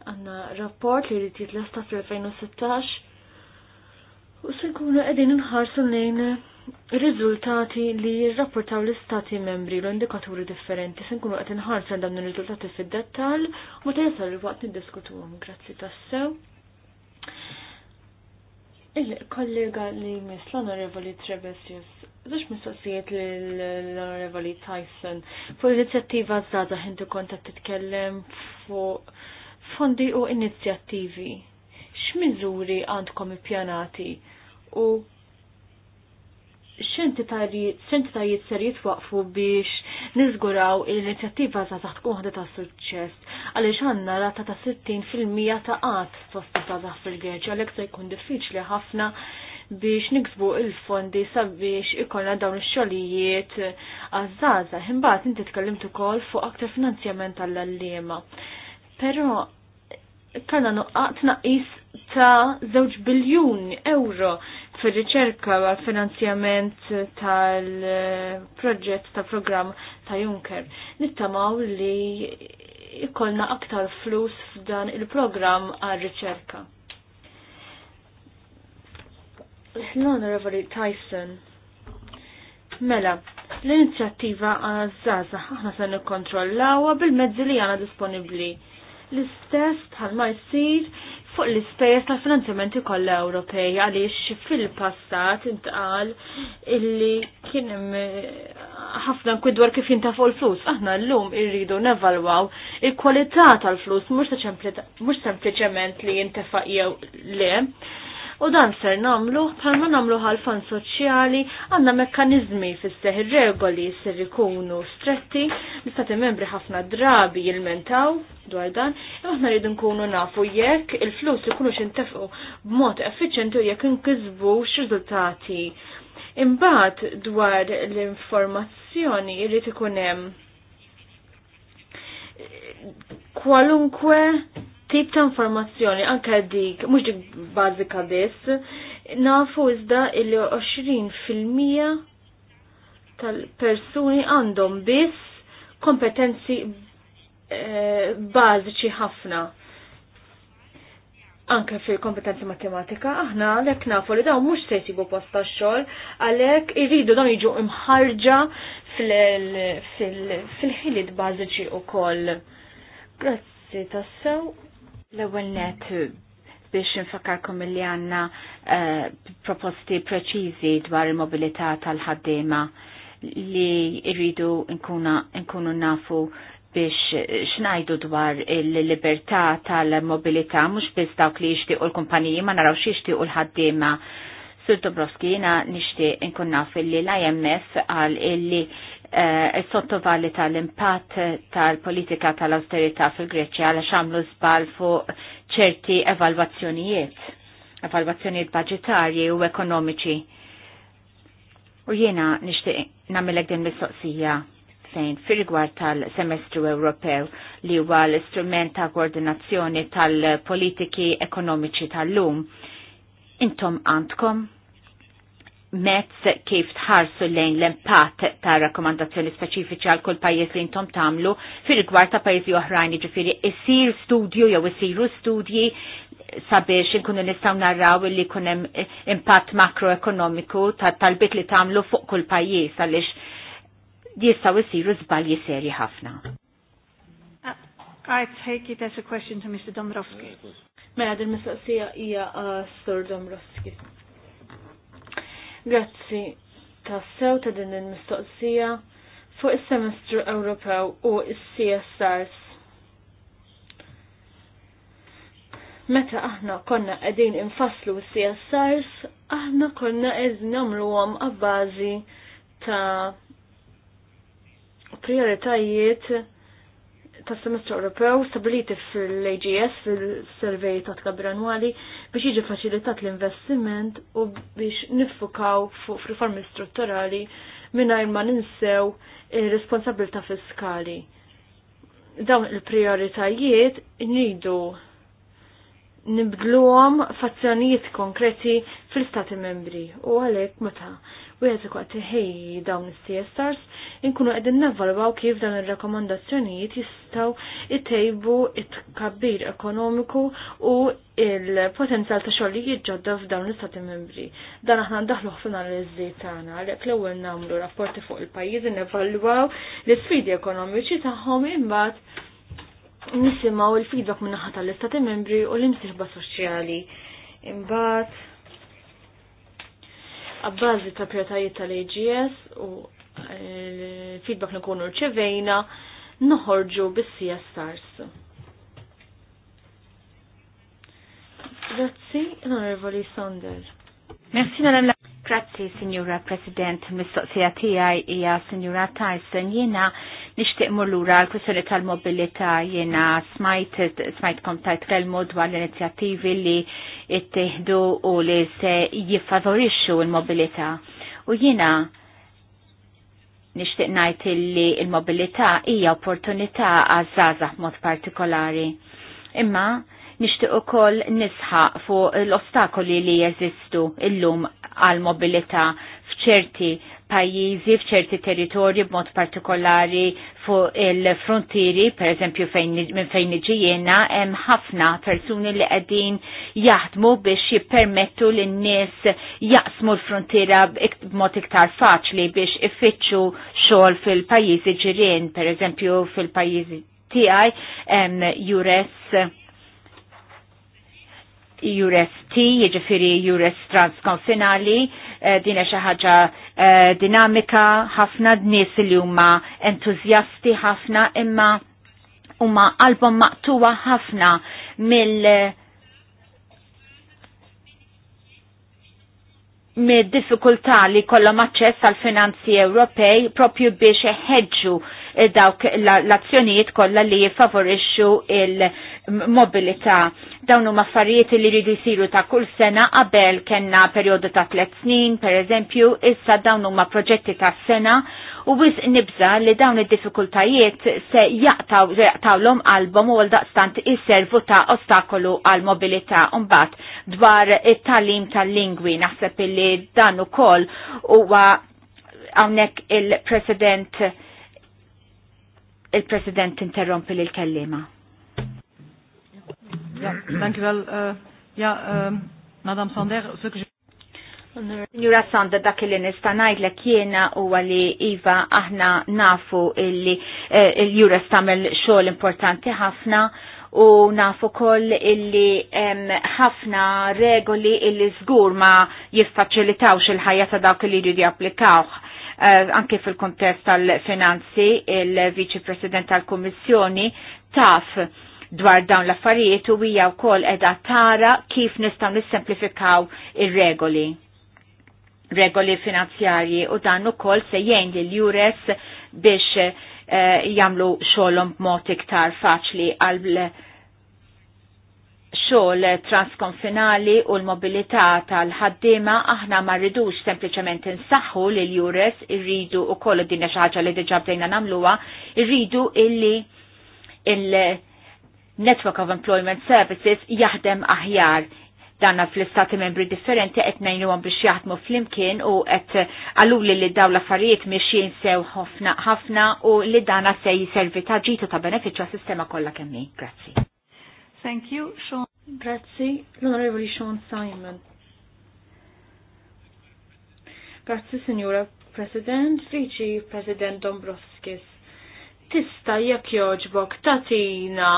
Għanna rapport li rrit jitlesta fl-2016 u se nkunu qegħdin nħarsu lejn riżultati li jirrapportaw l-istati membri l indikaturi differenti se nkunu qed inħarsu dawn ir-riżultati fid-dettall u meta jasal li waqt niddiskutuhom. Grazzi tassew. Il-kollega li mis l-onorevoli Trebesius Zax mistoqsijiet l revali Tyson. Fuq l-inizjattiva Zaza ħintu konta titkellem fuq fondi u inizjattivi. X'miżuri għandkom ippjanati u x'entitajiet ser jitwaqfu biex niżguraw l-inizjattiva Zaza tkun ta' suċċess għaliex għandna rata ta' 60% ta' qatt fost ta' fil-Greċja għalhekk se jkun diffiċli ħafna biex niksbu il-fondi sabiex ikollna dawn ix-xogħlijiet għaż Himbaħt Imbagħad inti tkellimt ukoll fuq aktar finanzjament għall-allima. Però kellna nuqqat naqis ta' zewġ biljun euro fir-riċerka u finanzjament tal-proġett ta' programm ta' Juncker. Nittamaw li ikollna aktar flus f'dan il-programm għal-riċerka. L-Honorable Tyson. Mela, l-inizjattiva għazzaza ħana se nikkontrollawha bil-mezzi li għana disponibbli. L-istess bħalma jsir fuq l-ispejjeż tal-finanzjamenti kollha Ewropej għaliex fil-passat intqal illi kien eh, ħafna dwar kif jinta fuq l-flus. Aħna llum irridu nevalwaw il-kwalità tal-flus mhux sempliċement li jintefa' jew le, u dan ser namluħ bħalma namlu għal fan soċjali għanna mekkanizmi fisseħ regoli ser ikunu stretti li stati membri ħafna drabi jilmentaw dwar dan imma aħna rridu nkunu nafu jekk il-flus ikunu xintefqu b'mod effiċenti u jekk inkisbu x'riżultati. Imbagħad dwar l-informazzjoni jrid ikun hemm kwalunkwe tip ta' informazzjoni anke dik, mhux dik bażika biss, nafu iżda illi 20% tal-persuni għandhom biss kompetenzi eh, bażiċi ħafna. Anke fil-kompetenzi matematika, aħna għalhekk nafu li dawn mhux se jsibu posta xogħol, għalhekk irridu dan jiġu imħarġa fil-ħiliet bażiċi wkoll. Grazzi tassew. L-ewwel net biex nfakarkom li għanna eh, proposti preċiżi dwar il-mobilità tal ħaddima li irridu nkunu nafu biex xnajdu dwar il-libertà tal-mobilità, mux biss dawk li u l-kumpaniji, ma narawx u l-ħaddiema. Sur Dobrovski, jena nishti nkun naf li l-IMF għal illi eh, sottovali tal-impatt tal-politika tal-austerità fil-Greċja għal xamlu zbal fuq ċerti evalwazzjonijiet, evalwazzjonijiet budgetarji u ekonomiċi. U jiena nixtieq nagħmilek din mistoqsija fejn fir rigward tal-semestru Ewropew li huwa l-istrument ta' koordinazzjoni tal-politiki ekonomiċi tal-lum. Intom għandkom mezz kif tħarsu lejn l-impatt ta' rakkomandazzjoni speċifiċi għal kull pajjiż li intom tagħmlu fir-rigward ta' pajjiżi oħrajn, jiġifieri isir studju jew isiru studji sabiex inkunu nistgħu narraw li jkun hemm impatt makroekonomiku ta' talbit li tagħmlu fuq kull pajjiż għaliex jistgħu isiru żbalji serji ħafna. I take it as a question to Mr. Domrovski. Mela, din mistoqsija hija uh, Sir Domrovski. Grazzi tassew ta' din il-mistoqsija fuq is-semestru Ewropew u s csrs Meta aħna konna qegħdin infasslu s-CSRs, aħna konna qed nagħmluhom għabbażi ta' prioritajiet ta' semestru Ewropew stabiliti fil-AGS fil-survey ta' tkabbir annwali biex jiġi faċilitat l-investiment u biex niffukaw fuq riformi strutturali mingħajr ma ninsew ir fiskali. Dawn il-prioritajiet nidu nibdluhom fazzjonijiet konkreti fl istati membri u għalhekk meta u jeżekwati ħej dawn il csrs inkunu qegħdin nevalwaw kif dawn ir jistaw jistgħu tejbu it-kabbir ekonomiku u il-potenzjal ta' xogħlijiet ġodda f'dawn l-istati membri. Dan aħna ndaħlu f'analiżi tagħna għalhekk l-ewwel nagħmlu rapporti fuq il-pajjiżi nevalwaw l-isfidi ekonomiċi tagħhom imbagħad nisimgħu l-feedback minnaħat tal-istati membri u l imsirba soċjali. Imbagħad għabbażi ta' prijatajiet tal-AGS u e, feedback li nkunu rċevejna noħorġu bis Stars. Grazzi, l-Onorevoli Sonder. Merci, Madame la Grazzi, Signora President, mistoqsija tiegħi ija Signora Tyson. Jiena nishtiq mullura lura l-kwistjoni tal-mobilità jiena smajt smajtkom tajt kelmu dwar l-inizjattivi li ttieħdu u li se jiffavorixxu l-mobilità. U jiena nixtieq najt li l-mobilità hija opportunità għaż mod b'mod partikolari. Imma nishtiq ukoll nisħaq fuq l-ostakoli li jeżistu illum għal mobilità f'ċerti pajjiżi f'ċerti territorji b'mod partikolari fuq il-frontieri, per eżempju minn fejn iġijiena, hemm ħafna persuni li qegħdin jaħdmu biex jippermettu l nies jaqsmu l-frontiera b'mod iktar faċli biex ifittxu xogħol fil-pajjiżi ġirien, per eżempju fil-pajjiżi tiegħi jures URST, t jiġifieri transkonfinali, eh, dina xi ħaġa eh, dinamika ħafna nies li huma entuzjasti ħafna imma huma album maqtuwa ħafna mill mid diffikultà li kollhom aċċess għal finanzi Ewropej propju biex ħeġġu eh, dawk l-azzjonijiet kollha li jiffavorixxu il- mobilità. Dawn huma affarijiet li jridu jsiru ta' kull sena qabel kellna perjodu ta' tliet snin, pereżempju, issa dawn huma proġetti ta' sena u wis nibża li dawn id-diffikultajiet se jaqtaw, l-om album u daqstant isservu ta' ostakolu għal mobilità mbagħad dwar it-talim tal-lingwi naħseb li dan ukoll huwa hawnhekk il-President il-President interrompi l kellima dankjewel. Uh, ja, eh, ehm, Madame Sander, suk Njura Sanda dak li nista ngħidlek jiena huwa li Iva aħna nafu illi eh, l jura stamel xogħol importanti ħafna u nafu koll illi ħafna regoli illi żgur ma jiffaċilitawx il-ħajja ta' dawk li jridu japplikawh. Eh, anke fil-kontest tal-finanzi, il-Viċi President tal-Kommissjoni taf dwar dawn l-affarijiet u hija wkoll qiegħda tara kif nistgħu nissemplifikaw ir-regoli regoli finanzjarji u dan ukoll se jgħin li l-Jures biex eh, jagħmlu xogħolhom b'mod iktar faċli għal xogħol transkonfinali u l-mobilità tal-ħaddiema aħna ma rridux sempliċement insaħħu lil jures irridu ukoll din xi ħaġa li diġà bdejna nagħmluha, irridu illi il- Network of Employment Services jaħdem aħjar danna fl-istati membri differenti qed ngħinu biex jaħdmu flimkien u qed għaluli li daw l-affarijiet mixjin sew ħafna ħafna u li danna se jiservi ta' ġitu ta' benefiċċju għas-sistema kollha kemm hi. Grazzi. Thank you, Sean. Grazzi, l-Onorevoli Sean Simon. Grazzi, Signora President, Viċi President Dombrovskis. Tista' jekk jogħġbok tatina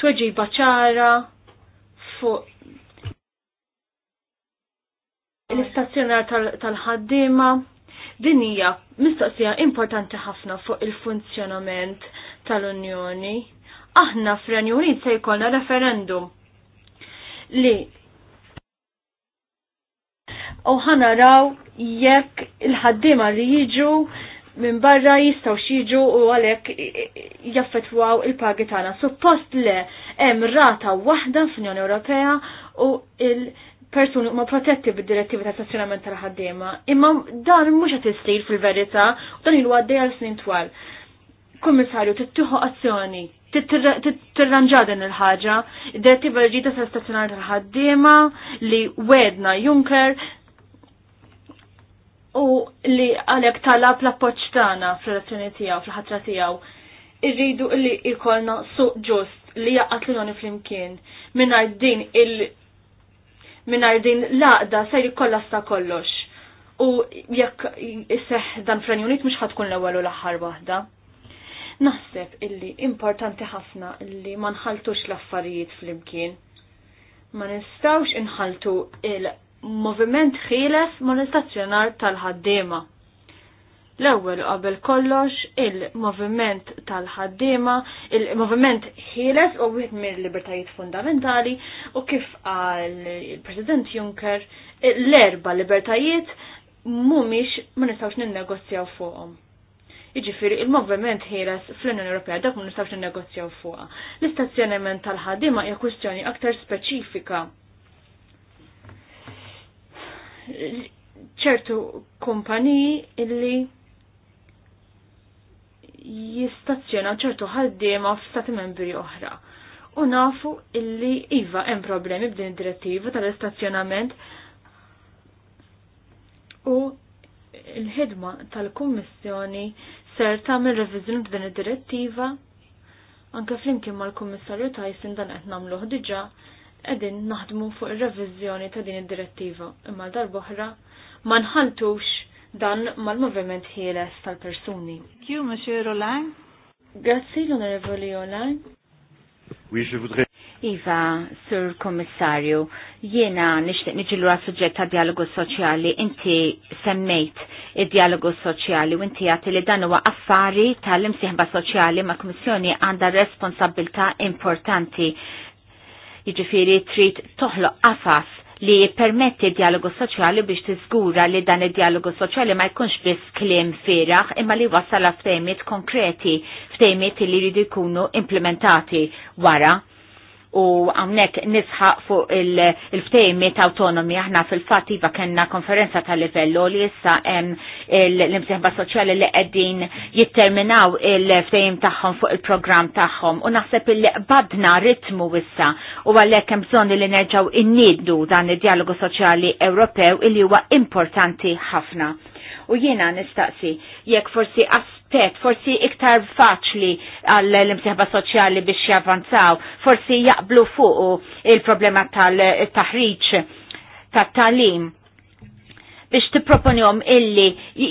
tweġiba ċara fuq l-istazzjonar tal-ħaddima. Din hija mistoqsija importanti ħafna fuq il-funzjonament tal-Unjoni. Aħna f'Renju Unit se jkollna referendum li u ħanaraw jekk il-ħaddima li jiġu minn barra jistaw xieġu u għalek jaffetwaw il-pagi tagħna. Suppost le hemm rata waħda fl-Unjoni Ewropea u il-persuni ma' protetti bid-direttiva ta' stazzjonament tal-ħaddiema. Imma dan mhux qed isir fil-verità u dan il għaddej għal snin twal. Kummissarju, tittieħu azzjoni, tirranġa din il-ħaġa, id-direttiva l-ġita ta' stazzjonament tal-ħaddiema li wedna Juncker u li għalek talab l-appoċ tagħna fl-relazzjoni tiegħu fl-ħatra tiegħu. Irridu li jkollna suq ġust li jaqgħat l-unjoni flimkien mingħajr din il mingħajr din laqda se jkollha sta kollox. U jekk jiseħ dan fl-Unit mhux ħatkun l-ewwel u l-aħħar waħda. Naħseb illi importanti ħafna illi ma nħaltux l-affarijiet flimkien. Ma nistawx inħaltu il- moviment ħieles ma' istazzjonar tal-ħaddiema. L-ewwel qabel kollox il-moviment tal-ħaddiema, il-moviment ħieles u wieħed mill-libertajiet fundamentali u kif għal il-President Juncker l-erba libertajiet mhumiex ma nistgħux ninnegozjaw fuqhom. Jiġifieri il-moviment ħieles fl-Unjoni Ewropea dak ma nistgħux ninnegozjaw fuqha. L-istazzjonament tal-ħaddiema hija kwistjoni aktar speċifika ċertu kumpaniji illi jistazzjona ċertu ħaddiema f'stati membri oħra. U nafu illi iva hemm problemi b'din id-direttiva tal-istazzjonament u l-ħidma tal-Kummissjoni ser tagħmel reviżjoni b'din id-direttiva anke flimkien mal-Kummissarju Tyson dan qed nagħmluh diġà qegħdin naħdmu fuq ir-reviżjoni ta' din id-direttiva imma darb'oħra ma nħaltux dan mal-moviment ħieles tal-persuni. Kju, Monsieur Roland? Grazzi l-Onorevoli Roland. Oui, je voudrais Iva, Sur Kommissarju, jiena nixtieq niġi lura suġġett ta' dialogu soċjali, inti semmejt id-dialogu soċjali u inti għati li dan huwa affari tal-imsieħba soċjali ma' Kummissjoni għandha responsabilità importanti jiġifieri trid toħloq qafas li jippermetti dialogu soċjali biex tiżgura li dan id-dialogu soċjali ma jkunx biss kliem firaħ imma li wasal għal ftejmiet konkreti, ftejmiet li jridu jkunu implementati wara u għamnek nisħa fuq il-ftejmiet autonomi aħna fil-fat iva kena konferenza tal livello li issa l-imsieħba soċjali li qegħdin jitterminaw il-ftejm tagħhom fuq il-programm tagħhom u naħseb il badna ritmu issa u għalhekk hemm bżonn li nerġgħu innidu dan id-dialogu soċjali Ewropew illi huwa importanti ħafna u jiena nistaqsi jekk forsi aspett, forsi iktar faċli għall l-imsieħba soċjali biex javanzaw, forsi jaqblu fuq il-problema tal-taħriġ tat-talim biex t-proponjom illi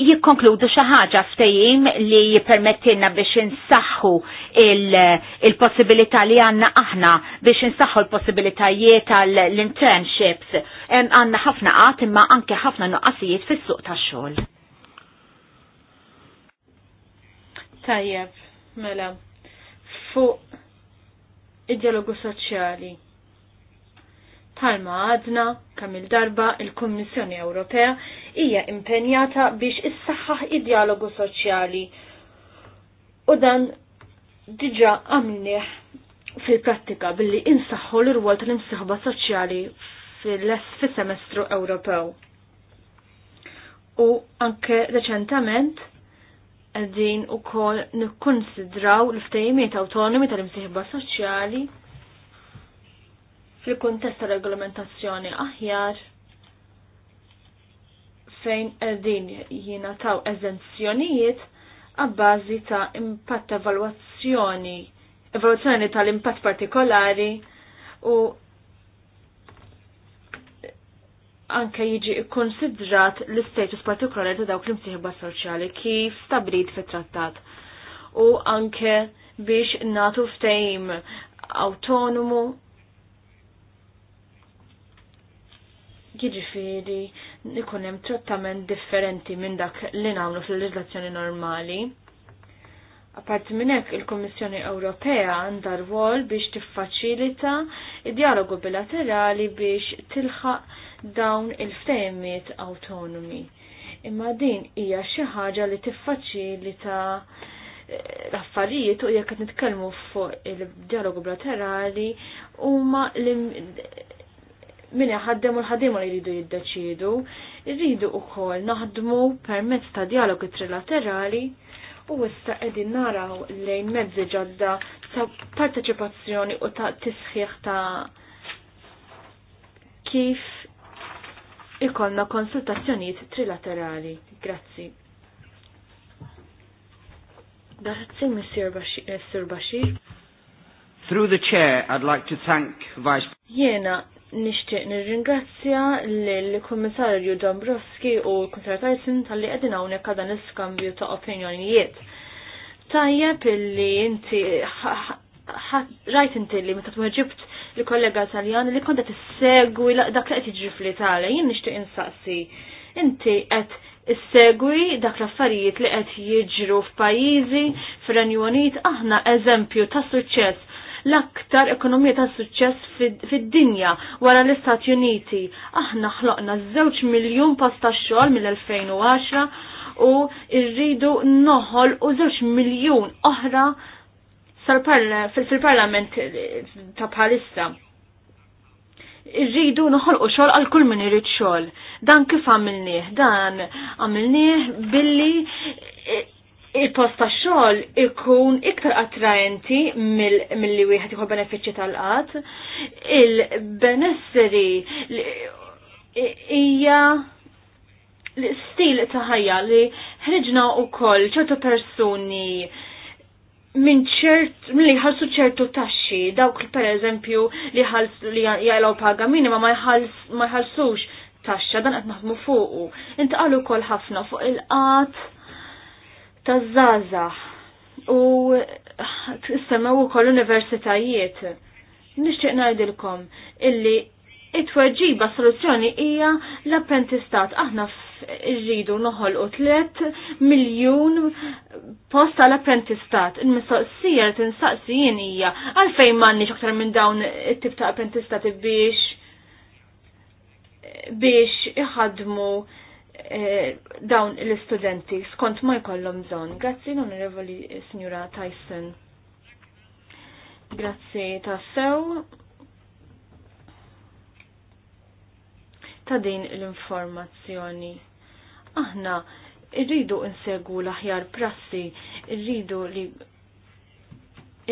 jikkonkludu xi ħaġa ftehim li jippermettilna biex insaħħu il-possibilità il li għandna aħna biex insaħħu l-possibilitajiet tal-internships. Għandna ħafna qatt imma anke ħafna nuqqasijiet fis-suq tax-xogħol. Tajjeb, mela, fuq id-dialogu soċjali. Palma għadna kam il-darba il-Kommissjoni Ewropea hija impenjata biex issaħħaħ id-dialogu soċjali. U dan diġa għamnieh fil-prattika billi insaħħu l-rwol tal-imsiħba soċjali fil-semestru Ewropew. U anke reċentament għedin u kol nikkonsidraw l-ftejmiet autonomi tal-imsiħba soċjali fil-kontest ta' regolamentazzjoni aħjar fejn għedin jina taw eżenzjonijiet għabbażi ta' impatt evalwazzjoni, evalwazzjoni tal-impatt partikolari u anke jiġi konsidrat l-istatus partikolari ta' dawk l-imsieħba soċjali kif stablit fit-trattat u anke biex natu ftejm autonomu jiġifieri ikun hemm trattament differenti minn dak li nagħmlu fil-leġlazzjoni normali. Apparti minn hekk il-Kummissjoni Ewropea għandha rwol biex tiffaċilita d dialogu bilaterali biex tilħaq dawn il-ftehmiet autonomi. Imma din hija xi ħaġa li tiffaċilita eh, l-affarijiet u jekk qed nitkellmu fuq il-dialogu bilaterali huma li min ħaddem u l-ħaddiema li jridu jiddeċidu, jridu wkoll naħdmu permezz ta' dialogu trilaterali u issa qegħdin naraw lejn mezzi ġodda ta' parteċipazzjoni u ta' tisħiħ ta' kif ikollna konsultazzjonijiet trilaterali. Grazzi. Grazzi, Mr. Eh, Bashir. Through the chair, I'd like to thank Vice Jena nixtieq nirringrazzja l-Kummissarju Dombrovski u l-Kummissarju Tyson tal-li qegħdin hawnhekk għal dan iskambju ta' opinjonijiet. Tajjeb illi inti rajt inti li meta tmur ġibt l-kollega Taljan li konta segwi dak li qed jiġri fl-Italja, jien nixtieq insaqsi. Inti qed issegwi dak l-affarijiet li qed jiġru f'pajjiżi fir-Renju Unit aħna eżempju ta' suċċess l-aktar ekonomija ta' suċċess fid-dinja wara l-Istati Uniti. Aħna ħloqna żewġ miljun pasta xogħol mill-2010 u rridu noħol u żewġ miljun oħra fil-parlament ta' palista. Irridu noħolqu xogħol għal kull min irid xogħol. Dan kif għamilnieh? Dan għamilnieh billi il-post ta' xogħol ikun iktar attraenti mill-li wieħed jieħu benefiċċji tal-qatt. Il-benesseri hija l-stil ta' ħajja li ħriġna wkoll ċertu persuni minn ċert, minn li ħalsu ċertu taxxi, dawk per eżempju li ħals li jgħajlaw paga minima ma jħalsux taxxa, dan qed naħdmu fuqu. Inti qalu kol ħafna fuq il-qat taż-żaża u semmew ukoll universitajiet. Nixtieq ngħidilkom illi it-tweġiba soluzzjoni hija l-apprentistat. Aħna irridu noħol u 3 miljun post għal apprentistat. Il-mistoqsija tinsaqsi jien hija għalfejn m'għandniex aktar minn dawn it-tip ta' apprentistati biex biex iħadmu eh, dawn l-istudenti skont ma jkollhom bżonn. Grazzi l-Onorevoli Signora Tyson. Grazzi tassew. ta' din l-informazzjoni. Aħna irridu insegu l-aħjar prassi, irridu li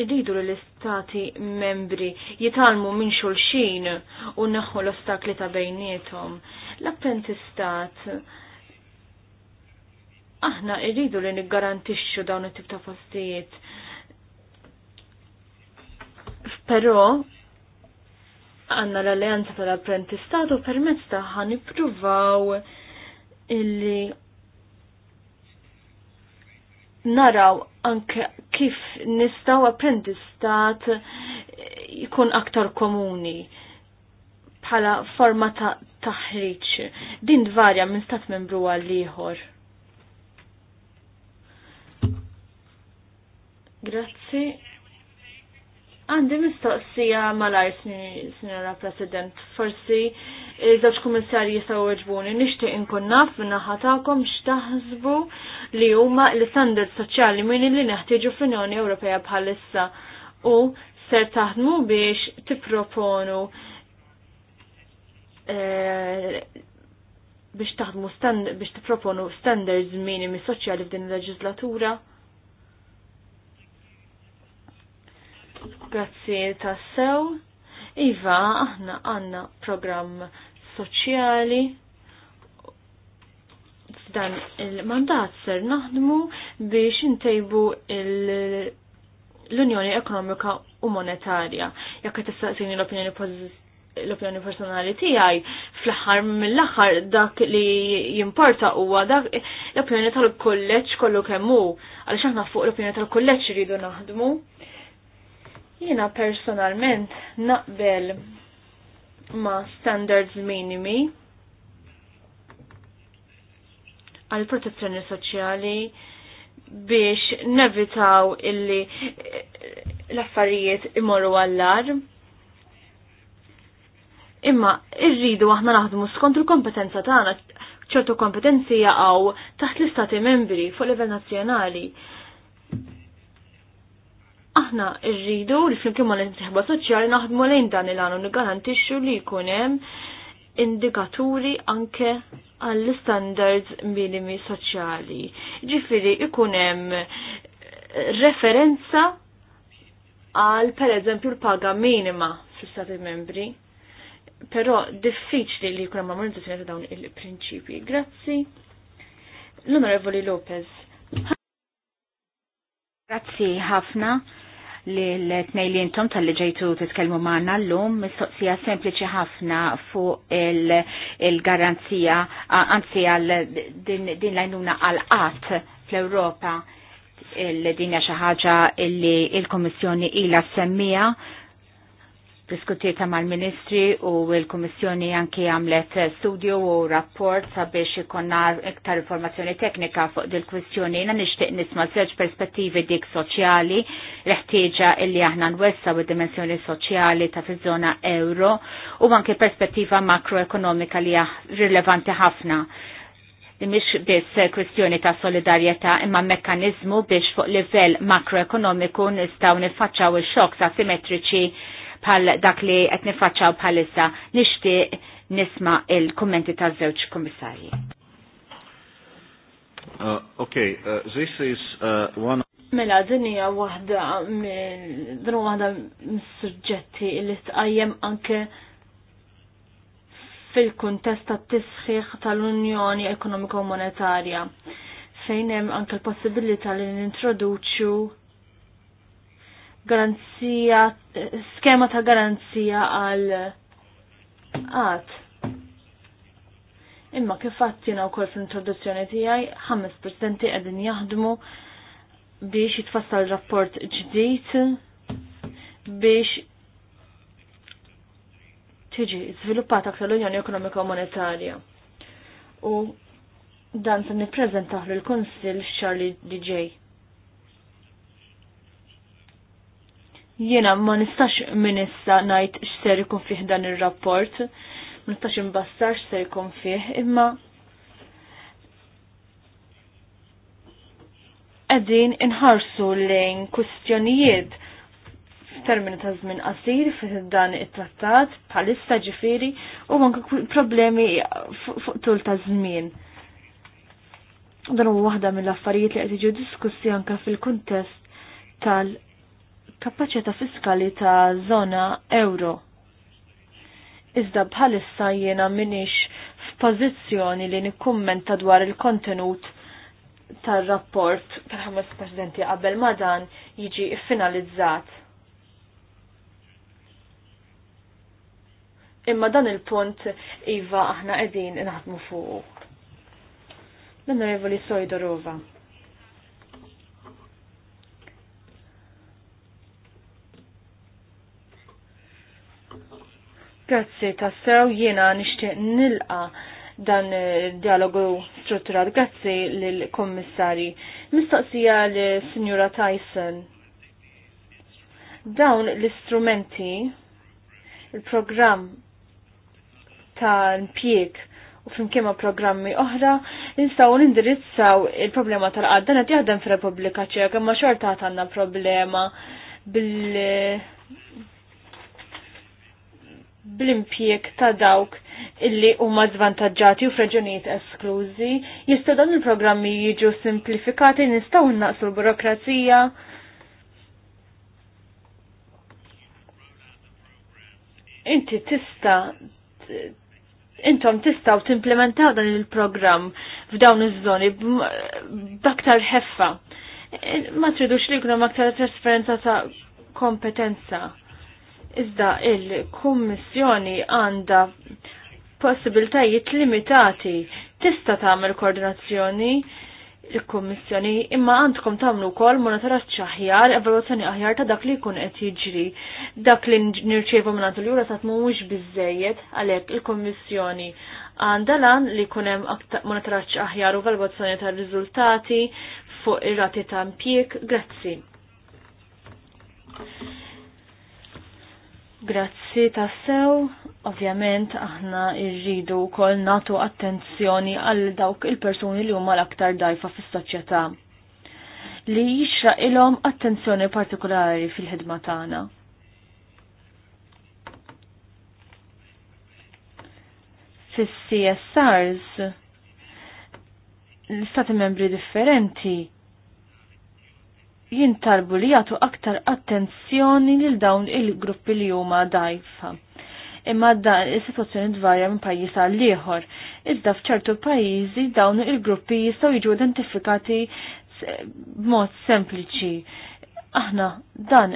irridu l-istati membri jitalmu minn xulxin u neħu l-ostakli ta' bejnietom. L-apprentistat aħna irridu li niggarantixxu dawn it-tip ta' postijiet. Però għanna l-alleanza tal-apprentistatu permezz taħħa nippruvaw illi naraw anke kif nistaw apprentistat jkun aktar komuni bħala forma ta' taħriċ. Din dvarja minn stat membru għal ieħor. Grazzi. Għandi mistoqsija malajr, Sinjora President, forsi żewġ kummissarji jistaw weġbuni, nixtieq inkun naf minna tagħkom x'taħsbu li huma l-standard soċjali min li neħtieġu fl-Unjoni Ewropea bħalissa u ser taħdmu biex tipproponu e, biex taħdmu biex tipproponu standards minimi soċjali f'din il-leġislatura. Grazzi tassew. Iva, aħna għanna program soċjali. F'dan il-mandat ser naħdmu biex intejbu l-Unjoni Ekonomika u Monetarja. Jekk qed tistaqsini l-opinjoni l-opinjoni personali tiegħi fl-aħħar mill-aħħar dak li jimporta huwa dak l-opinjoni tal-kulleġġ kollu kemm hu għaliex aħna fuq l-opinjoni tal-kulleġġ iridu naħdmu. Jiena personalment naqbel ma' standards minimi għal protezzjoni soċjali biex nevitaw illi l-affarijiet imorru għallar. Imma irridu aħna naħdmu skont il-kompetenza tagħna ċertu kompetenzi jaqgħu taħt l-istati membri fuq livell nazzjonali aħna rridu li flimkien ma l-imsieħba soċjali naħdmu lejn dan il-għanu nigarantixxu li jkun hemm indikaturi anke għall-standards minimi soċjali. Ġifiri ikun hemm eh, referenza għal per eżempju l-paga minima fl-Stati membri. Però diffiċli li jkun hemm armonizzazzjoni ta' dawn il-prinċipji. Grazzi. L-Onorevoli Lopez. Grazzi ħafna li l-tnej li jintom tal-li ġejtu titkelmu maħna l-lum, mistoqsija sempliċi ħafna fuq il-garanzija, anzi għal din lajnuna għal-qat fl-Europa il-dinja xaħġa li il-Komissjoni ila semmija diskutieta mal-Ministri u l-Kummissjoni anki għamlet studio u rapport sabiex ikonna iktar informazzjoni teknika fuq dil-kwistjoni. Na nixtieq nisma' żewġ perspettivi dik soċjali, l-ħtieġa illi aħna nwessa u dimensjoni soċjali ta' fiż-żona euro u anke perspettiva makroekonomika li rilevanti ħafna li mhix biss kwestjoni ta' solidarjetà imma mekkanizmu biex fuq livell makroekonomiku nistgħu niffaċċaw il-xokk ta' simetriċi pal dak li qed nifaċċaw bħalissa nixtieq nisma' il-kummenti taż-żewġ komissarji. Uh, okay, uh, this is uh, one Mela, din hija waħda din waħda mis-suġġetti li tqajjem anke fil-kuntest tat-tisħiħ tal-Unjoni Ekonomika u Monetarja fejn hemm anke l-possibilità li nintroduċu garanzija, skema ta' garanzija għal għat. Imma kif għattina u kol fl-introduzzjoni għaj, 5% għedin jaħdmu biex jitfassal rapport ġdijt biex tiġi sviluppata aktar l-Unjoni Ekonomika u Monetarja. U dan se nippreżentaħ l kunsill xar li ġej. Jiena ma nistax minissa issa ngħid x'ser ikun fih dan ir-rapport, ma nistax imbassar x'ser ikun fih, imma għedin inħarsu lejn kwistjonijiet f'termini ta' żmien qasir fi dan it-trattat palista ġifieri u anke problemi fuq tul ta' żmien. Dan huwa waħda mill-affarijiet li qed jiġu diskussi anke fil-kuntest tal- kapaċità fiskali ta' zona euro. Iżda bħalissa jiena minix f'pożizzjoni li nikkummenta dwar il-kontenut tar-rapport tal-ħames presidenti qabel ma dan jiġi finalizzat. Imma dan il-punt iva aħna qegħdin inħadmu fuq. L-Onorevoli Sojdorova. Grazzi tassew jiena nixtieq nilqa dan eh, dialogu strutturat. Grazzi lill-Kommissari. Mistoqsija l Signora Tyson. Dawn l-istrumenti, il-programm ta' impjieg u fimkiema programmi oħra, nistaw nindirizzaw il-problema tal-qadda qed jaħdem fil republika Ċeka, ma xorta għandna problema bil bl-impjek ta' dawk illi huma zvantagġati u f'reġunijiet esklużi, jista' dan il-programmi jiġu simplifikati nistgħu naqsu l-burokrazija. Inti tista' intom tistaw timplementaw dan il-programm f'dawn iż-żoni b'aktar ħeffa. Ma tridux li jkun aktar trasferenza ta' kompetenza Iżda il-Kummissjoni għandha possibiltajiet limitati tista' tagħmel koordinazzjoni il-Kummissjoni imma għandkom tagħmlu wkoll monitoraġġ aħjar, evalwazzjoni aħjar ta' dak li jkun qed jiġri. Dak li nirċievu minn għandu jura sa mhuwiex biżejjed għalhekk il-Kummissjoni għandha lan li jkun hemm monitoraġġ aħjar u valwazzjoni tar-riżultati fuq ir-rati ta' impjieg. Grazzi. Grazzi tassew, ovvjament aħna irridu kol natu attenzjoni għal dawk il-persuni li huma l-aktar dajfa fis-soċjetà li jixraq ilhom attenzjoni partikolari fil-ħidma tagħna. Fis-CSRs l-istati membri differenti jintalbu li jagħtu aktar attenzjoni lil dawn il-gruppi li huma dajfa. Imma dan is-sitwazzjoni dvarja minn pajjiż għal ieħor. Iżda f'ċertu pajjiżi dawn il-gruppi jistgħu jiġu identifikati b'mod sempliċi. Aħna dan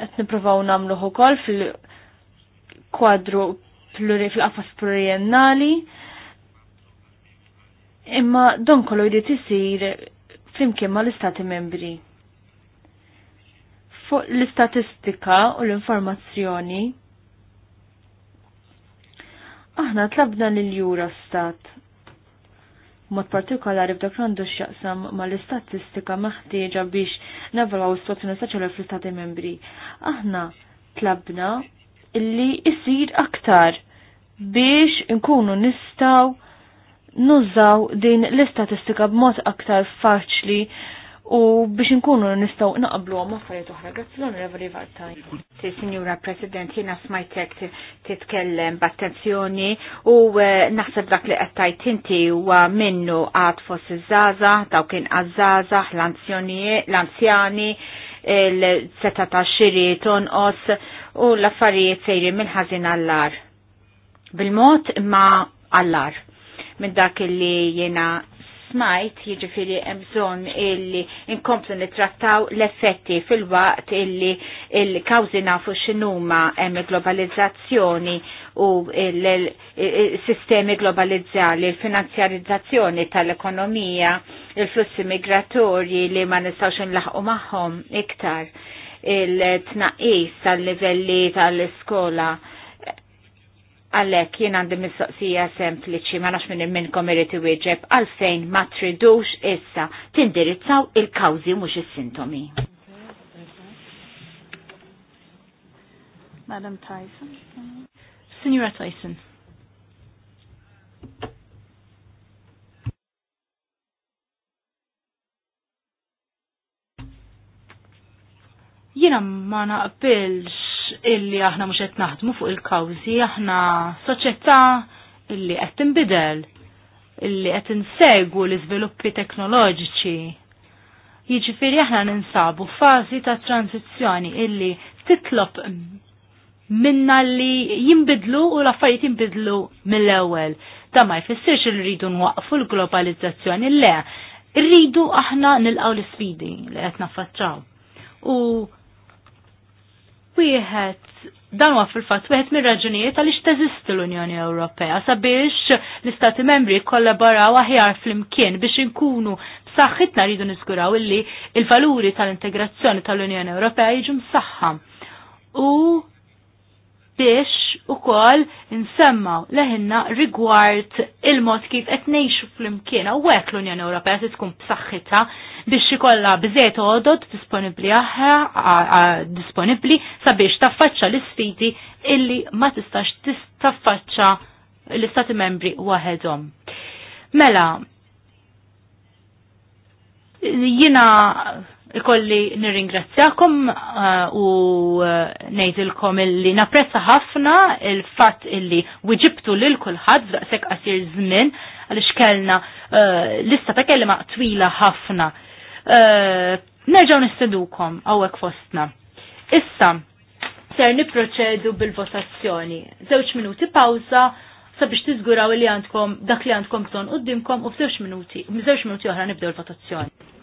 qed nippruvaw nagħmluh ukoll fil-kwadru fil-qafas pluriennali. Imma don kollu jrid isir flimkien mal istati membri fuq l-istatistika u l-informazzjoni. Aħna tlabna l stat Mod partikolari b'dak għandu x'jaqsam ma l-istatistika meħtieġa biex nevalwaw is-situazzjoni soċjali fl-Istati Membri. Aħna tlabna illi jisir aktar biex nkunu nistaw nużaw din l-istatistika b'mod aktar faċli u biex nkunu nistaw naqblu għam affarijiet oħra. Grazzi l-Onorevoli Vartaj. Signora President, jena smajtek titkellem b'attenzjoni u eh, naħseb dak li qed inti huwa minnu għad fos iż-żaza, dawk kien għaż-żaza, l-anzjani, l-seta ta' xiri tonqos u l-affarijiet sejri minn ħażin Bil-mod ma għallar minn dak li jena smajt jiġifieri hemm bżonn illi inkomplu nittrattaw l-effetti fil-waqt illi il-kawżi nafu x'inhuma hemm globalizzazzjoni u il-sistemi globalizzali, il-finanzjarizzazzjoni tal-ekonomija, il-flussi migratorji li ma nistgħux inlaħqu magħhom iktar il-tnaqqis tal-livelli tal-iskola. tal livelli tal iskola Għalek jien għandi mistoqsija sempliċi ma nafx minn minnkom irid iwieġeb għalfejn ma tridux issa tindirizzaw il-kawżi mhux is-sintomi. Madam Tyson. Signora Tyson. Jina ma naqbilx illi aħna mhux qed naħdmu fuq il-kawżi, aħna soċjetà illi qed tinbidel, illi qed insegwu l-iżviluppi teknoloġiċi. Jiġifieri aħna ninsabu fażi ta' tranzizzjoni illi titlob minna li jimbidlu u l-affarijiet jimbidlu mill-ewwel. Ta' ma jfissirx li rridu nwaqfu l-globalizzazzjoni le, rridu aħna nilqgħu l-sfidi li qed naffaċċaw. U wieħed dan huwa fil-fatt wieħed mir-raġunijiet għaliex teżisti l-Unjoni Ewropea sabiex l-Istati Membri jkollaboraw aħjar flimkien biex inkunu b'saħħitna rridu niżguraw illi il-valuri tal-integrazzjoni tal-Unjoni Ewropea jiġu msaħħa. U biex ukoll nsemmaw leħinna rigward il-mod kif qed ngħixu flimkien għek l-Unjoni Ewropea se tkun b'saħħitha biex ikollha għodot disponibli disponibbli disponibbli sabiex taffaċċa l-isfidi illi ma tistax taffaċċa l-istati membri waħedhom. Mela, jina ikolli nirringrazzjakom uh, u uh, nejdilkom illi napprezza ħafna il-fat illi wieġibtu lil kulħadd f'daqshekk qasir żmien għaliex kellna l uh, lista ta' kelma twila ħafna. Nerġgħu nistedukom hawnhekk fostna. Issa ser niproċedu bil-votazzjoni. Żewġ minuti pawża sabiex tiżguraw li għandkom dak li għandkom bżonn qudiemkom u f'żewġ minuti, minuti oħra nibdew il-votazzjoni.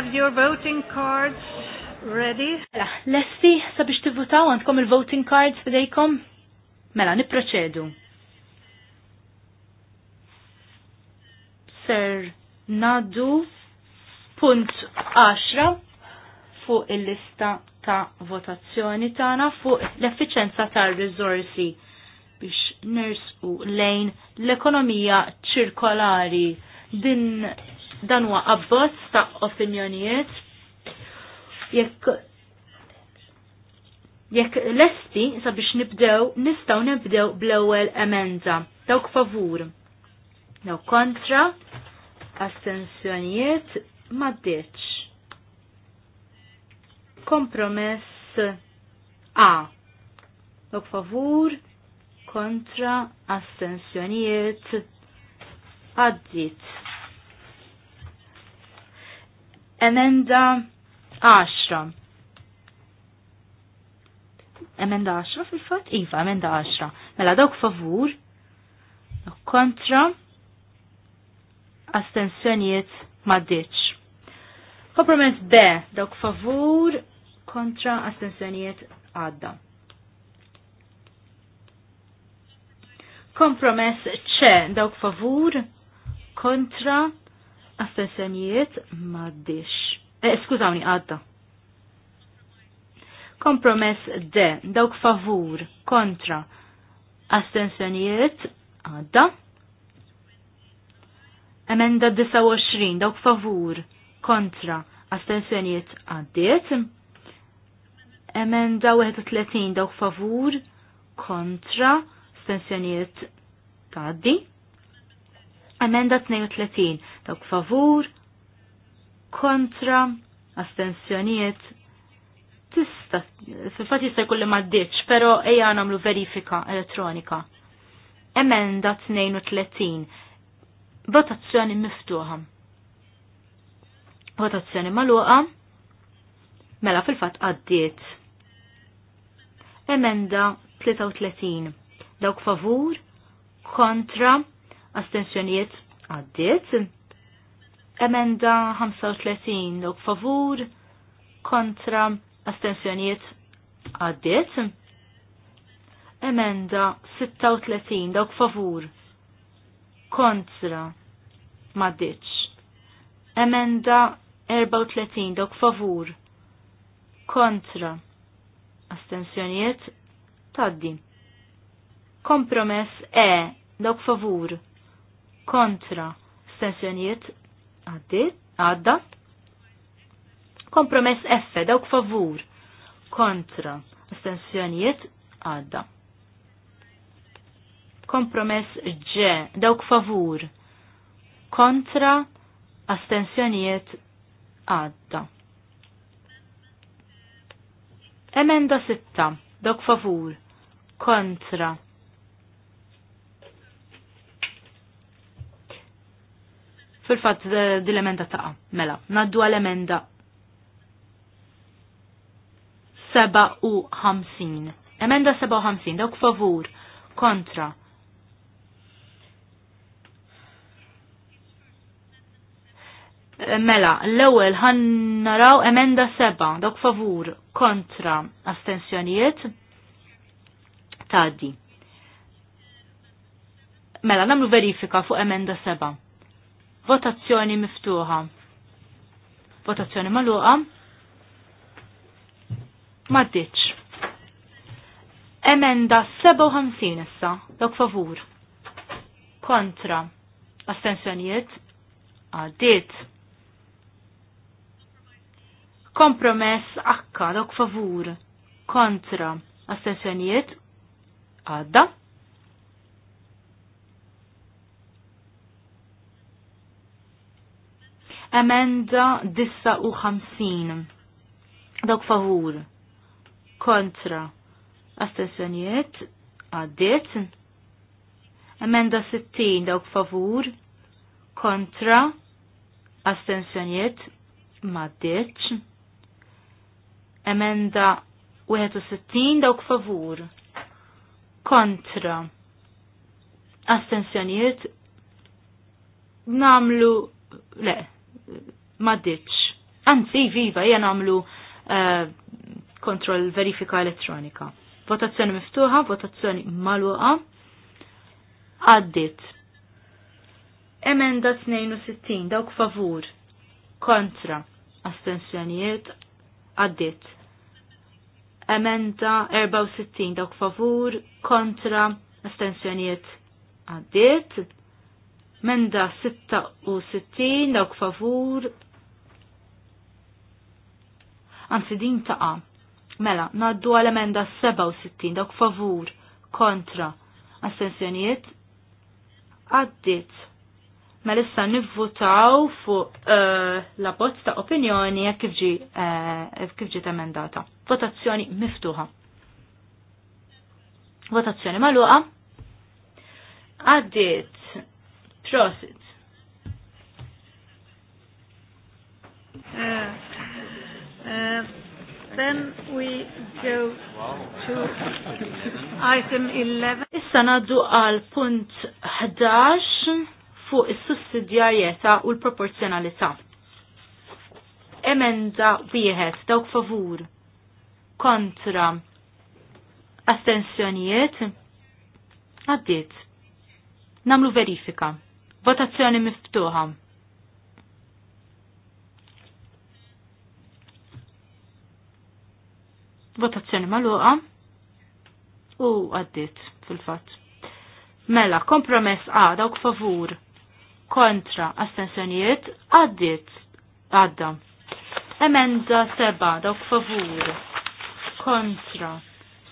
have your voting cards ready? Mela, lesti, sabiex tivvutaw għandkom il-voting cards fidejkom? Mela, niproċedu. Ser nadu punt 10 fuq il-lista ta' votazzjoni tagħna fuq l-effiċenza tar-riżorsi biex nersqu lejn l-ekonomija ċirkolari din Dan huwa abbozz ta' opinjonijiet. Jekk jekk lesti sabiex nibdew nistgħu nibdew bl-ewwel emenda. Dawk favur. Daw kontra astensjonijiet ma' Kompromess A. Dawk favur kontra astensjonijiet għaddit. Emenda 10. Emenda 10 fil-fat? Iva, emenda 10. Mela dawk favur, kontra, astensjoniet maddiċ. Kompromess B, dawk favur, kontra, astensjoniet għadda. Kompromess C, dawk favur, kontra, astensjonijiet maddix. Eh, skużawni, għadda. Kompromess de. dawk favur, kontra, astensjonijiet, għadda. Emenda 29, dawk favur, kontra, astensjonijiet, għaddiet. Emenda 31, dawk favur, kontra, astensjonijiet, għaddi. Amenda 32, dawk favur, kontra, astensjonijiet, tista, fil-fat jista jkulli maddiċ, pero eja namlu verifika elettronika. Emenda 32, votazzjoni miftuħa. Votazzjoni maluqa, mela fil-fat għaddiet. Emenda 33, dawk favur, kontra, astensjonijiet għaddiet. Emenda 35 dok favur kontra astensjonijiet għaddiet. Emenda 36 dok favur kontra maddiċ. Emenda 34 dok favur kontra astensjonijiet taddi. Kompromess E dok favur kontra stensjonijiet għadda. Kompromess F, dawk favur kontra stensjonijiet għadda. Kompromess G, dawk favur kontra astensjoniet għadda. Emenda 6, dawk favur kontra Fil-fatt eh, dil-emenda taqa, mela, naddu għal-emenda 57. Emenda 57, dawk favur, kontra. Mela, l-ewel ħan naraw emenda seba, dawk favur, kontra astensjonijiet tadi. Mela, namlu verifika fuq emenda seba'. Votazzjoni miftuħa. Votazzjoni maluqa. Maddiċ. Emenda 57 issa. Dok favur. Kontra. Astensjonijiet. Għaddit. Kompromess akka dok favur. Kontra. Astensjonijiet. Għadda. Emenda 59. Dawk favur. Kontra. Astensjonijiet. Għaddit. Emenda 60. Dawk favur. Kontra. Astensjonijiet. Maddiċ. Emenda 61. Dawk favur. Kontra. Astensjonijiet. Namlu. Le, ma ditx. Anzi, viva, jen għamlu kontrol eh, verifika elettronika. Votazzjoni miftuħa, votazzjoni maluqa, għaddit. Emenda 62, dawk favur, kontra, astensjonijiet, għaddit. Emenda 64, dawk favur, kontra, astensjonijiet, għaddit Menda 66 dawk favur. Anzi din a. Mela, naddu għal emenda 67 dawk favur kontra astensjonijiet għaddit. Mela issa nivvutaw fuq uh, la bozz ta' opinjoni kif ġi uh, ġiet emendata. Votazzjoni miftuħa. Votazzjoni magħluqa. Għaddit Trossit. Uh, uh, then we go to item 11. Issa naddu għal punt 11 fuq is-sussidjarjetà u l-proporzjonalità. Emenda wieħed dawk favur kontra astensjonijiet għaddiet. Namlu verifika. Votazzjoni miftuħa. Votazzjoni maluqa u għaddit fil-fatt. Mela, kompromess A dawk favur kontra astensjonijiet għaddit għadda. Emenda seba dawk favur kontra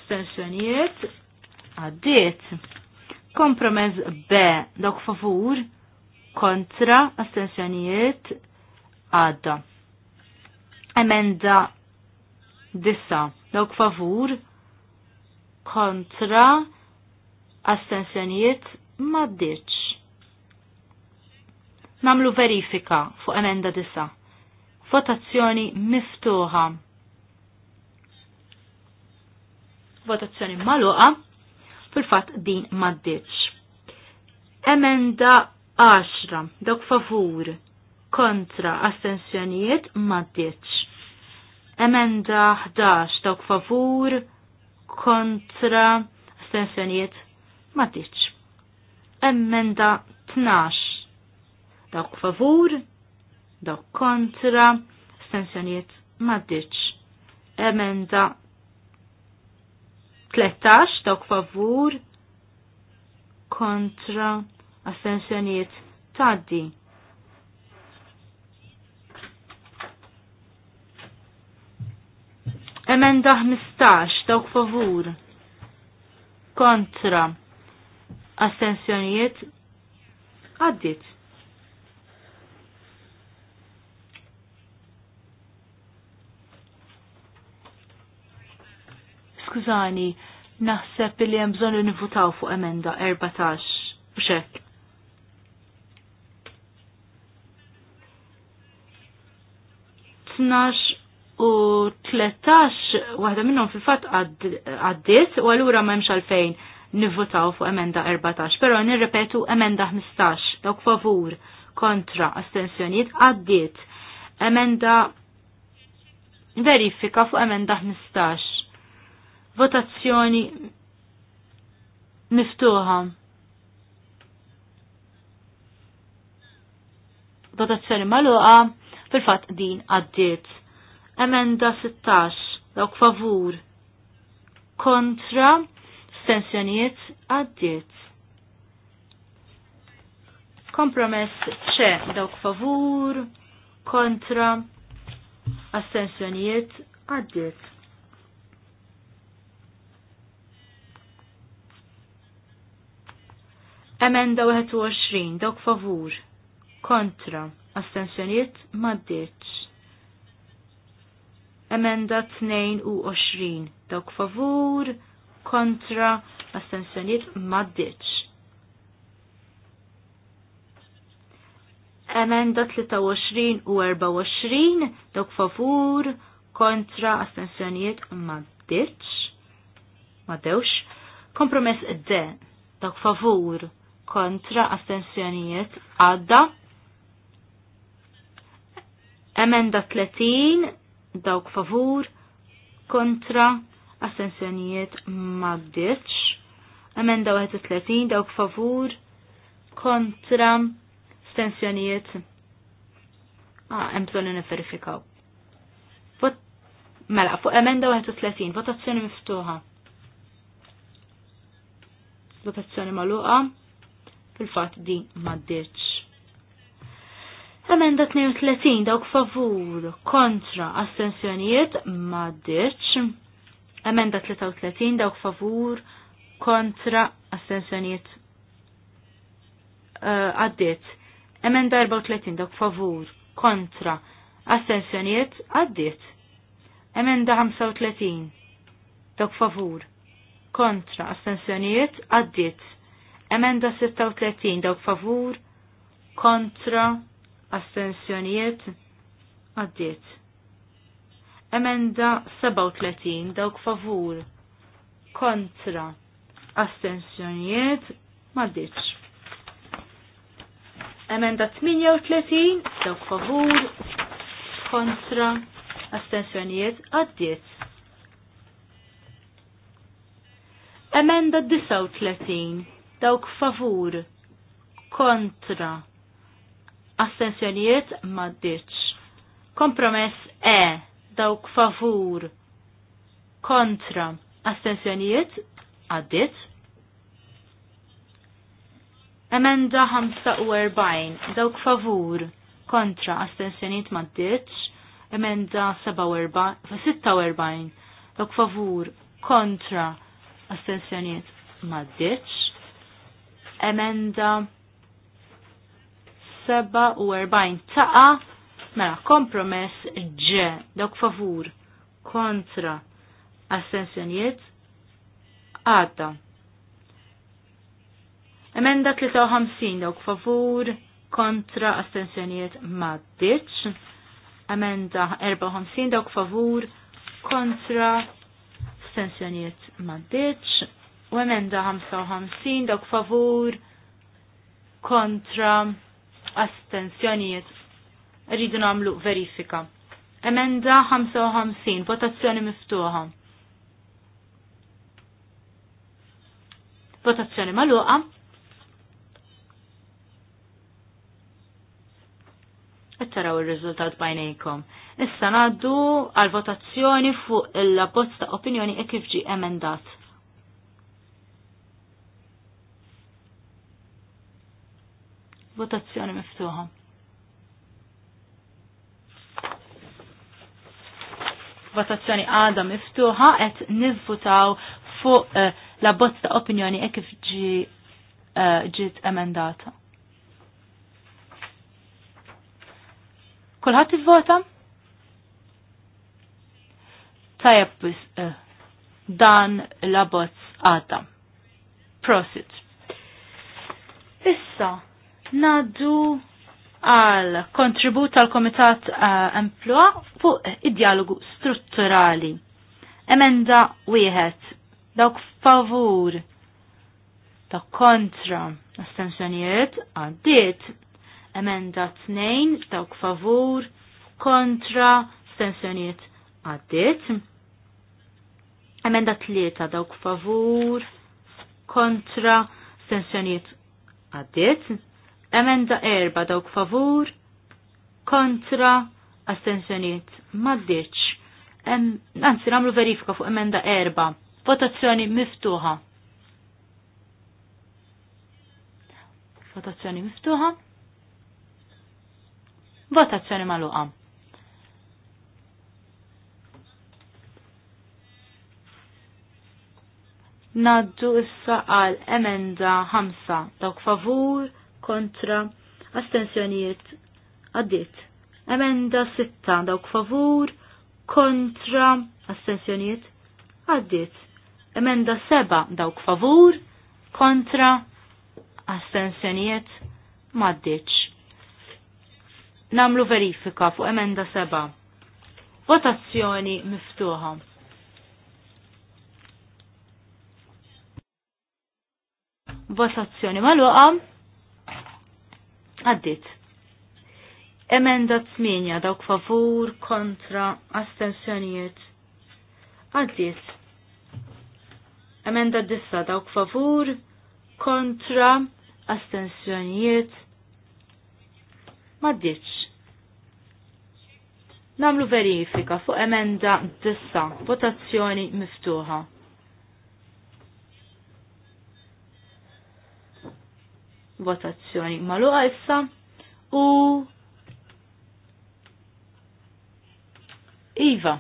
astensjonijiet għaddit. Kompromess B dawk favur kontra astensjonijiet għadda. Emenda dissa dawk favur kontra astensjonijiet maddiċ. Namlu verifika fuq emenda disa. Votazzjoni miftuħa. Votazzjoni maluqa fil-fat din maddiċ. Emenda Aċra, dok favur kontra astensjonijiet maddiċ. Emenda 11 dok favur kontra astensjonijiet maddiċ. Emenda 12 dok favur dok kontra astensjonijiet maddiċ. Emenda 13 dok favur kontra Astensjonijiet taddi. Emenda 15 dawk favur. Kontra. Astensjonijiet għaddit. Skużani, naħseb li hemm bżonn nivutaw fuq emenda 14 b'xekk. 12 u 13 waħda minnhom fil-fatt għaddiet u allura m'hemmx għalfejn nivvotaw fuq emenda 14, però nirrepetu emenda 15 dawk favur kontra astensjonijiet għaddiet emenda verifika fuq emenda 15. Votazzjoni miftuħa. Votazzjoni maluqa fil-fat din għaddiet. Emenda 16, dawk favur kontra stensjoniet għaddit. Kompromess ċe dawk favur kontra astensjoniet għaddit. Emenda 21, dawk favur, kontra, astensjoniet maddiċ. Emenda 22 dawk favur kontra astensjoniet maddiċ. Emenda 23 u 24 dawk favur kontra astensjoniet maddiċ. Madewx. Kompromess D dawk favur kontra astensjoniet għadda Emenda 30 dawk favur kontra assenzjonijiet ma bdiċ. Emenda 31 dawk favur kontra stensjonijiet. Ah, hemm bżonn Mela, fuq emenda 31, votazzjoni miftuħa. Votazzjoni magħluqa. Fil-fatt di ma Emenda 32 dawk favur kontra astensjonijiet ddirċ. Emenda 33 dawk favur kontra astensjonijiet eh, għaddit. Emenda 34 dawk favur kontra astensjonijiet għaddit. Emenda 35 dawk favur kontra astensjonijiet għaddit. Emenda 36 dawk favur kontra astensjonijiet għaddiet. Emenda 37 dawk favur kontra astensjonijiet maddiċ. Emenda 38 dawk favur kontra astensjonijiet għaddiet. Emenda 39 dawk favur kontra Astensjonijiet maddiċ. Kompromess E. Dawk favur. Kontra. Astensjonijiet għaddit. Emenda 45. Dawk favur. Kontra. Astensjonijiet maddiċ. Emenda 46. Dawk favur. Kontra. Astensjonijiet maddiċ. Emenda 47 taqa mela kompromess ġe dawk favur kontra assenzjonijiet għadda. Emenda 53 dawk favur kontra astensjonijiet maddiċ. Emenda 54 dawk favur kontra astensjonijiet maddiċ. U emenda 55 dawk favur kontra astensjonijiet rridu namlu verifika. Emenda 55, votazzjoni miftuħa. Votazzjoni maluqa. Ittaraw il-rizultat bajnejkom. Issa naddu għal votazzjoni fuq il-abbozz ta' opinjoni e kif ġi emendat. Votazzjoni miftuħa. Votazzjoni għada miftuħa qed nivvutaw fuq uh, la bozza ta' opinjoni e kif ġi uh, ġiet emendata. Kulħadd vota Tajab uh, eh, dan la bozz għada. Prosit. Issa, Naddu għal kontribut tal komitat eh, Emploa fuq id-dialogu strutturali. Emenda wieħed dawk favur ta' kontra astensjonijiet għaddiet. Emenda tnejn dawk favur kontra astensjonijiet għaddiet. Emenda tlieta dawk favur kontra astensjonijiet għaddiet Emenda erba dawk favur, kontra, astensjoniet, maddiċ. Nanzi namlu verifika fuq emenda erba. Votazzjoni miftuħa. Votazzjoni miftuħa. Votazzjoni maluqa. Naddu issa għal emenda 5 dawk favur, kontra astensjonijiet għaddit. Emenda 6 dawk favur kontra astensjonijiet għaddit. Emenda 7 dawk favur kontra astensjonijiet maddiċ. Namlu verifika fuq emenda 7. Votazzjoni miftuħa. Votazzjoni maluqa. Għaddit. Emenda 8 dawk favur kontra astensjonijiet. Għaddit. Emenda 9 dawk favur kontra astensjonijiet. Maddiċ. Namlu verifika fuq emenda 9 votazzjoni miftuħa. votazzjoni maluqa issa u Iva.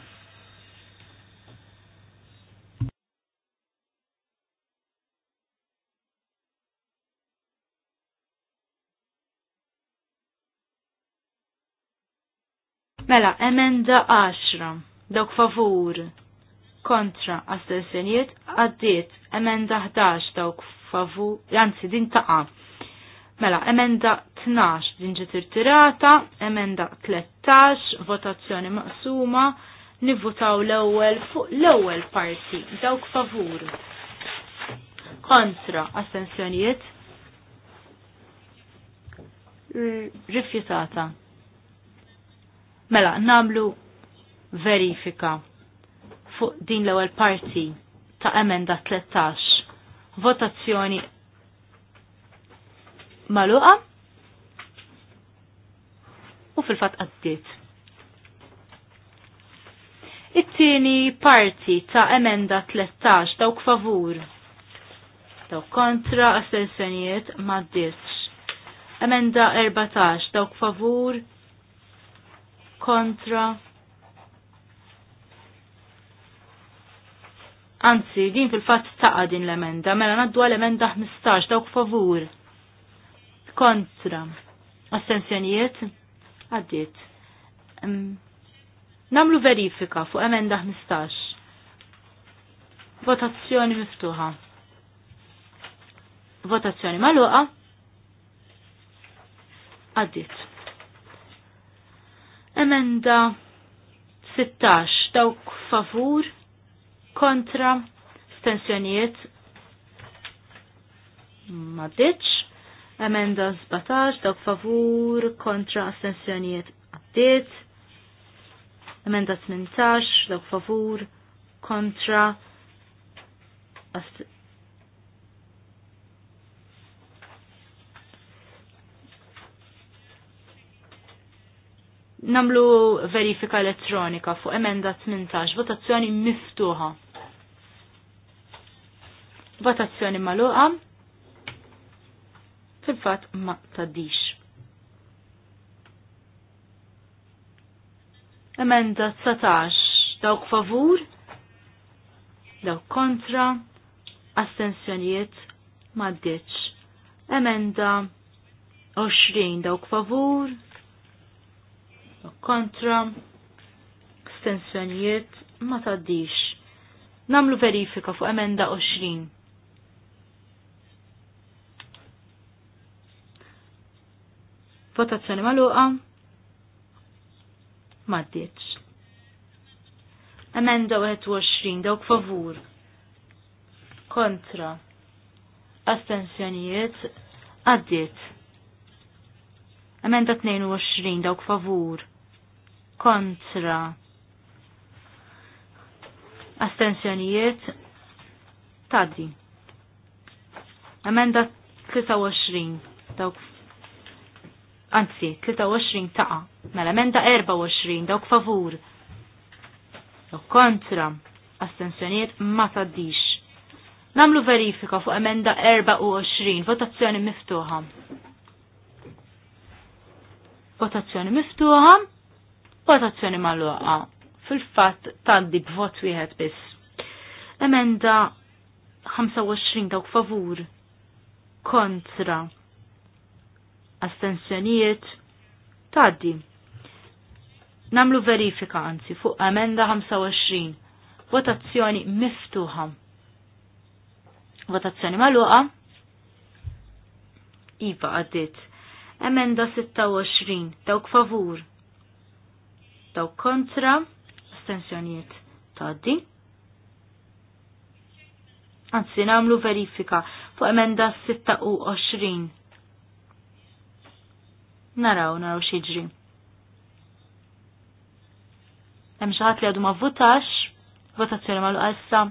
Mela, emenda 10. Dawk favur. Kontra astensjonijiet għaddiet emenda 11 dawk favur. Anzi, din taqa' Mela, emenda 12 din ġiet irtirata, emenda 13, votazzjoni maqsuma, nivvutaw l-ewwel fuq l-ewwel parti, dawk favur. Kontra, astensjonijiet. Rifjutata. Mela, namlu verifika fuq din l-ewwel parti ta' emenda 13. Votazzjoni maluqa u fil-fat għaddit. It-tieni parti ta' emenda 13 dawk favur. Dawk kontra assenzjonijiet ma' Emenda 14 dawk favur kontra Anzi, din fil-fatt taqa din l-emenda, mela naddu l-emenda 15 dawk favur kontra astensjonijiet għaddit. Namlu verifika fuq emenda 15. Votazzjoni miftuħa. Votazzjoni maluqa. Għaddit. Emenda 16. Dawk favur kontra stensjonijiet ma Emenda 17, dawk favur kontra astensjonijiet għaddit. Emenda 18, dawk favur kontra namlu verifika elettronika fuq emenda 18, votazzjoni miftuħa. Votazzjoni maluqa fil-fat ma tadix. Emenda 17. dawk favur, dawk kontra, Astensjoniet? ma ddiċ. Emenda 20, dawk favur, dawk kontra, Astensjoniet? ma taddix. Namlu verifika fuq emenda 20. Votazzjoni maluqa. Maddiċ. Emenda 21, dawk favur. Kontra. Astensjonijiet. Għaddit. Emenda 22, dawk favur. Kontra. Astensjonijiet. Taddi. Emenda 23, dawk anzi 23 taqa, mela emenda 24 dawk favur, dawk kontra, astensjoniet ma taddix. Namlu verifika fuq emenda 24, votazzjoni miftuħa. Votazzjoni miftuħa, votazzjoni maluqa. Fil-fat taddi b'vot wieħed biss. Emenda 25 dawk favur, kontra, astensjonijiet taddi. Namlu verifika anzi fuq emenda 25. Votazzjoni miftuħa. Votazzjoni maluqa. Iva għaddit. Emenda 26. Dawk favur. Dawk kontra. Astensjonijiet taddi. Anzi, namlu verifika fuq emenda 26 naraw, naraw xieġri. Hemm xi ħadd li għadu ma votax, votazzjoni magħluqa issa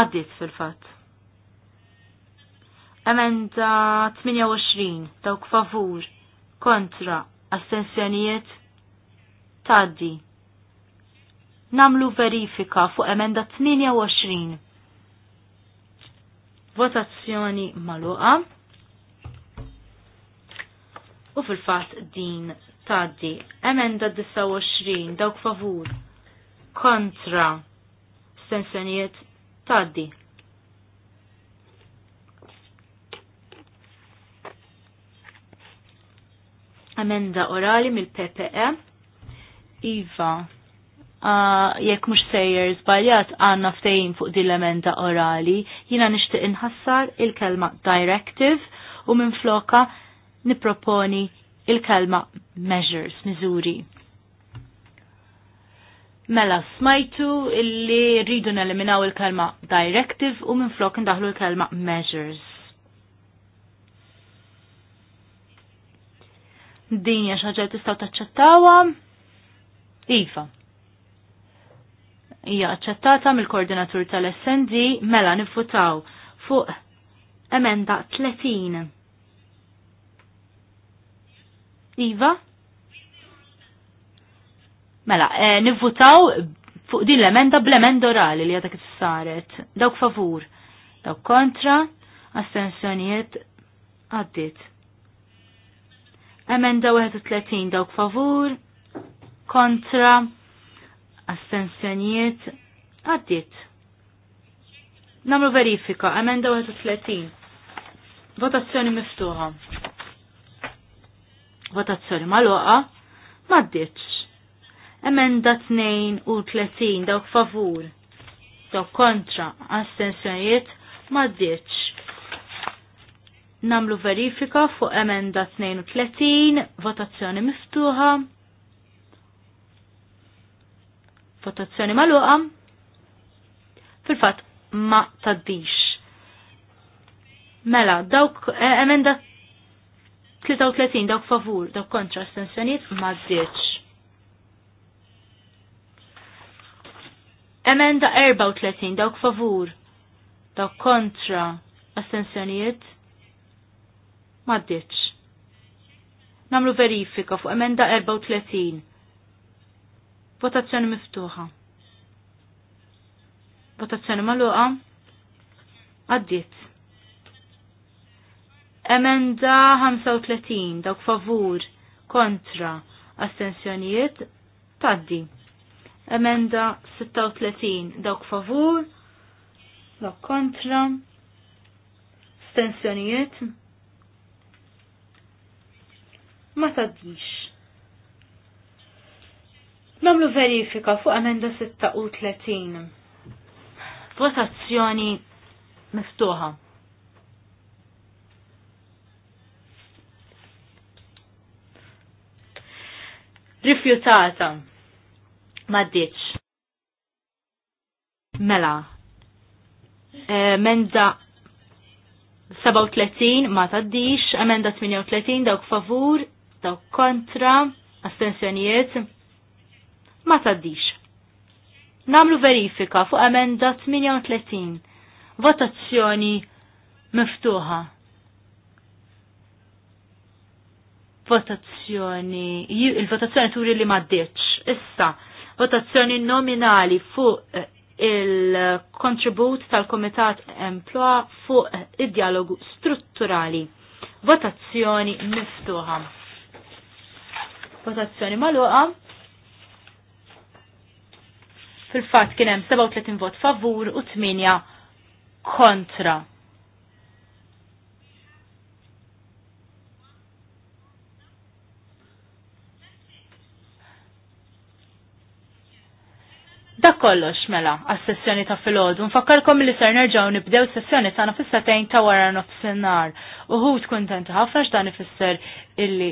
għaddiet fil-fatt. Emenda 28 dawk favur kontra astensjonijiet taddi. Namlu verifika fuq emenda 28. Votazzjoni magħluqa u fil-fat din taddi. Emenda 29 dawk favur kontra stensjonijiet taddi. Amenda orali mill-PPE Iva Uh, jekk mhux sejjer żbaljat għandna ftejn fuq din l-emenda orali, jiena nixtieq inħassar il-kelma directive u minn floka niproponi il-kelma measures, miżuri. Mela smajtu illi rridu neliminaw il-kelma directive u minn flok ndaħlu il-kelma measures. Din hija ħaġa tistgħu taċċettawha? Iva. Hija aċċettata mill-koordinatur tal-SND mela nifutaw fuq emenda 30 Iva? Mela, eh, nivvutaw fuq din l-emenda bl-emenda orali li għadak saret. Dawk favur, dawk kontra, astensjonijiet għaddit. Emenda 31 dawk favur, kontra, astensjonijiet għaddit. Namlu verifika, emenda 31. Votazzjoni miftuħa. Votazzjoni maluqa maddiċ. Emenda 30 dawk favur, dawk kontra, astensjonijiet maddiċ. Namlu verifika fuq emenda 30, votazzjoni miftuħa. Votazzjoni maluqa. Fil-fat ma taddix. Mela, dawk eh, emenda 33 dawk favur, dawk kontra astensjoniet ma ddiċ. Emenda 34 dawk favur, dawk kontra astensjoniet ma ddiċ. Namlu verifika fuq emenda 34. Votazzjoni miftuħa. Votazzjoni maluqa. Għaddiet. Emenda 35 dawk favur kontra astensjonijiet taddi. Emenda 36 dawk favur dawk kontra astensjonijiet ma taddix. Namlu verifika fuq emenda 36. Votazzjoni miftuħa. rifjutata ditx. Mela, e, menza 37 ma taddix, emenda 38 dawk favur, dawk kontra, astensjonijiet ma taddix. Namlu verifika fuq emenda 38. Votazzjoni miftuħa. votazzjoni, il-votazzjoni turi li maddeċ, Issa, votazzjoni nominali fuq eh, il-kontribut tal-Komitat Emploa fuq eh, id-dialogu strutturali. Votazzjoni miftuħa. Votazzjoni maluqa. Fil-fat kienem 37 vot favur u 8 kontra. Dak kollox mela għas-sessjoni ta' filgħodu. Nfakkarkom li ser nerġgħu nibdew sessjoni tagħna fis-setejn ta' wara nofsinhar. Uħud kuntent ħafna x'dan ifisser illi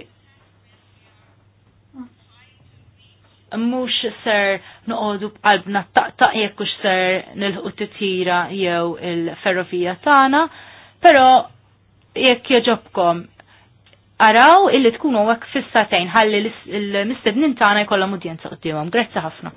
mux ser noqodu b'qalbna taqtaq jekk hux ser nilħu titira jew il-ferrovija tagħna, però jekk jogħġobkom araw illi tkunu għak fissatejn ħalli l-mistednin tagħna jkollhom udjenza qudiemhom. Grazzi ħafna.